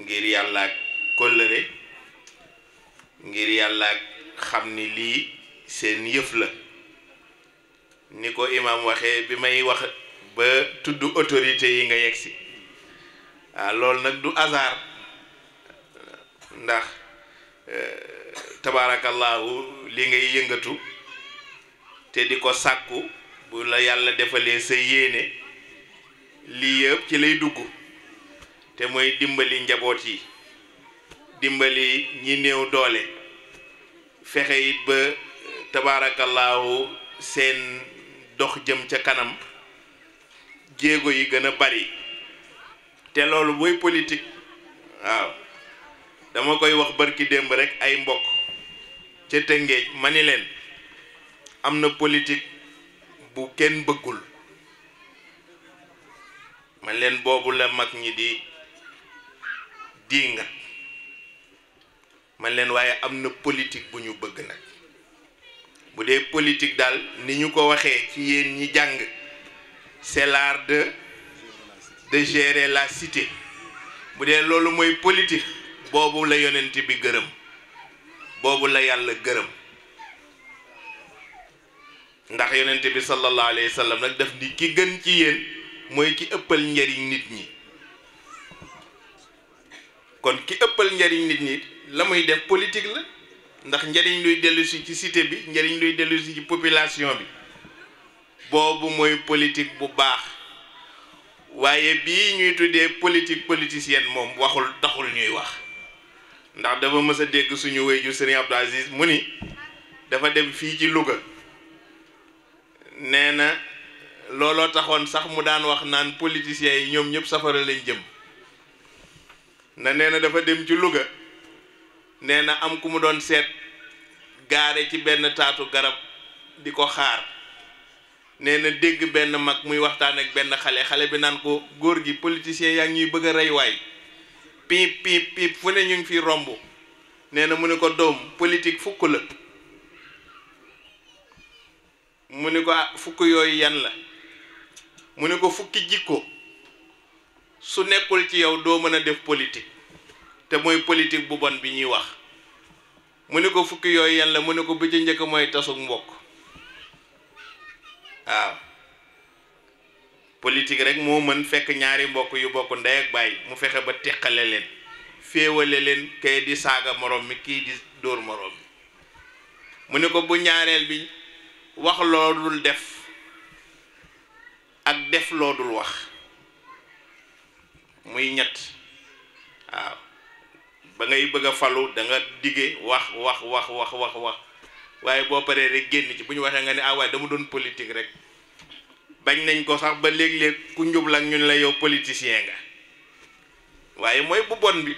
ngir yàlla ak kóllëre ngir yàlla xam ni lii seen yëf la ni ko imaam waxee bi may wax ba tudd autorité yi nga yegg si ah, lool nag du hasard ndax eh, tabaarakallaahu li ngay yëngatu te di ko sàkku bu la yàlla defalee sa yéene lii yëpp ci lay dugg te mooy dimbali njaboot yi dimbali ñi néew doole fexe it ba tabaarakallaahu seen dox jëm ca kanam jéego yi gën a bari te loolu buy politique waaw dama koy wax barki démb rekk ay mbokk ca Tëngéej ma ni leen am na politik bu kenn bëggul man leen boobu la mag ñi di dii nga man leen waaye am na politique bu ñu bëgg nag bu dee politique daal ni ñu ko waxee ci yéen ñi jàng c'est l'art de de gérer la cité bu dee loolu mooy politique boobu la yonent bi gërëm boobu la yàlla gërëm ndax yonent bi sallallahu alayhi wa sallam nag daf ni ki gën ci yéen mooy ki ëppal njariñ nit ñi kon ki ëppal njariñ nit ñi la muy def politique la ndax njëriñ luy dellusi ci cité bi njëriñ luy dellusi ci population bi boobu mooy politique bu baax waaye bii ñuy tuddee politique politicienne moom waxul taxul ñuy wax ndax dafa mës a dégg suñu wéyju Serigne Abdou Aziz mu ni dafa dem fii ci Louga nee na looloo taxoon sax mu daan wax naan politiciens yi ñoom ñëpp safara lañ jëm na nee na dafa dem ci Louga nee na am ku mu doon seet gaare ci benn taatu garab di ko xaar nee na dégg benn mag muy waxtaan ak benn xale xale bi naan ko góor gi politicien yaa ngi ñuy bëgg a reyuwaay waay piip piip fu ne ñu ngi fi romb nee na mu ne ko doom politique fukk la mu ne ko ah, fukk yooyu yan la mu ne ko fukki jikko su nekkul ci yow doo mën a def politique te mooy politique bu bon bi ñuy wax mu ne ko fukki yooyu yan la mu ne ko bu ci njëkk mooy tasug mbokk waaw politik rek moo mën fekk ñaari mbokk yu bokk ndey ak baay mu fexe ba teqale leen féewale leen kay di saaga morom mi kii di dóor morom mi mu ne ko bu ñaareel bi wax loo def ak def loo dul wax muy ñett waaw ba ngay bëgg a falu da nga diggé wax wax wax wax wax wax waye bo paré rek génn ci buñu waxé nga ni ah way dama doon politique rek bañ nañ ko sax ba lég lég ku ñub ak ñun la yow politicien nga waye moy bu bon bi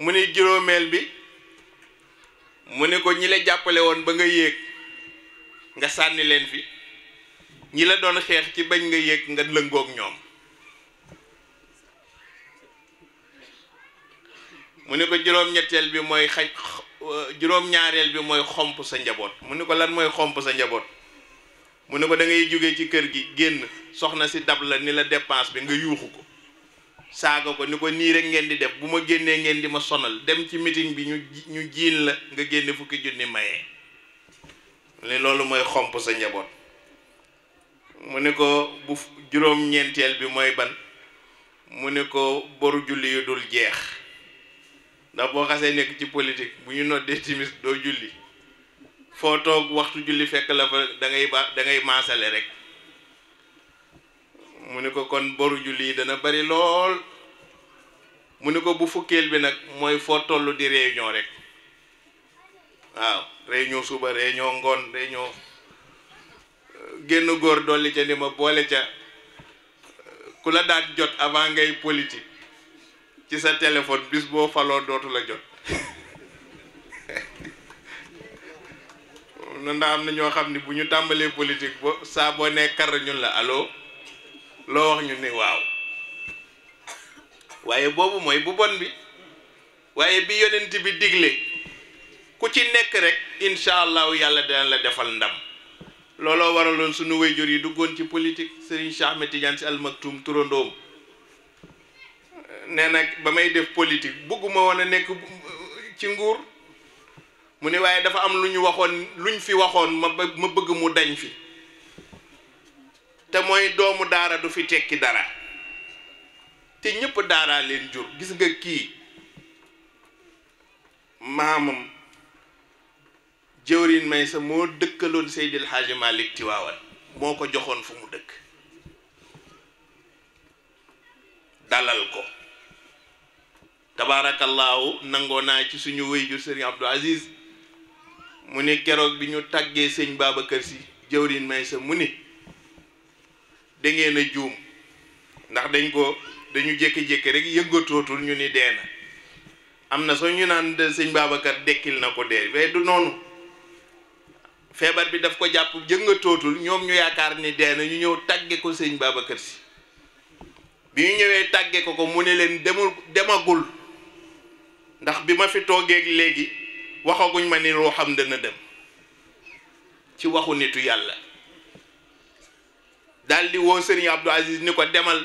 mu ne juromel bi mu ne ko ñi la jàppale ba nga yéeg nga sanni len fi ñi la doon xex ci bañ nga nga ñom mu ne ko juróom-ñetteel bi mooy xaj juróom-ñaareel bi mooy xomp sa njaboot mu ne ko lan mooy xomp sa njaboot mu ne ko da ngay jóge ci kër gi génn soxna si dab la ni la dépense bi nga yuuxu ko saaga ko ni ko nii rek ngeen di def bu ma ngeen di ma sonal dem ci meeting bi ñu ñu jiin la nga génne fukki junni mayee ne loolu mooy xomp sa njaboot mu ne ko bu juróom-ñeenteel bi mooy ban mu ne ko boru julli yu dul jeex ndax boo xasee nekk ci politique bu ñu noddee timis doo julli foo toog waxtu julli fekk la fa da ngay da ngay maasale rek mu ne ko kon boru julli dana bari lool mu ne ko bu fukkeel bi nag mooy foo toll di réunion rek waaw réunion suba réunion ngoon réunion euh, génn góor dolli ca ni ma boole ca euh, ku la daan jot avant ngay politique ci sa téléphone bis boo faloo dootu la jot na nda am na ñoo xam ne bu ñu tàmbalee politique ba saa boo nee kar ñun la allo loo wax ñu ni waaw waaye boobu mooy bu bon bi waaye bi yonent bi digle ku ci nekk rek incha allahu yàlla dana la defal ndam looloo waraloon sunu wayjur yi duggoon ci politique Serigne Cheikh Ahmed Tidiane Sy Al Maktoum turandoom nee nag ba may def politique bëgguma woon a nekk ci nguur mu ne waaye dafa am lu ñu waxoon luñ fi waxoon ma ma bëgg mu dañ fi te mooy doomu daara du fi tekki dara te ñépp daaraa leen jur gis nga kii maamam jëwrin may sa moo dëkkaloon Seydil jël Malick Tiwaawan moo ko joxoon fu mu dëkk dalal ko tabaarakallaahu nangoo naa ci suñu wéyjur sëriñ Abdou Aziz mu ne keroog bi ñu tàggee sëñ Babacar si jëwriñ may sa mu ni dangeen a juum ndax dañ ko dañu jékki-jékki rek yëggatootul ñu ni dee na am na soo ñu naan sëñ Babacar dekkil na ko dee mais du noonu feebar bi daf ko jàpp yëngatootul ñoom ñu yaakaar ni deena ñu ñëw tàggee ko sëñ Babacar si bi ñu ñëwee tàggee ko ko mu ne leen demul demagul ndax bi ma fi toogeeg léegi waxaguñ ma ni ruuxam dana dem ci waxu nitu yàlla daldi woo sëriñ Abdou Aziz ni ko demal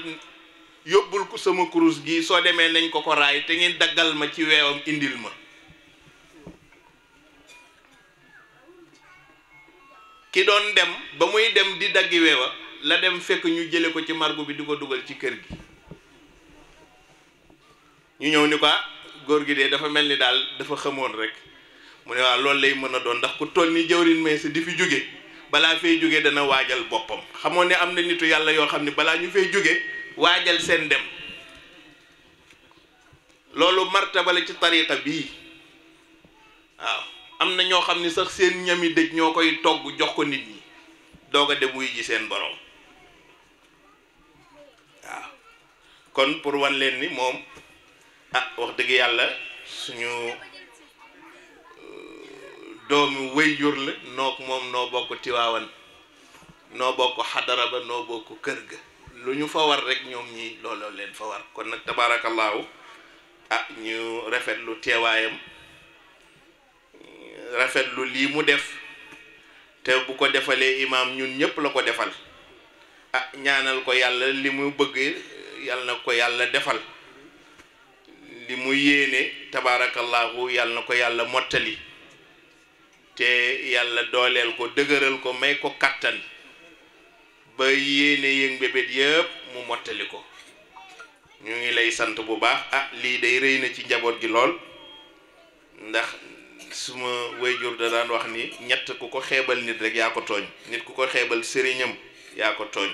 yóbbul ko sama kurus gi soo demee nañ ko ko raay te ngeen daggal ma ci weewam indil ma ki doon dem ba muy dem di daggi weewa la dem fekk ñu jële ko ci margo bi di ko dugal ci kër gi ñu ñëw ni ko ah, góor gi de dafa mel ni daal dafa xamoon rek mu ne waaw loolu lay mën a doon ndax ku toll ni jawrin Maysa di fi jóge balaa fay jóge dana waajal boppam xamoo ne am na nitu yàlla yoo xam ne balaa ñu fay jóge waajal seen dem loolu martaba la ci tariqa bii waaw am na ñoo xam ni sax seen ñami dëj ñoo koy togg jox ko nit ñi doog a dem wuy ji seen boroom waaw kon pour wan leen ni moom ah wax dëgg yàlla suñu euh, doomi wéy yur la nook moom noo bokk tiwaawan noo bokk xadara ba noo bokk kër ga lu ñu fa war rek ñoom ñi looloo leen fa war kon nag tabaarakallaahu ah ñu rafet lu teewaayam rafet lu lii mu def te bu ko defalee imaam ñun ñëpp la ko defal ah ñaanal ko yàlla li mu bëgg yàlla ko yàlla defal li mu yéene tabaarakallaahu yàlla na ko yàlla mottali te yàlla dooleel ko dëgëral ko may ko kàttan ba yéene yëng bébét yëpp mu mottali ko ñu ngi lay sant bu baax ah lii day rëy na ci njaboot gi lool ndax suma wayjur da daan wax ni ñett ku ko xeebal nit rek yaa ko nit ku ko xeebal sëriñam yaa ko tooñ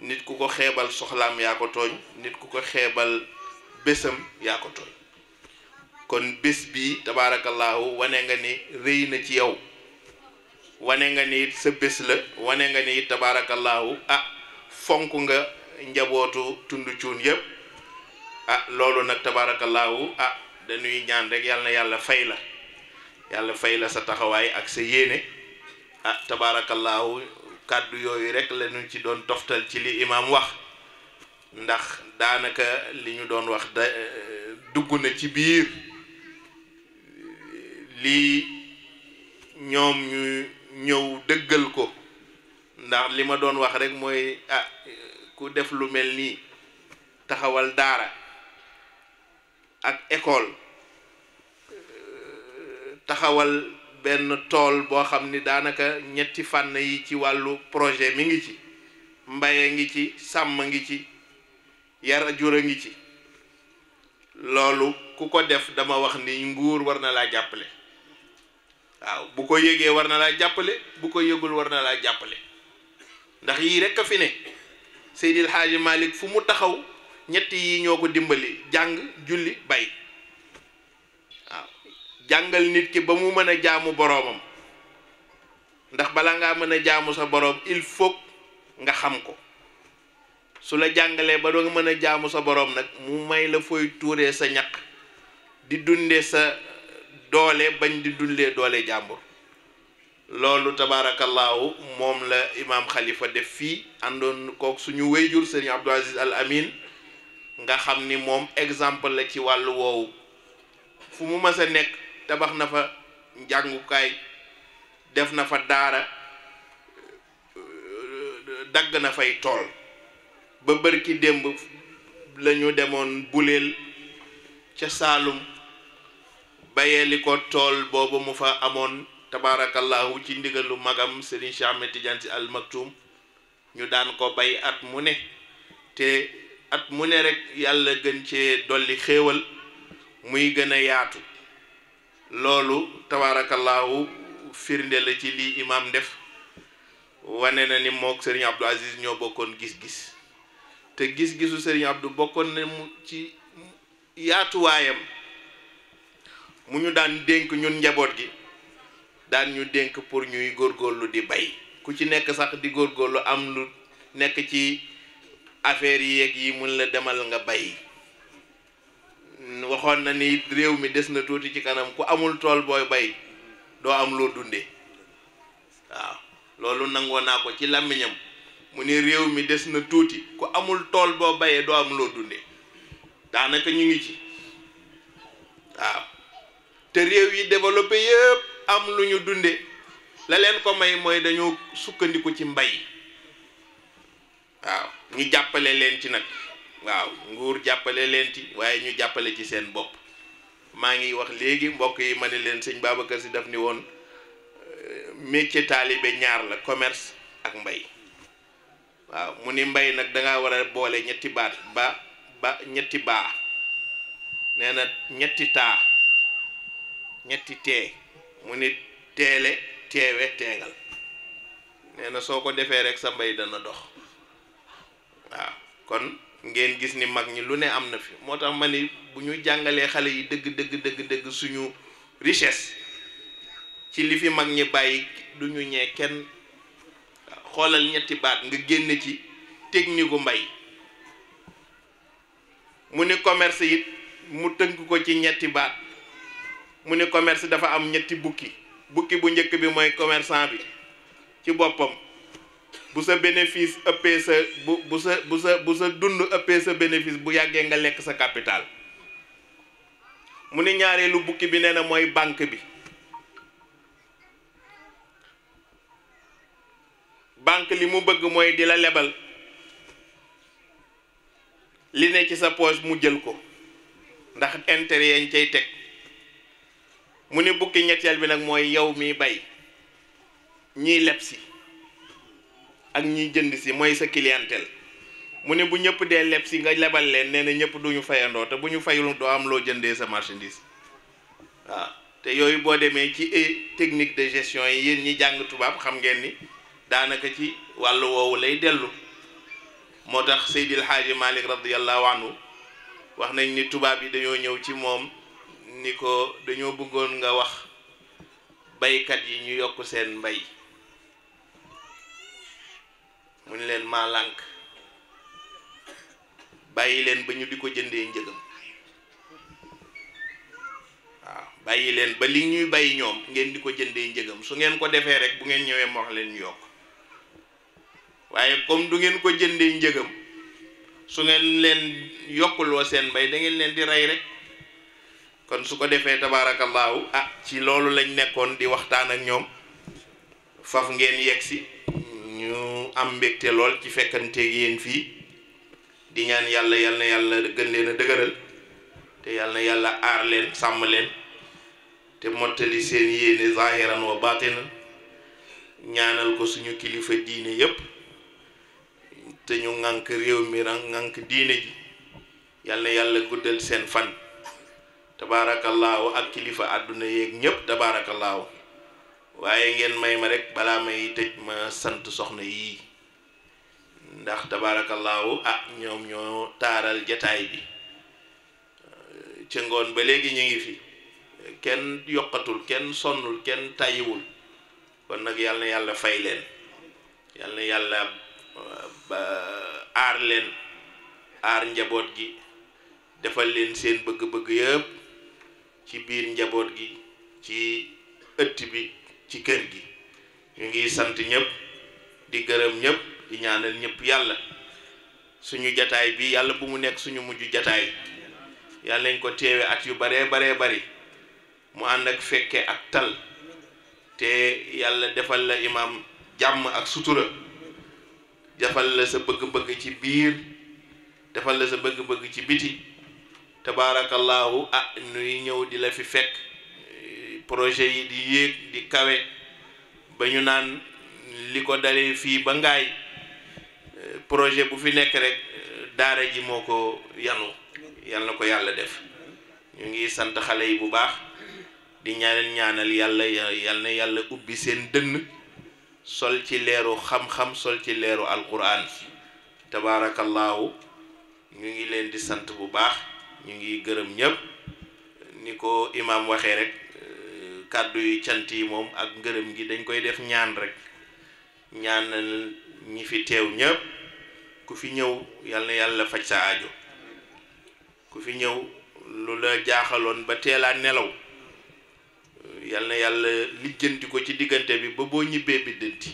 nit ku ko xeebal soxlaam yaa ko tooñ nit ku ko xeebal bésam yaa ko tooñ kon bés bi tabaarakallaahu wane nga ni rëy na ci yow wane nga ni it sa bés la wane nga ni it tabaarakallaahu ah fonk nga njabootu tund cuun yëpp ah loolu nag tabaarakallaahu ah dañuy ñaan rek yàlla na yàlla fay la yàlla fay la sa taxawaay ak sa yéene ah tabaarakallaahu kàddu yooyu rekk lañu ci doon toftal ci li imaam wax ndax daanaka li ñu doon wax da dugg na ci biir lii ñoom ñu ñëw dëggal ko ndax li ma doon wax rek mooy ah ku def lu mel nii taxawal daara ak école taxawal benn tool boo xam ni daanaka ñetti fànn yi ci wàllu projet mi ngi ci mbaye ngi ci sàmm ngi ci yar jura ngi ci loolu ku ko def dama wax ni nguur warna la laa waaw bu ko yëgee warna la laa bu ko yëgul warna la laa ndax yi rek ka fi ne sayyidil haji malik fu mu taxaw ñett yi ñoko dimbali jang julli bay waaw jangal nit ki ba mu jaamu boromam ndax bala nga jaamu sa borom il faut nga xam ko su la jàngalee ba doo mën a jaamu sa boroom nag mu may la fooy tuuree sa ñaq di dunde sa doole bañ di dundee doole jàmbur loolu tabaarakallaahu moom la imaam xalifa def fii àndoon kook suñu wéyjur sëriñ Abdou Aziz Al Amin nga xam ni moom exemple la ci wàllu woowu fu mu mës nekk tabax na fa njàngukaay def na fa daara dagg na fay tool ba bërki démb la demoon buleel ca saalum bayeeli ko tool boobu mu fa amoon tabaarakallahu ci ndigalu magam Serigne Cheikh Ahmed Tidiane Al Maktoum ñu daan ko bay at mu ne te at mu ne rekk yàlla gën cee dolli xéewal muy gën a yaatu loolu tabaarakallahu firnde la ci lii imaam def wane na ni mook Serigne Abdou Aziz ñoo bokkoon gis-gis te gis-gisu Serigne Abdou bokkoon na mu ci yaatuwaayam mu ñu daan dénk ñun njaboot gi daan ñu dénk pour ñuy góor góorgóorlu di bay ku ci nekk sax di góorgóorlu am lu nekk ci affaire yéeg yi mun la demal nga bay waxoon na ni réew mi des na tuuti ci kanam ku amul tool booy bay doo am loo dundee waaw loolu nangoo naa ko ci làmmiñam mu ne réew mi des na tuuti ku amul tool boo bayee doo am loo dunde daanaka ñu ngi ci waaw te réew yi développé yëpp am lu ñu dunde la leen ko may mooy dañoo sukkandiku ci mbay waaw ñu jàppale leen ci nag waaw nguur jàppale leen ci waaye ñu jàppale ci seen bopp maa ngi wax léegi mbokk yi ma ne leen sëñ Babacar si daf ni woon euh, métier taalibe ñaar la commerce ak mbay. waaw mu ni mbay nag dangaa war a boole ñetti baat ba ba ñetti baa nee na ñetti taa ñetti tee mu ni teele teewe teegal nee na soo ko defee rek sa mbay dana dox waaw kon ngeen gis ni mag ñi lu ne am na fi moo tax ma ni bu ñu jàngalee xale yi dëgg dëgg dëgg dëgg suñu richesse ci li fi mag ñi bàyyi du ñu ñee kenn xoolal ñetti baat nga génn ci technique gu mbay mu ni commerce it mu tënk ko ci ñetti baat mu ni commerce dafa am ñetti bukki bukki bu njëkk bi mooy commerçant bi ci boppam bu sa bénéfice ëppee sa bu bu sa bu sa bu sa dund ëppee sa bénéfice bu yàggee nga lekk sa capital mu ni ñaareelu bukki bi nee na mooy banque bi banque li mu bëgg mooy di la lebal li ne ci sa poche mu jël ko ndax intérêt yañ cay teg mu ne bukki ñetteel bi nag mooy yow mi bay ñiy leb si ak ñiy jënd si mooy sa clientèle mu ne bu ñëpp dee leb si nga lebal leen nee na ñëpp duñu fayandoo te bu ñu fayul doo am loo jëndee sa marchandise waaw te yooyu boo demee ci technique de gestion yi yéen ñi jàng tubaab xam ngeen ni daanaka ci wàll woowu lay dellu moo tax Seydil Xaaji Malik radiyallahu anhu wax nañ ni tubaab yi dañoo ñëw ci moom ni ko dañoo bëggoon nga wax baykat yi ñu yokk seen mbay mu ne leen maa bàyyi leen ba ñu di ko jëndee njëgam waaw bàyyi leen ba li ñuy bay ñoom ngeen di ko jëndee njëgam su ngeen ko defee rek bu ngeen ñëwee moo wax leen ñu yokk waaye comme du ngeen ko jëndee njëgam su ngeen leen yokkuloo seen mbay dangeen leen di rey rek kon su ko defee tabaarakallaahu ah ci loolu lañ nekkoon di waxtaan ak ñoom faf ngeen yegg si ñu am mbégte lool ci fekkante yéen fii di ñaan yàlla yal yàlla gën leen a dëgëral te yàlla yàlla aar leen sàmm leen te mottali seen yéene zahiran wa batinan ñaanal ko suñu kilifa diine yépp te ñu ŋànk réew mi nag ŋànk diine ji yàlla yàlla guddal seen fan tabaarakallaahu ak kilifa àdduna yeeg ñépp tabaarakallaahu waaye ngeen may ma rek balaa may tëj ma sant soxna yii ndax tabaarakallaahu ah ñoom ñoo taaral jataay bi ci ngoon ba léegi ñu ngi fi kenn yokkatul kenn sonnul kenn tàyyiwul kon nag yàlla na yàlla fay leen yàlla na aar leen aar njaboot gi defal leen seen bëgg-bëgg yëpp ci biir njaboot gi ci ëtt bi ci kër gi ñu ngi sant ñëpp di gërëm ñëpp di ñaanal ñëpp yàlla suñu jataay bi yàlla bu mu nekk suñu mujj jataay yàlla ñu ko teewe at yu baree baree bari mu ànd ak fekke ak tal te yàlla defal la imaam jàmm ak sutura jafal la sa bëgg-bëgg ci biir defal la sa bëgg-bëgg ci biti tabaarakallaahu ah nuy ñëw di la fi fekk projet yi di yéeg di kawe ba ñu naan li ko dalee fii ba ngaay projet bu fi nekk rek daara ji moo ko yanu yal na ko yàlla def ñu ngi sant xale yi bu baax di ñaanal ñaanal yàlla yal na yàlla ubbi seen dënn sol ci leeru xam-xam sol ci leeru alquran tabaarakallaahu ñu ngi leen di sant bu baax ñu ngi gërëm ñëpp ni ko imaam waxee rek euh, kàddu yi cant yi moom ak ngërëm gi dañ koy def ñaan rek ñaan ñi fi teew ñëpp ku fi ñëw yàlla yàlla faj sa aajo ku fi ñëw lu la jaaxaloon ba teelaat nelaw yal na yàlla lijjanti ci diggante bi ba boo ñibbee biddanti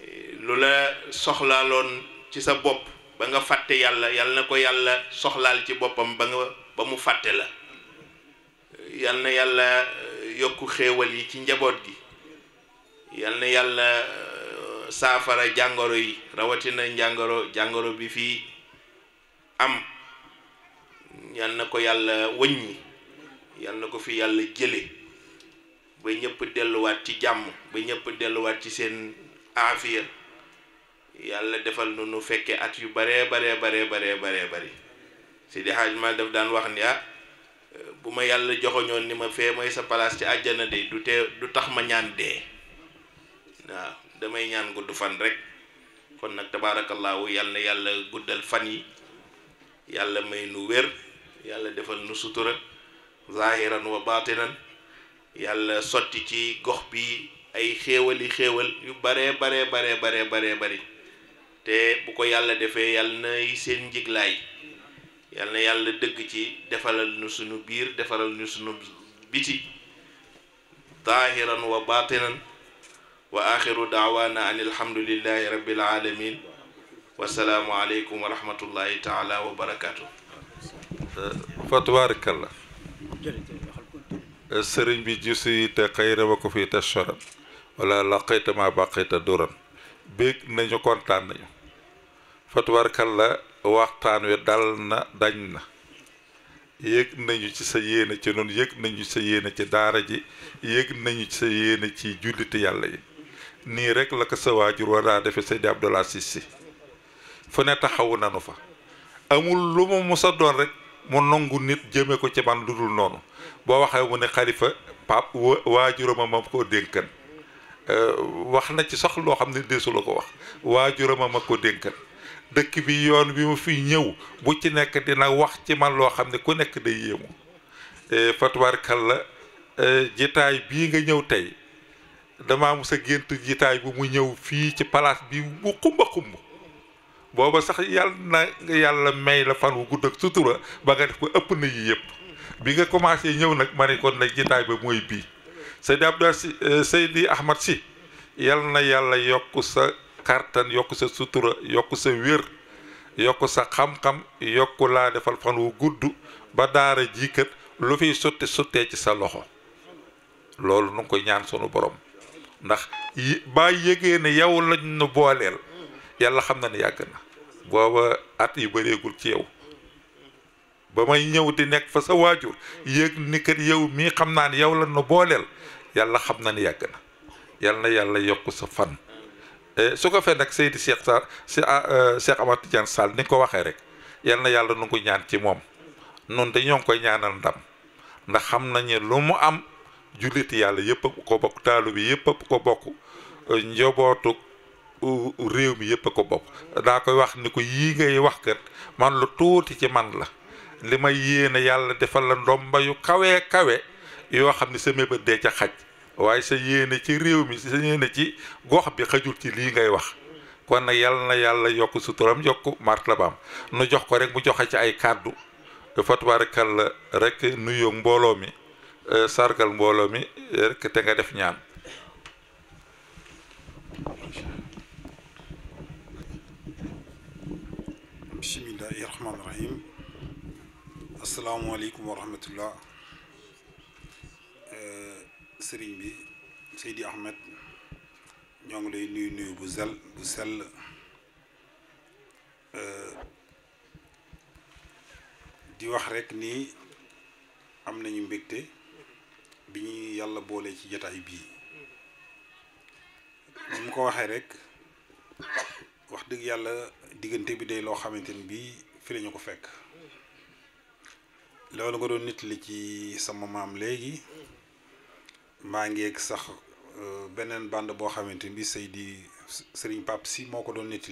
eh, lu la soxlaaloon ci sa bopp ba nga fàtte yàlla yal na ko yàlla soxlaal ci boppam ba nga ba mu fàtte la eh, yal yàlla eh, yokk xéewal yi ci njaboot gi yal na yàlla saafara jàngoro yi rawatina njàngoro jàngoro bi fii am yal na ko yàlla wëññi yal na ko fi yàlla jële ba ñëpp delluwaat ci jàmm ba ñëpp delluwaat ci seen aafiya yàlla defal nu nu fekkee at yu baree baree baree baree baree bëri Seydi Hajj Maalik daf daan wax ni ah bu ma yàlla joxoñoon ni ma fee mooy sa palaas ci àjjana de du tee du tax ma ñaan dee waaw damay ñaan gudd fan rek kon nag tabaarakallaahu yàlla yàlla guddal fan yi yàlla may nu wér yàlla defal nu sutura zahiran wa baatinan yàlla sotti ci gox bi ay xéewali xéewal yu baree baree baree baree baree bari te bu ko yàlla defee yàlla nay seen njiglaay yàlla na yàlla dëgg ci defalal nu sunu biir defalal nu sunu biti zaahiran wa baatinan wa axiru daawaana an alhamdulillahi rabbil alamin wasalaamu aleykum wa rahmatullahi taala wa barakaatu fa tabarakallah sëriñ bi jusi te xayra wa ko fii te soran wala la xaytama ba xayta duran béeg nañu kontaan nañu fatuwarkal la waxtaan wi dal na dañ na yëg nañu ci sa yéene ci noonu yëg nañu ci sa yéene ci daara ji yég nañu ci sa yéene ci julliti yàlla yi nii rek la ko sa waajur war daa defe Seydi Abdoul Aziz Sy fu ne taxawu nanu fa amul lu mu musa doon rek mu nangu nit jëme ko ci man lu dul noonu boo waxee wu ne xarifa pap waajurama ma ko dénkan euh, wax na ci sax loo xam ne deesu ko wax waajurama ma ko dénkan dëkk bi yoon bi mu fi ñëw bu ci nekk dina wax ci man loo xam ne ku nekk day yéemu euh, la euh, jitaay bii nga ñëw tey dama mos a gént jitaay bu mu ñëw fii ci palaas bi bu xumba xumb booba sax yàlla na yàlla may la fan wu gudd ak sutura ba nga def ko ëpp na yi yëpp bi nga commencé ñëw nag ma ne kon nag jitaay ba mooy bii Seydi Abdou Si euh, Seydi Ahmad Si yal na yàlla yokk sa kartan yokk sa sutura yokk sa wér yokk sa xam-xam yokk laa defal fan wu gudd ba daara ji kat lu fiy sotti sottee ci sa loxo loolu nu ngi koy ñaan sunu borom ndax baa yégee ne yow lañ nu booleel yàlla xam na ne yàgg na booba at yu bëreegul ci yow ba may ñëw di nekk fa sa waajur yéeg ni kat yow mii xam naa ni yow la nu booleel yàlla xam na ni yàgg na yàlla na yàlla yokk sa fan e, su ko fee nag Seydi Cheikh Sall ah, e, Cheikh Ahmad Tidiane Sall ni nga ko waxee rek yàlla na yàlla nu ngi ñaan ci moom noonu de ñoo ngi koy ñaanal ndam ndax xam nañu lu mu am jullit yàlla yëpp a ko bokk taalu bi yëpp a ko bokk njobootu réew mi yëpp a ko bokk daa koy wax ni ko yii ngay wax kër man lu tuuti ci man la li may yéene yàlla defal la ndomba yu kawee kawe yoo xam ne sa mébét de ca xaj waaye sa yéene ci réew mi sa yéene ci gox bi xajul ci lii ngay wax kon nag yàlla na yàlla yokk suturam yokk martabaam nu jox ko rek mu joxe ci ay kàddu fa tabaarakalla rekk nuyu mbooloo mi euh, sargal mbooloo mi rek te nga def ñaan asalaamaaleykum wa rahmatullah eh, sëriñ bi Seydi Ahmed ñoo ngi lay nuyu nuyu bu zel bu sell eh, di wax rekk nii am nañu mbégte bi ñu yàlla boole ci jataay bii ni mu ko waxee rekk wax dëgg yàlla diggante bi day loo xamante ni bii fi lañu ko fekk loolu nga doon nit ci sama maam léegi maa ngi sax euh, beneen bande boo xamante ni bii Seydi Serigne Pape moo ko doon nit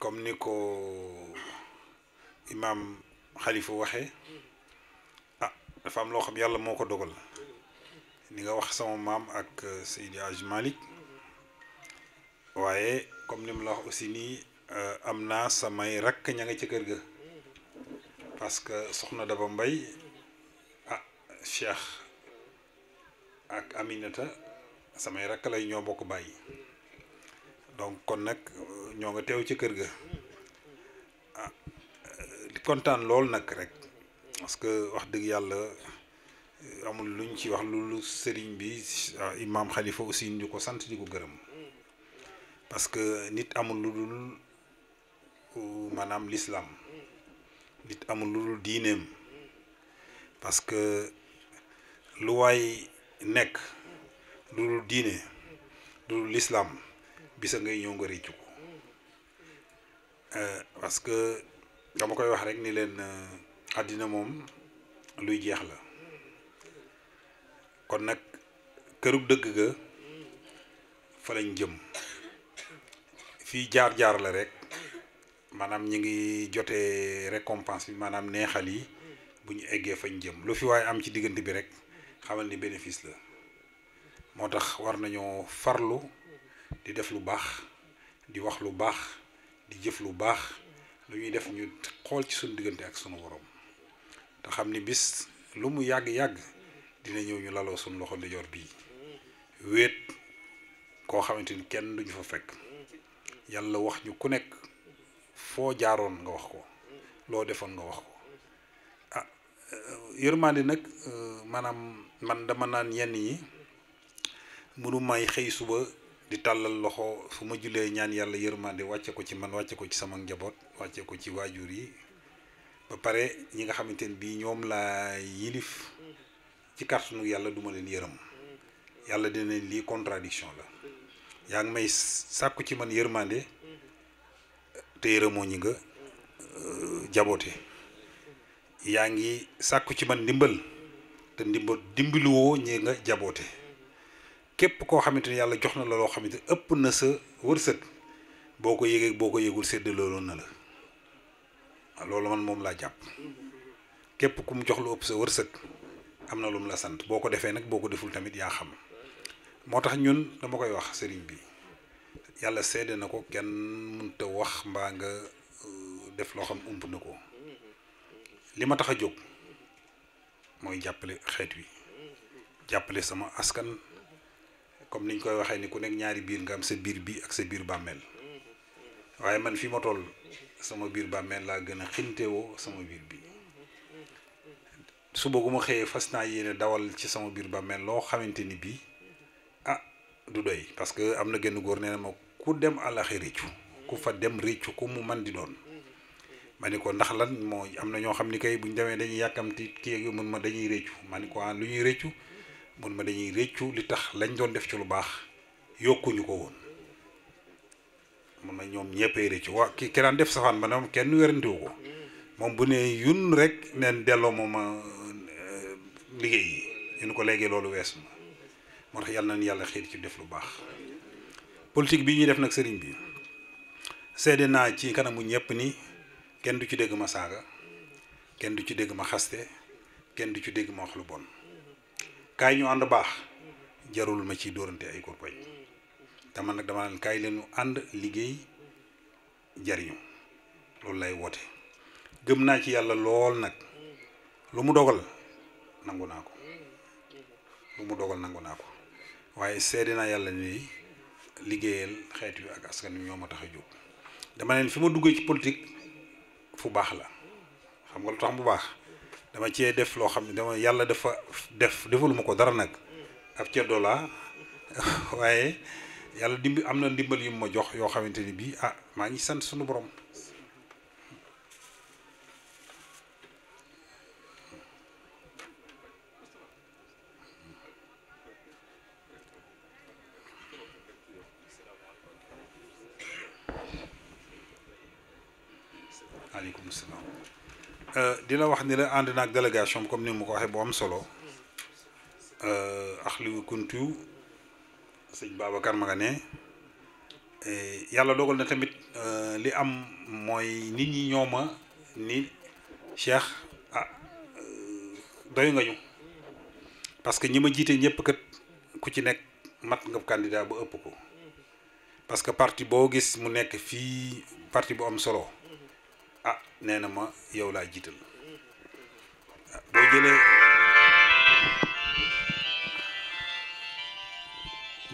comme ni ko imaam xalifa waxee ah dafa am loo xam yàlla moo ko dogal ni nga wax sama maam ak euh, Seydi Hadj Malick waaye comme ni mu la wax aussi nii euh, am naa samay rakk ña nga ca kër ga. parce que soxna Daba mbay ah Cheikh ak Aminata samay rakk lay ñoo bokk bàyyi donc kon nag euh, ñoo nga teew ci kër ga ah di kontaan lool nag rek parce que wax dëgg yàlla euh, amul lu luñ ci wax lu lu sëriñ bi ah, imaam Khalifa aussi ñu ko sant di ko gërëm parce que nit amul lu dul euh, maanaam lislaam nit amul lu dul diineem parce que lu waay nekk lu dul diine lu dul lislaam bisa ngay ñëw nga réccu ko euh, parce que dama koy wax rek ni leen euh, àddina moom luy jeex la kon nag këru dëgg ga fa lañ jëm fii jaar-jaar la rek manam ñi ngi joté récompense manam neexal yi bu ñu eggee fañ jëm lu fi way am ci digënté bi rek xamal ni bénéfice la motax war nañu farlu di def lu bax di wax lu bax di jëf lu bax lu ñuy def ñu xol ci suñu digënté ak suñu worom ta xamni ni bis lu mu yag yag dina ñëw ñu laloo suñu loxo ndijoor bii wéet ko xamante ni kenn duñu fa fekk yalla wax ñu ku nekk foo jaaroon nga wax ko loo defoon nga wax ko ah euh, yërmande nag euh, maanaam man dama naan yenn yi mënu may xëy suba di tàllal loxo fu ma julee ñaan yàlla yërmande wàcce ko ci man wàcce ko ci sama njaboot wàcce ko ci waajur yi ba pare ñi nga xamante ne bii ñoom laa yilif ci kàttanu yàlla duma leen yërëm yàlla dina leen lii contradiction la yaa ngi may sàkku ci man yërmande te yërëmoo ñi nga euh, jaboote yaa ngi sàkku ci man ndimbal te ndimbal dimbaliwoo ñi nga jaboote képp koo xamante ni yàlla jox na la loo xamante ëpp na sa wërsëg boo ko yëgee boo ko yëgul sedd loolu na la loolu man moom laa jàpp képp ku mu jox lu ëpp sa wërsëg am na lu mu la sant boo ko defee nag boo ko deful tamit yaa xam moo tax ñun dama koy wax sëriñ bi yàlla seede na ko kenn mënta wax mbaa nga euh, def loo xam ump na ko li ma tax a jóg mooy jàppale xeet wi jàppale sama askan comme niñ koy waxee ni ku nekk ñaari biir nga am sa biir bi ak sa biir bàmmeel waaye man fi ma toll sama biir bàmmeel laa gën a xintewoo sama biir bi suba gu ma xëyee fas naa yéene dawal ci sama biir bàmmeel loo xamante ni bii ah du doy parce que am na genn góor nee na ma ku dem àllaxi réccu ku fa dem réccu ku mu man di doon ma ni ko ndax lan moo am na ñoo xam ni kay buñ demee dañuy yàkkamti kii ak mun ma dañuy réccu ma ni ko ah lu ñuy réccu mun ma dañuy réccu li tax lañ doon def ci lu baax yokkuñu ko woon mun ma ñoom ñeppee réccu waa ki ki daan def safaan ba nag kenn werantewu ko moom bu ne yun rek neen delloo mooma eh, liggéey yi ñu ko léegi loolu wees ma moo tax yàlla nañ yàlla xiir ci def lu baax politik bi ñuy def nak sëriñ bi seede na ci kanamu ñëpp ni kenn du ci dégg ma saga kenn du ci dégg ma xaste kenn du ci dégg ma wax lu bon kay ñu and baax jarul ma ci dóorante ay kurpañ ta man nak dama lan kay leenu and liggéey jariñu lool lay woté gëm na ci yalla lool nak lu mu dogal lu mu dogal waye ni liggéeyal xeet yu ak askan wi ñoo ma tax a jóg dama leen fi ma duggee ci politique fu baax la xam nga lu tax bu baax dama cee def loo xam ne dama yàlla dafa def defaluma ko dara nag ak ceddo laa waaye yàlla dimbi am na ndimbal yu ma jox yoo xamante ni bii ah maa ngi sant sunu borom. waaleykum euh, dina wax ni la ànd naag délégation comme ni mu ko waxee bu am solo euh, ax li kuntu sëñ Babacar ma nga ne yàlla dogal na tamit euh, li am mooy nit ñi ñooma ni Cheikh ah nga ñu parce que ñi ma jiitee ñëpp kat ku ci nekk mat nga candidat ba ëpp ko parce que parti boo gis mu nekk fii parti bu am solo ah nee na ma yow laa jiital ah, boo jëlee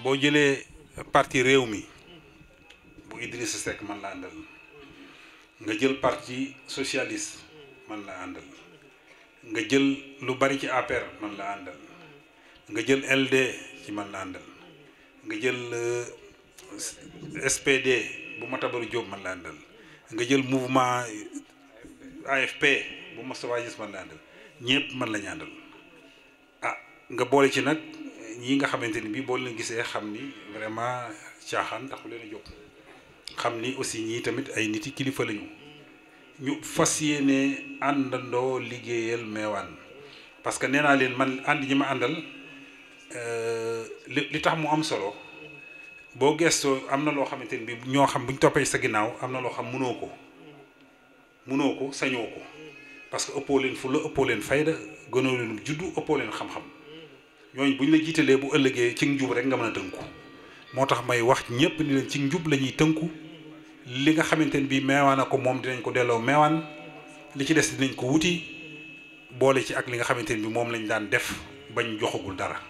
boo jëlee parti réew mi bu Idrissa Seck man la àndal nga jël parti socialiste man la àndal nga jël lu bari ci APR man la àndal nga jël LD ci man la àndal nga jël euh, SPD bu Matabaaru Jóob man la àndal nga jël mouvement AFP bu Moustapha Niasse man la àndal ñëpp man la àndal ah nga boole ci nag ñii nga xamante ni bii boo leen gisee xam ni vraiment caaxaan taxu leen a jóg xam ni aussi ñii tamit ay nit yi kilifa lañu ñu fas yéene àndandoo liggéeyal meewaan parce que nee naa leen man ànd ñi ma àndal euh, li li tax mu am solo. boo gestoo am na loo xamante ni bi ñoo xam bu ñu toppee sa ginnaaw am na loo xam mënoo ko munoo ko sañoo ko parce que ëppoo leen fu la ëppoo leen fayda gënoo leen juddu ëppoo leen xam-xam ñooñu bu ñu la jiitalee bu ëllëgee ci njub rek nga mën a tënku moo tax may wax ñëpp ni leen ci njub la ñuy tënku li nga xamante ni bii meewaan ko moom dinañ ko delloo meewaan li ci des dinañ ko wuti boole ci ak li nga xamante ni bi moom lañ daan def bañ joxagul dara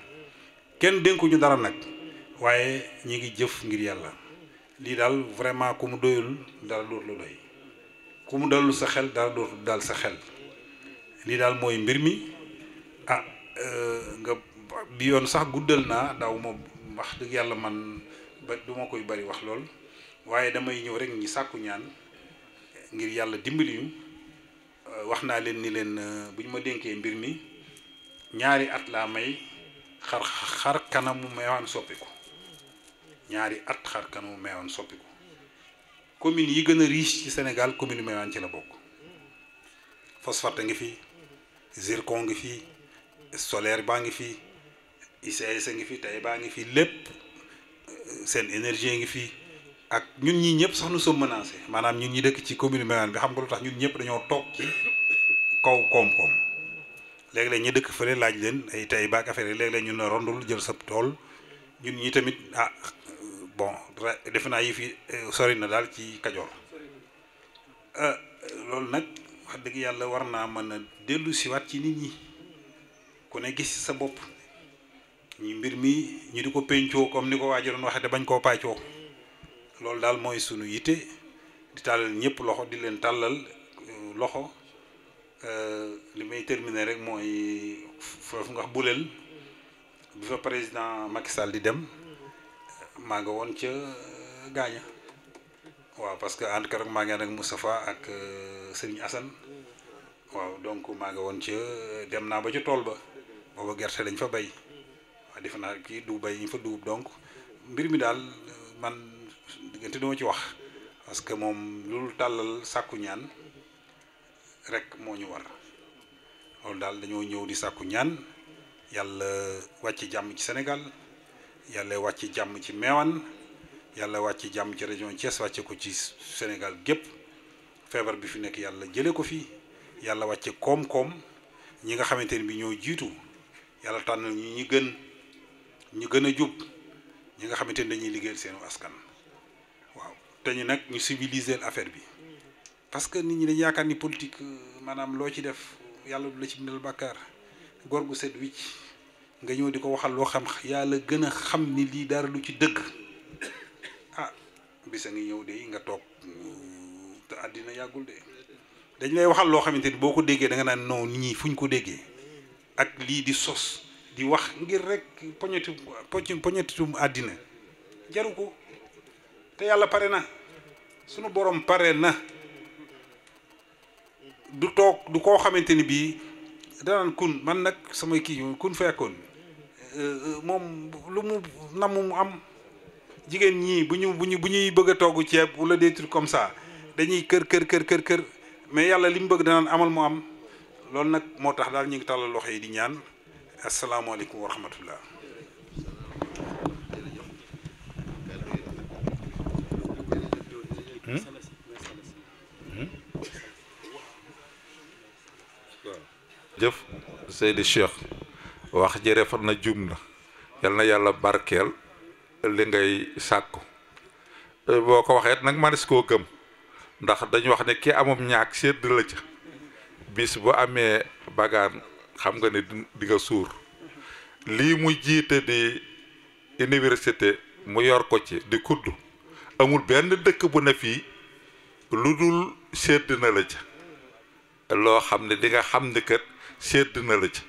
kenn dénkuñu dara nag. waaye ñi ngi jëf ngir yàlla lii daal vraiment ku mu doyul dara dootul doy ku mu dalul sa xel dara dootul daal sa xel lii daal mooy mbir mi ah nga bi yoon sax guddal naa daw ma wax dëgg yàlla man ba du ma koy bari wax lool waaye damay ñëw rek ñi sàkku ñaan ngir yàlla dimbili ñu wax naa leen ni leen bu ñu ma dénkee mbir mi ñaari at laa may xar xar kanamu may waan soppiku ñaari at xar kanamu Meewaan soppiku commune yi gën a riche ci Sénégal commune Meewaan ci la bokk phosphate ngi fi zircon ngi fi solaire baa ngi fi ICS ngi fi tey baa ngi fi lépp euh, seen énergie ngi fi ak ñun ñi ñëpp sax nu soo menacé maanaam ñun ñi dëkk ci commune Meewaan bi xam nga lu tax ñun ñëpp dañoo toog ci kaw koom-koom léeg-léeg ñu dëkk fële laaj leen ay tey baak affaire yi léeg ñu ne rondul jël sa tool ñun ñi tamit ah, bon defe naa yi fi euh, sori na daal ci Kajoor euh, loolu nag wax dëgg yàlla war naa mën a dellu siwaat ci nit ñi ku ne gis sa bopp ñu mbir mi ñu di ko pencoo comme ni ko waajuroon waxee te bañ koo pàccoo loolu daal mooy sunu yitte di tàllal ñëpp loxo di leen tàllal euh, loxo li may terminer rek mooy foofu nga buleel bi fa président Macky Sall di dem maa nga woon ca waaw parce que Musafa keroog maa ngi ànd dongku Moustapha ak euh, Serigne Assane waaw donc maa nga woon dem na ba ci tol ba booba gerté lañ fa bay du bay ñu fa du donc mbir mi dal euh, man digënté do ci wax parce que mom lul talal sakku ñaan rek moo ñu war loolu dal dañu ñëw di sakunyan, ñaan yalla wacc jamm ci Sénégal yàlla wàcc jàmm ci meewan yàlla wàcc jàmm ci région Thiès wàcce ko ci Sénégal gépp feebar bi fi nekk yàlla jële ko fii yàlla wàcce koom-koom ñi nga xamante ne bi ñoo jiitu yàlla tànn ñi ñi gën ñu gën a jub ñi nga xamante ne dañuy liggéeyal seenu askan waaw te ñu nag ñu civiliser affaire bi parce que nit ñi dañu yaakaar ni politique maanaam loo ci def yàlla du ci bindal bàkkaar góor gu set wicc nga ñëw di ko waxal loo xam yàlla gën a xam ni lii dara lu ci dëkk ah bisa ngi ñëw de nga toog te àddina yàggul de dañ lay waxal loo xamante ni boo ko déggee danga naan non ñi fu ñu ko déggee ak lii di sos di wax ngir rek poñetu poñetitum àddina jaru ko te yàlla pare na sunu borom pare na du toog du koo xamante ni bii danaan kun man nag sama kii kun fekkoon Euh, euh, mom lu mu na mu am jigen ñi buñu buñu bu bëgg togu togg ceeb wala des trucs comme ça dañuy kër kër kër kër kër mais yalla bëgg amal mu am lool nak motax dal ñi ngi tàllal loxo yi di ñaan alaykum wa rahmatullah c'est le chef wax ji refet na jum yalla yal na yàlla barkeel li ngay sakku euh, boko ko nak nag manis gem ndax dañ wax ne ki amum ñaak sedd la ci bis bu amé xam nga ne di nga li mu jité di université mu yor ko ci di kudd amul ben dekk bu ne fi lu sedd na la ci lo xamne diga xamne sedd na la ci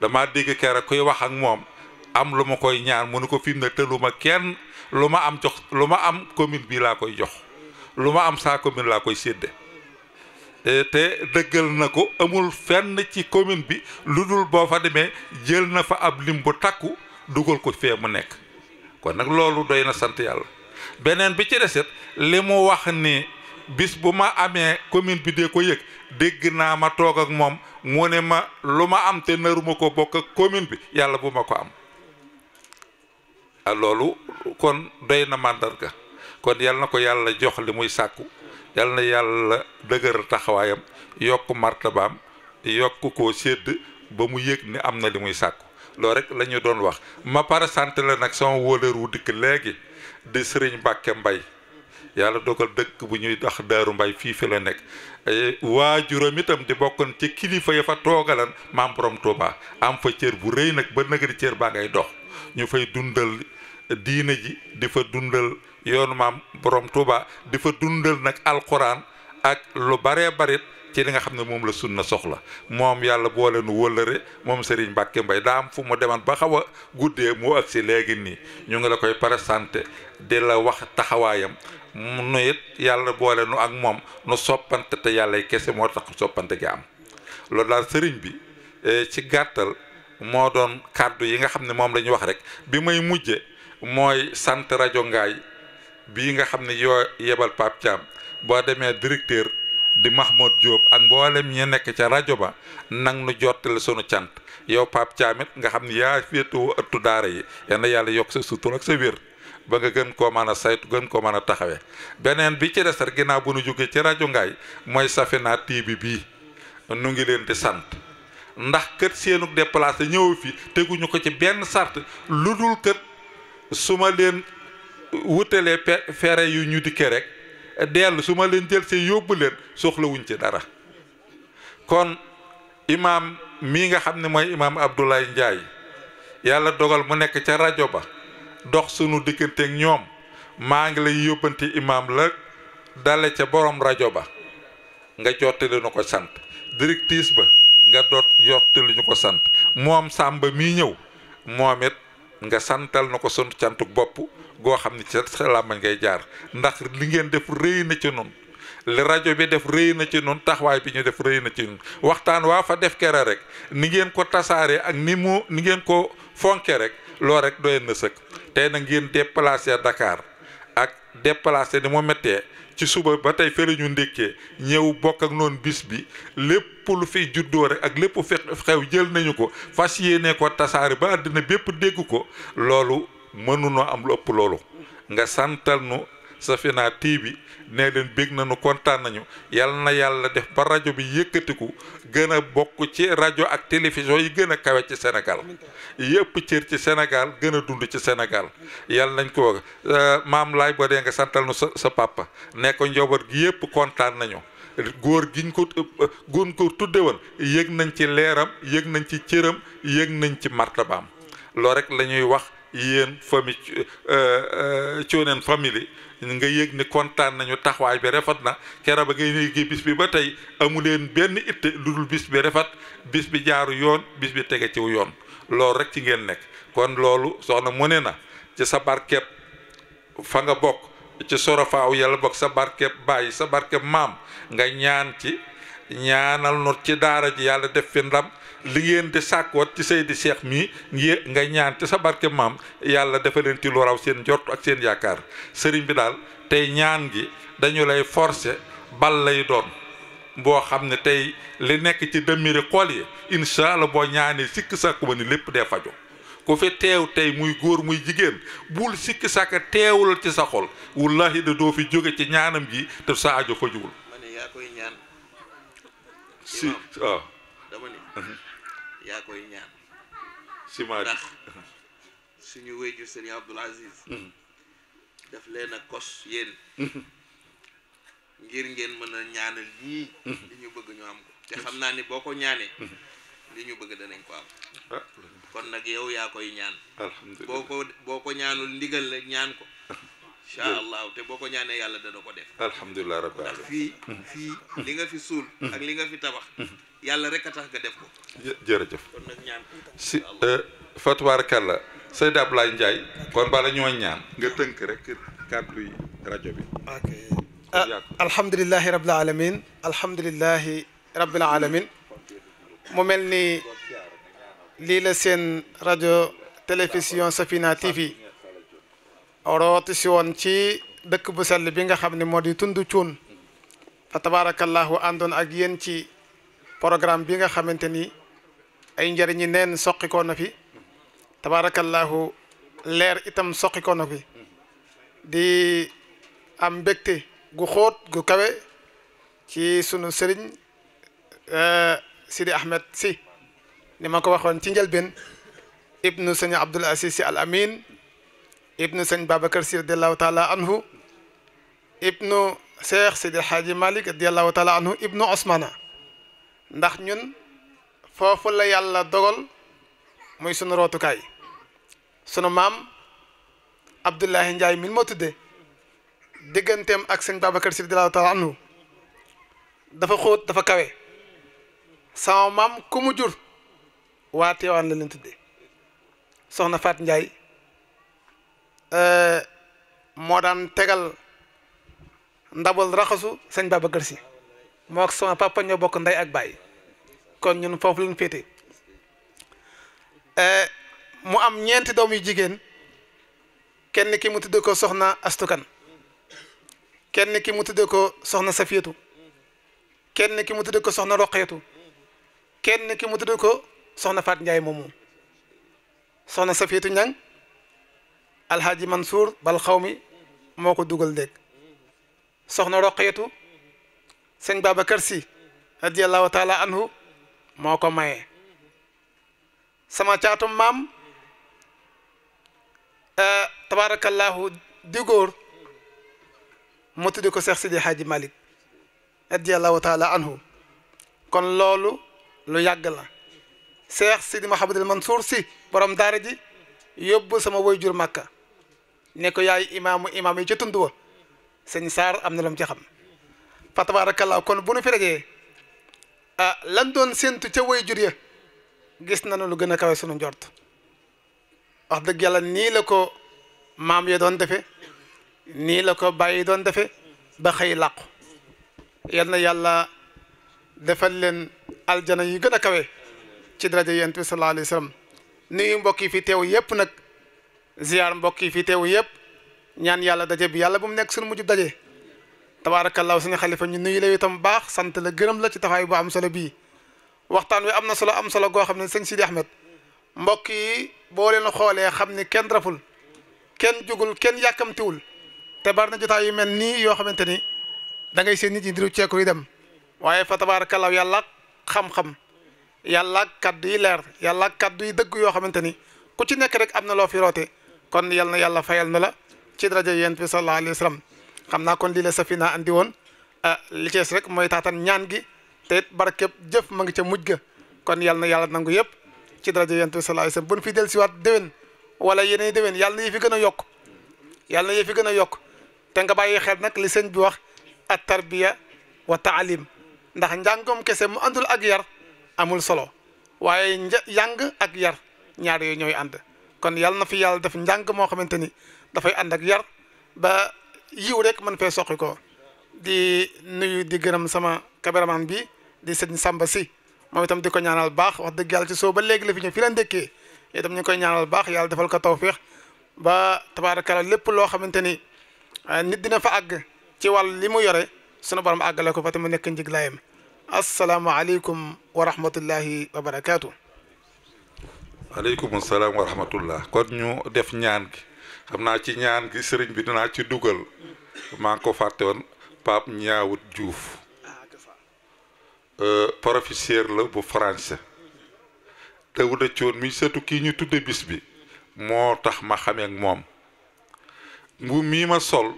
dama dégg keroog kuy wax ak moom am lu ma koy ñaan mu ne ko fi mu ne ma kenn lu ma am jox lu ma am commune bii laa koy jox lu ma am saa commune laa koy sédde eh, te dëggal na ko amul fenn ci commune bi lu dul boo fa demee jël na fa ab lim bu takku dugal ko fee mu nekk kon nag loolu doy na sant yàlla beneen bi ci deset li mu wax ni bis bu ma amee commune bi dee ko yëg dégg naa ma toog ak moom mu ne ma lu ma am te naruma ko bokk ak bi yàlla bu ma ko am loolu kon doy na màndarga kon yàlla na ko yàlla jox li muy sàkku yàlla na yàlla dëgër taxawaayam yokk martabaam yokk ko sédd ba mu yëg ni am na li muy sàkku loolu rek lañu doon wax ma pare sant la nag sama wóolër wu dikk léegi di sëriñ Mbàkke Mbay yàlla dogal dëkk bu ñuy tax daaru mbay fii fi la nekk e, waajuram itam di bokkoon ci kilifa ya fa toogalan maam borom Touba am fa cër bu rëy nag ba nëgëri cër baa ngay dox ñu fay dundal diine ji di fa dundal yoonu maam borom Touba di fa dundal nag alxuraan ak lu baree barit ci li nga xam ne moom la sunna soxla moom yàlla boole nu wëllëre moom sëriñ Mbacke Mbaye daa am fu mu demoon ba xaw a guddee moo si léegi nii ñu ngi la koy pare présenté di la wax taxawaayam nu yàlla boole nu ak moom nu soppante te yàllay kese moo tax soppante gi am loolu daal sëriñ bi e, ci gàttal moo doon kàddu yi nga xam ne moom lañuy wax rek bi may mujje mooy sant rajo ngaay bii nga xam ne yebal Pape boo demee directeur di Mahmoud Diop ak mboolem ñi nekk ca rajo ba nang nu jottali sunu cant yow Pape Thiamit nga xam ni yaa féetewoo ëttu daara yi yenn na yàlla yokk sa sutur ak sa wér ba nga gën koo mën a saytu gën koo mën a taxawee beneen bi ci des ginnaaw bu nu jógee ci rajo Ngaye mooy Safina TV bii nu ngi leen di sant ndax kët seenug déplacé ñëw fi teguñu ko ci benn sart lu dul kët su ma leen wutalee fere yu ñu dikkee rek. delu suma sumalintir leen jël see yóbbu leen ci dara kon Imam mi nga xamne moy imam imaam njay yalla dogal mu nek ci radio ba dox sunu diggante ak ñom ma nga lay yobanti imam la dale ci borom radio ba nga jottali nako sante directrice ba nga dot jottali ñuko sante mom Samba mi ñew moom nga santal nako sunu cantuk bop goo xam ne ci sa làmmañ ngay jaar ndax li ngeen def rëy na ci noonu li rajo bi def rëy na ci noonu taxawaay bi ñu def rëy na ci noonu waxtaan waa fa def kere rek ni ngeen ko tasaaree ak ni mu ni ngeen ko fonke rek loo rek doyen na sëkk tey na ngeen déplacé ak déplacé ni mu méttee ci suba ba tey fële ñu ndékkee ñëw bokk ak noonu bis bi lépp lu fi juddoo rek ak lépp fi xew jël nañu ko fas yéene ko tasaare ba àddina bépp dégg ko loolu mënunoo am loolu nga santal nu Safina TV ne leen na nu kontaan nañu yal na yàlla def ba rajo bi yëkkatiku gën a bokk ci rajo ak télévision yi gën a kawe ci Sénégal yëpp cër ci Sénégal gën a dund ci Sénégal yal nañ ko euh, maam laay boo dee nga santal nu sa sa papa ne ko njaboot gi yëpp kontaan nañu góor giñ ko euh, góor ko tudde woon yëg nañ ci leeram yëg nañ ci cëram yëg nañ ci martabaam loo rek la wax yéen famille euh, euh, cooneen famille nga yëg ni kontaan nañu taxawaay bi rafet na kera ba ngay liggéey bis bi ba tey amuleen benn itte lu dul bis bi rafet bis bi jaaru yoon bis bi tege ciw yoon loolu rek ci ngeen nekk kon loolu soxna mu ne na ci sa barkeb fa nga bokk ci sorofaaw yàlla bokk sa barkeb bàyyi sa barkeb maam nga ñaan ci ñaanal not ci daara ji yàlla def fi ndam li ngeen di sàkkoot ci Seydi Cheikh mii ngi nga ñaan ci sa barke maam yàlla dafa leen ci raw seen jot ak seen yaakaar sëriñ bi daal tey ñaan gi dañu lay forcer bal lay doon boo xam ne tey li nekk ci dëmmiri xool yi incha allah boo ñaanee sikk sa ba ni lépp dee fajo ku fi teew tey muy góor muy jigéen bul sikki sàkka teewul ci sa xol wallahi da doo fi jóge ci ñaanam gi te sa ajo fajuwul yaa koy ñaan simaaj ndax suñu wéju sëriñ Abdul Aziz daf leen a kos yéen ngir ngeen mën a ñaanal lii li ñu bëgg ñu am ko te xam naa ni boo ko ñaanee li ñu bëgg danañ ko am ah. kon nag yow yaa koy ñaan alhamdulilah boo ko boo ko ñaanul ndigal la ñaan ko incha allah te boo ko ñaanee yàlla dana ko def alhamdulilah rabbi ndax fii fii li nga fi suul ak li nga fi tabax yalla rek tax nga def ko. jërëjëf kon nag ñaan si euh, Fatoubarakalla Seydou Ablaye ndjay kon bala ñoo ñaan. nga teunk rek kaddu yi bi. ok ah, alhamdullilah rabbil alamin alhamdullilah rabbil alamin mu melni li la sen radio télévision Safina TV rooti si woon ci dekk bu sel bi nga xamni modi tundu di fa tabarakallah andon ak yéen ci. programme bi nga xamante ni ay njëriñi neen soqikoo na fi tabaarakallaahu leer itam soqikoo na fi di am mbégte gu xóot gu kawe ci sunu sëriñ eh, Sidi Ahmed si ni ma ko waxoon ci njëlbeen ibnu sëñ Abdul Aziz si al Amin ibnu sëñ Babacar si radiallahu taala anhu ibnu Cheikh Sidi Hadji Malick radiallahu taala anhu ibnu Osmana ndax ñun foofu la yàlla dogal muy sunu rootukaay sunu maam Abdullahi Njaay min moo tudde digganteem ak sëñ Babacar Si radiyallaahu taala dafa xóot dafa kawe sama maam ku jur waa Tiwaawan la leen tudde soxna Faat Njaay eh, moo daan tegal ndabal raxasu sëñ Babacar Si moo ak sama papa ñoo bokk ndey ak baay kon ñun foofu lañ féete eh, mu am ñeenti doom yu jigéen kenn ki mu tudde ko soxna astukan kenn ki mu tudde ko soxna safiyatu kenn ki mu tudde ko soxna roqeetu kenn ki mu tudde ko soxna faat njaay moomu soxna safiyatu ñang alxaaji mansuur bal xaw mi moo ko dugal dégg soxna roqeetu sëñ Babacar si radiallahu taala anhu moo ko maye sama caatum maam euh, tabarakallahu di góor ko Seex Sidi Haaji Malick radiallahu taala anhu kon loolu lu yàgg la Seex Sidi Mahamadul Mansour si borom daara ji yóbbu sama woy jur màkka ne ko yaay imaamu imaam yi ca tund Saar am na lu mu fa tabaarakallaa kon bu nu fi rajee ah lan doon séntu ca way jur ya gis nañu lu gën a kawe sunu njort wax dëgg yàlla nii la ko maam ya doon defe nii la ko bàyyi doon defe ba xëy làqu yal na yàlla defal leen aljana yi gën a kawe ci daraja yent bi sallallahu alayhi wa sallam nuyu mbokk yi fi teew yëpp nag ziar mbokk yi fi teew yëpp ñaan yàlla daje bi yàlla bu mu nekk sunu mujj daje tabaarakallaahu suñu xalifa ñu nuyu la itam baax sant la gërëm la ci taxawaay bu am solo bii waxtaan wi am na solo am solo goo xam ne sëñ Sidi Ahmed mbokk yi boo leen xoolee xam ni kenn raful kenn jugul kenn yàkkamtiwul te bari na jotaay yu mel nii yoo xamante ni da ngay seen nit ñi diru ceeku yi dem waaye fa tabaarakallaahu yàlla xam-xam yàlla kaddu yi leer yàlla kaddu yi dëgg yoo xamante ni ku ci nekk rek am na loo fi roote kon yal na yàlla fayal na la ci daraja yent bi sallallahu alayhi wa sallam xamna kon li la Safina andi euh li ci rek moy tatan ñaan gi te barke jëf ma ngi ci mujj ga kon yal na yàlla nangu yëpp ci dara yonent sallallahu alayhi wasallam fi del ci wat dewen wala yene dewen yal na yee fi gën a na fi gën te nga bayyi xel nak li señ bi wax at tarbiya wa ta'lim ndax njangum kesse mu andul ak yar amul solo waye yang ak yar ñaar yoy ñoy and kon yal na fi yalla def njang mo xamanteni da fay and ak yar ba. yiw rek man fee soqi ko di nuyu di gërëm sama caméraman bi di sëñ Samba si moom itam di ko ñaanal baax wax dëgg yàlla ci soo ba léegi la fi ñëw fi la ndékkee itam ñu koy ñaanal baax yàlla defal ko tawféex ba tabaarakala lépp loo xamante ni eh, nit dina fa àgg ci wàll li mu yore sunu borom àggale ko fa te mu nekk njiglaayam asalaamaaleykum wa rahmatullahi wa barakaatu. waaleykum salaam wa ñaan gi xam ci ñaan gi sëriñ bi dina ci dugal maa ko fàtte woon Ñaawut Diouf euh, professeur la bu français Dawuda Coon mi sëtu ki ñu tudde bis bi moo tax ma xamee ak mom mbu mi ma sol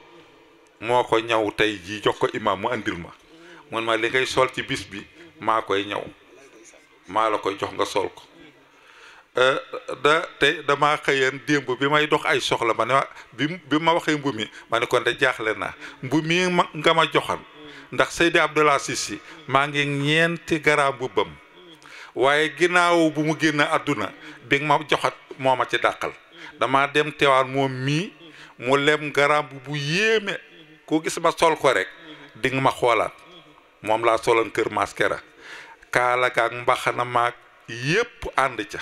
moko ñaw tay ji jox ko imam mu andil ma mon ma li ngay sol ci bis bi maa koy ñaw maa la koy jox nga sol ko Euh, da te dama xëyeen démb bi may dox ay soxla ma ne bi bi ma waxee mbu mi ma ne kon de jaaxle naa mbu mi nga ma joxan ndax Seydi Abdoul Aziz maa ngi ñeenti garaam mbubbam waaye ginnaaw bu mu génn àdduna bi nga ma joxat moo ma ci dàqal dama dem teewaan moom mii mu lem garaam bu yéeme ku gis ma sol ko rek di nga ma xoolaat moom laa solan kër maskera kaala gaag mbaxana maag yépp ànd ca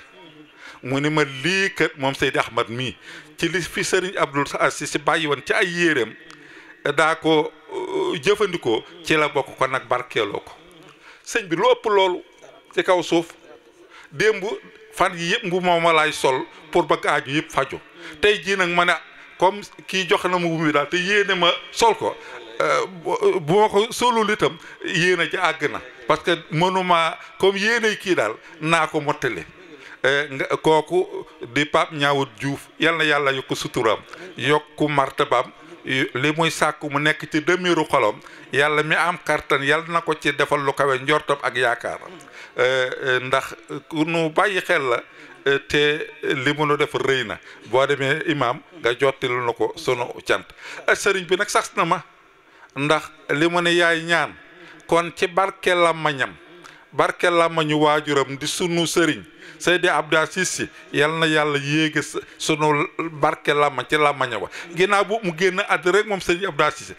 mu ni ma lii kat moom Seydi Ahmad mii ci li fi sëriñ Abdul si si bàyyi woon ci ay yéeram daa ko euh, jëfandikoo ci la bokk ko nag barkeeloo ko sëñ bi lu ëpp loolu ci kaw suuf démb fan yi yëpp ngu moom sol pour bëgg aaju yëpp faju tey jii nag ma ne comme kii jox na ma bi daal te yéene ma sol ko euh, bu ma ko solul itam yéene ji àgg na parce que mënuma comme yéene kii daal naa ko mottali Eh, kooku di Pape Ñaawut juuf yal na yàlla yokk suturaam yokku martabaam li muy sàkk mu nekk ci demiru xolom yàlla mi am kartan yal na ko ci defal lu kawe njortam ak yaakaar eh, eh, ndax ku nu bàyyi xel la te li mu nu def rëy na boo demee imaam nga jottilu na ko sunu cant sëriñ bi nag sax na ma ndax li mu ne yaay ñaan kon ci barke làmmañam barke làmmañu waajuram di sunu sëriñ Seydi Abda Cissé yal na yàlla yéege sunu barke lama ci lamaña wa ginnaaw bu mu génn àddina rek moom Seydi Abda Cissé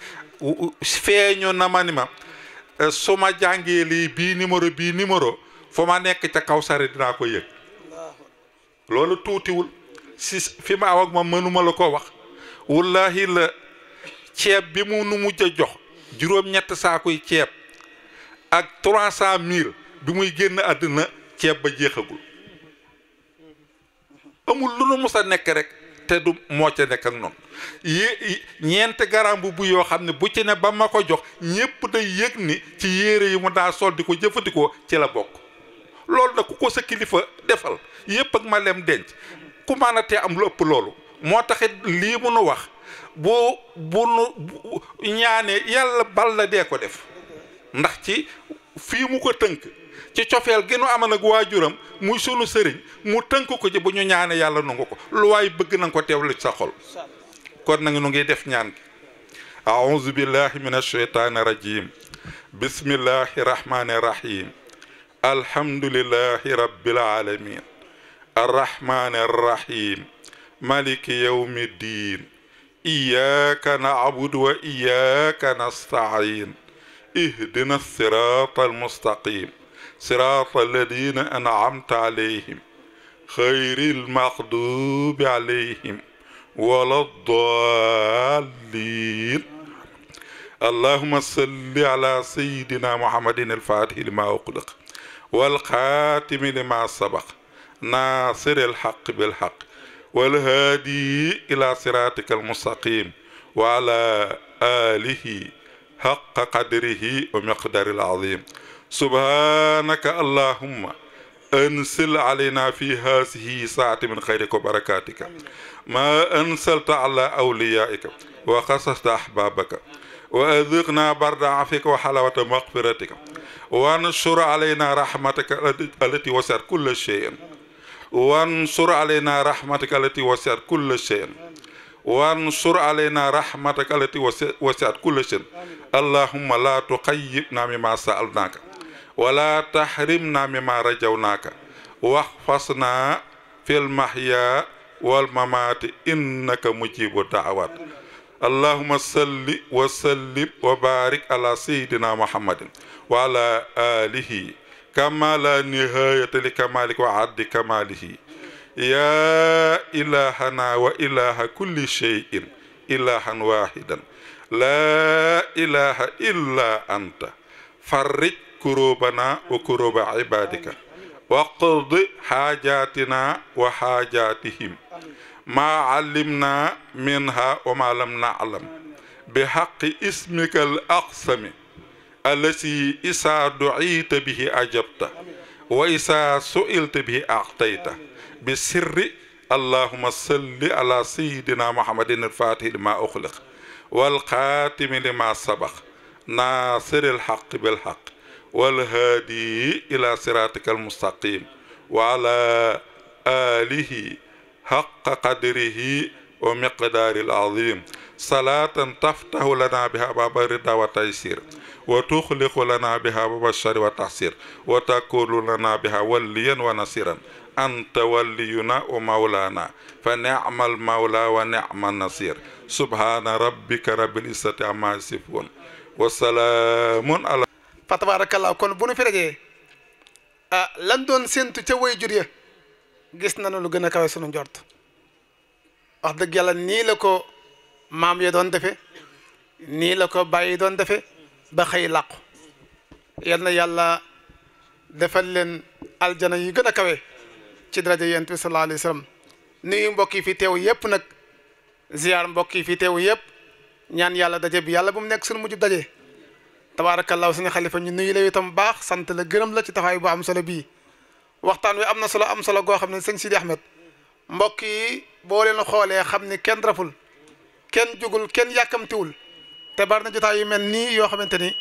feñu na ma ni ma e, su ma jàngee lii bii numéro bii numéro fu ma nekk ca kaw sare dinaa ko yëg lolu tuutiwul si fi ma aw ak ma wax wallahi la cieb bi mu nu mu a jox juróom-ñett koy cieb ak 300000 bi muy genn aduna cieb ba jeexagul amul lu nu mës a nekk rek te du moo ca nekk ak noonu yé ñeenti bu bu yoo xam ne bu ci ne ba ma ko jox ñépp day yëg ni ci yére yi mu daa sol di ko jëfandikoo ci la bokk loolu nag ku ko sa kilifa defal yépp ak ma lem denc ku te am lu ëpp loolu moo taxit lii mu nu wax bu bu nu ñaanee yàlla bal la dee ko def ndax ci fii mu ko tënk ci cofeel gi nu aman ak waajuram muy sunu sëriñ mu tënk ko ci bu ñu ñaane yàlla nangu ko lu waay bëgg nanga ko teewlu ci sa xol kon nu ngi def ñaan gi aouzu billahi min asheytaani rajim bismillahi rahmaani rahim alhamdulillahi rabbil alamin arrahmaani arrahim maliki yawmi ddin iyyaka na'budu wa iyyaka nasta'in ihdina siraatal mustaqiim صراط الذين أنعمت عليهم خير المغضوب عليهم ولا الضالين اللهم صل على سيدنا محمد الفاتح لما أغلق والخاتم لما سبق ناصر الحق بالحق والهادي إلى صراطك المستقيم وعلى آله حق قدره ومقدر العظيم سبحانك اللهم أنزل علينا في هذه ساعة من خيرك وبركاتك ما أنزلت على أوليائك وخصصت أحبابك وأذقنا برد عفوك وحلاوة مغفرتك وانشر علينا رحمتك التي وسعت كل شيء وانشر علينا رحمتك التي وسعت كل شيء وانصر علينا رحمتك التي وسعت كل شيء اللهم لا تقيبنا مما سألناك wala tahrim na mima rajawnaaka wax fas naa fil mahya wal mamaati innaka mujibu daawat allahuma salli wa sallim wa barik ala sayidina muhammadin wa ala alihi kama la nihayata li kamalik wa addi kamalihi ya ilahana wa ilaha kulli shay'in ilahan wahidan la ilaha illa anta farrij كروبنا وكروب عبادك وقض حاجاتنا وحاجاتهم ما علمنا منها وما لم نعلم بحق اسمك الأقسم التي إسا دعيت به أجبت وإسا سئلت به أعطيت بسر اللهم صل على سيدنا محمد الفاتح لما أخلق والخاتم لما سبق ناصر الحق بالحق والهادي إلى صراطك المستقيم وعلى آله حق قدره ومقدار العظيم صلاة تفتح لنا بها باب الرضا والتيسير وتخلق لنا بها باب الشر والتحسير وتكون لنا بها وليا ونصيرا أنت ولينا ومولانا فنعم المولى ونعم النصير سبحان ربك رب العزة عما يصفون وسلام على fa tabaarakallaa kon bu nu fi dajee ah lan doon séntu ca way jur ya gis nañu lu gën a kawe sunu njort wax dëgg yàlla nii la ko maam ya doon defe nii la ko bàyyi doon defe ba xëy làqu yal na yàlla defal leen aljana yu gën a kawe ci daraja yonent bi sallallahu alayhi wasallam nuyu mbokk yi fi teew yëpp nag ziyaar mbokk yi fi teew yëpp ñaan yàlla daje bi yàlla bu mu nekk sunu mujjub daje tabaarakallaahu suñu xalifa ñu nuyu la itam baax sant la gërëm la ci taxawaay bu am solo bii waxtaan wi am na solo am solo goo xam ne sëñ Sidi Ahmed mbokk yi boo leen xoolee xam ni kenn raful kenn jugul kenn yàkkamtiwul te bari na jotaay yu mel nii yoo xamante ni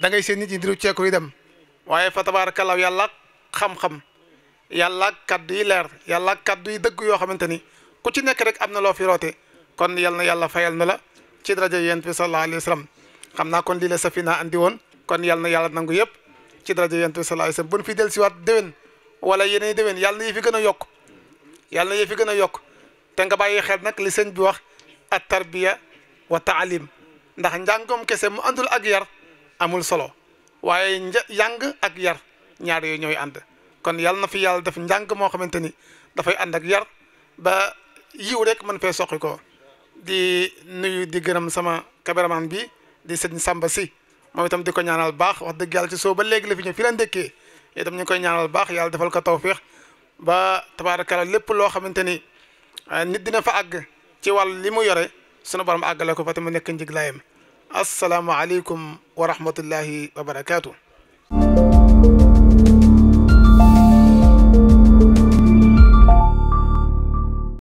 da ngay seen nit ñi diru ceeku yi dem waaye fa tabaarakallaahu yàlla xam-xam yàlla kaddu yi leer yàlla kaddu yi dëgg yoo xamante ku ci nekk rek am na fi roote kon yal yàlla fayal na la ci daraja yent bi sallallahu alayhi wa xamna kon lii Safina andi won kon yalna na yàlla nangu yëpp ci daraja yonent sallallahu alayhi wasallam bu fi dellusiwaat déwén wala yeneen déwén yal na yëf yi gën a yokk yal na yëf te nga bayyi xel nak li señ bi wax at tarbiya wa ta'lim ndax njangum kese mu andul ak yar amul solo waye yang ak yar ñaar yoy ñoy and kon yalna fi yalla def njang mo xamanteni da fay and ak yar ba yiw rek man fee soxiko di nuyu di gërëm sama cameraman bi di sëñ Samba si moom itam di ko ñaanal baax wax dëgg yàlla ci soo ba léegi la fi ñëw fi la ndékkee itam ñu koy ñaanal baax yàlla defal ko tawféex ba tabaarakalla lépp loo xamante ni eh, nit dina fa àgg ci wàll li mu yore sunu borom àggale ko fa te mu nekk njiglaayam asalaamaaleykum wa rahmatullahi wa barakaatu.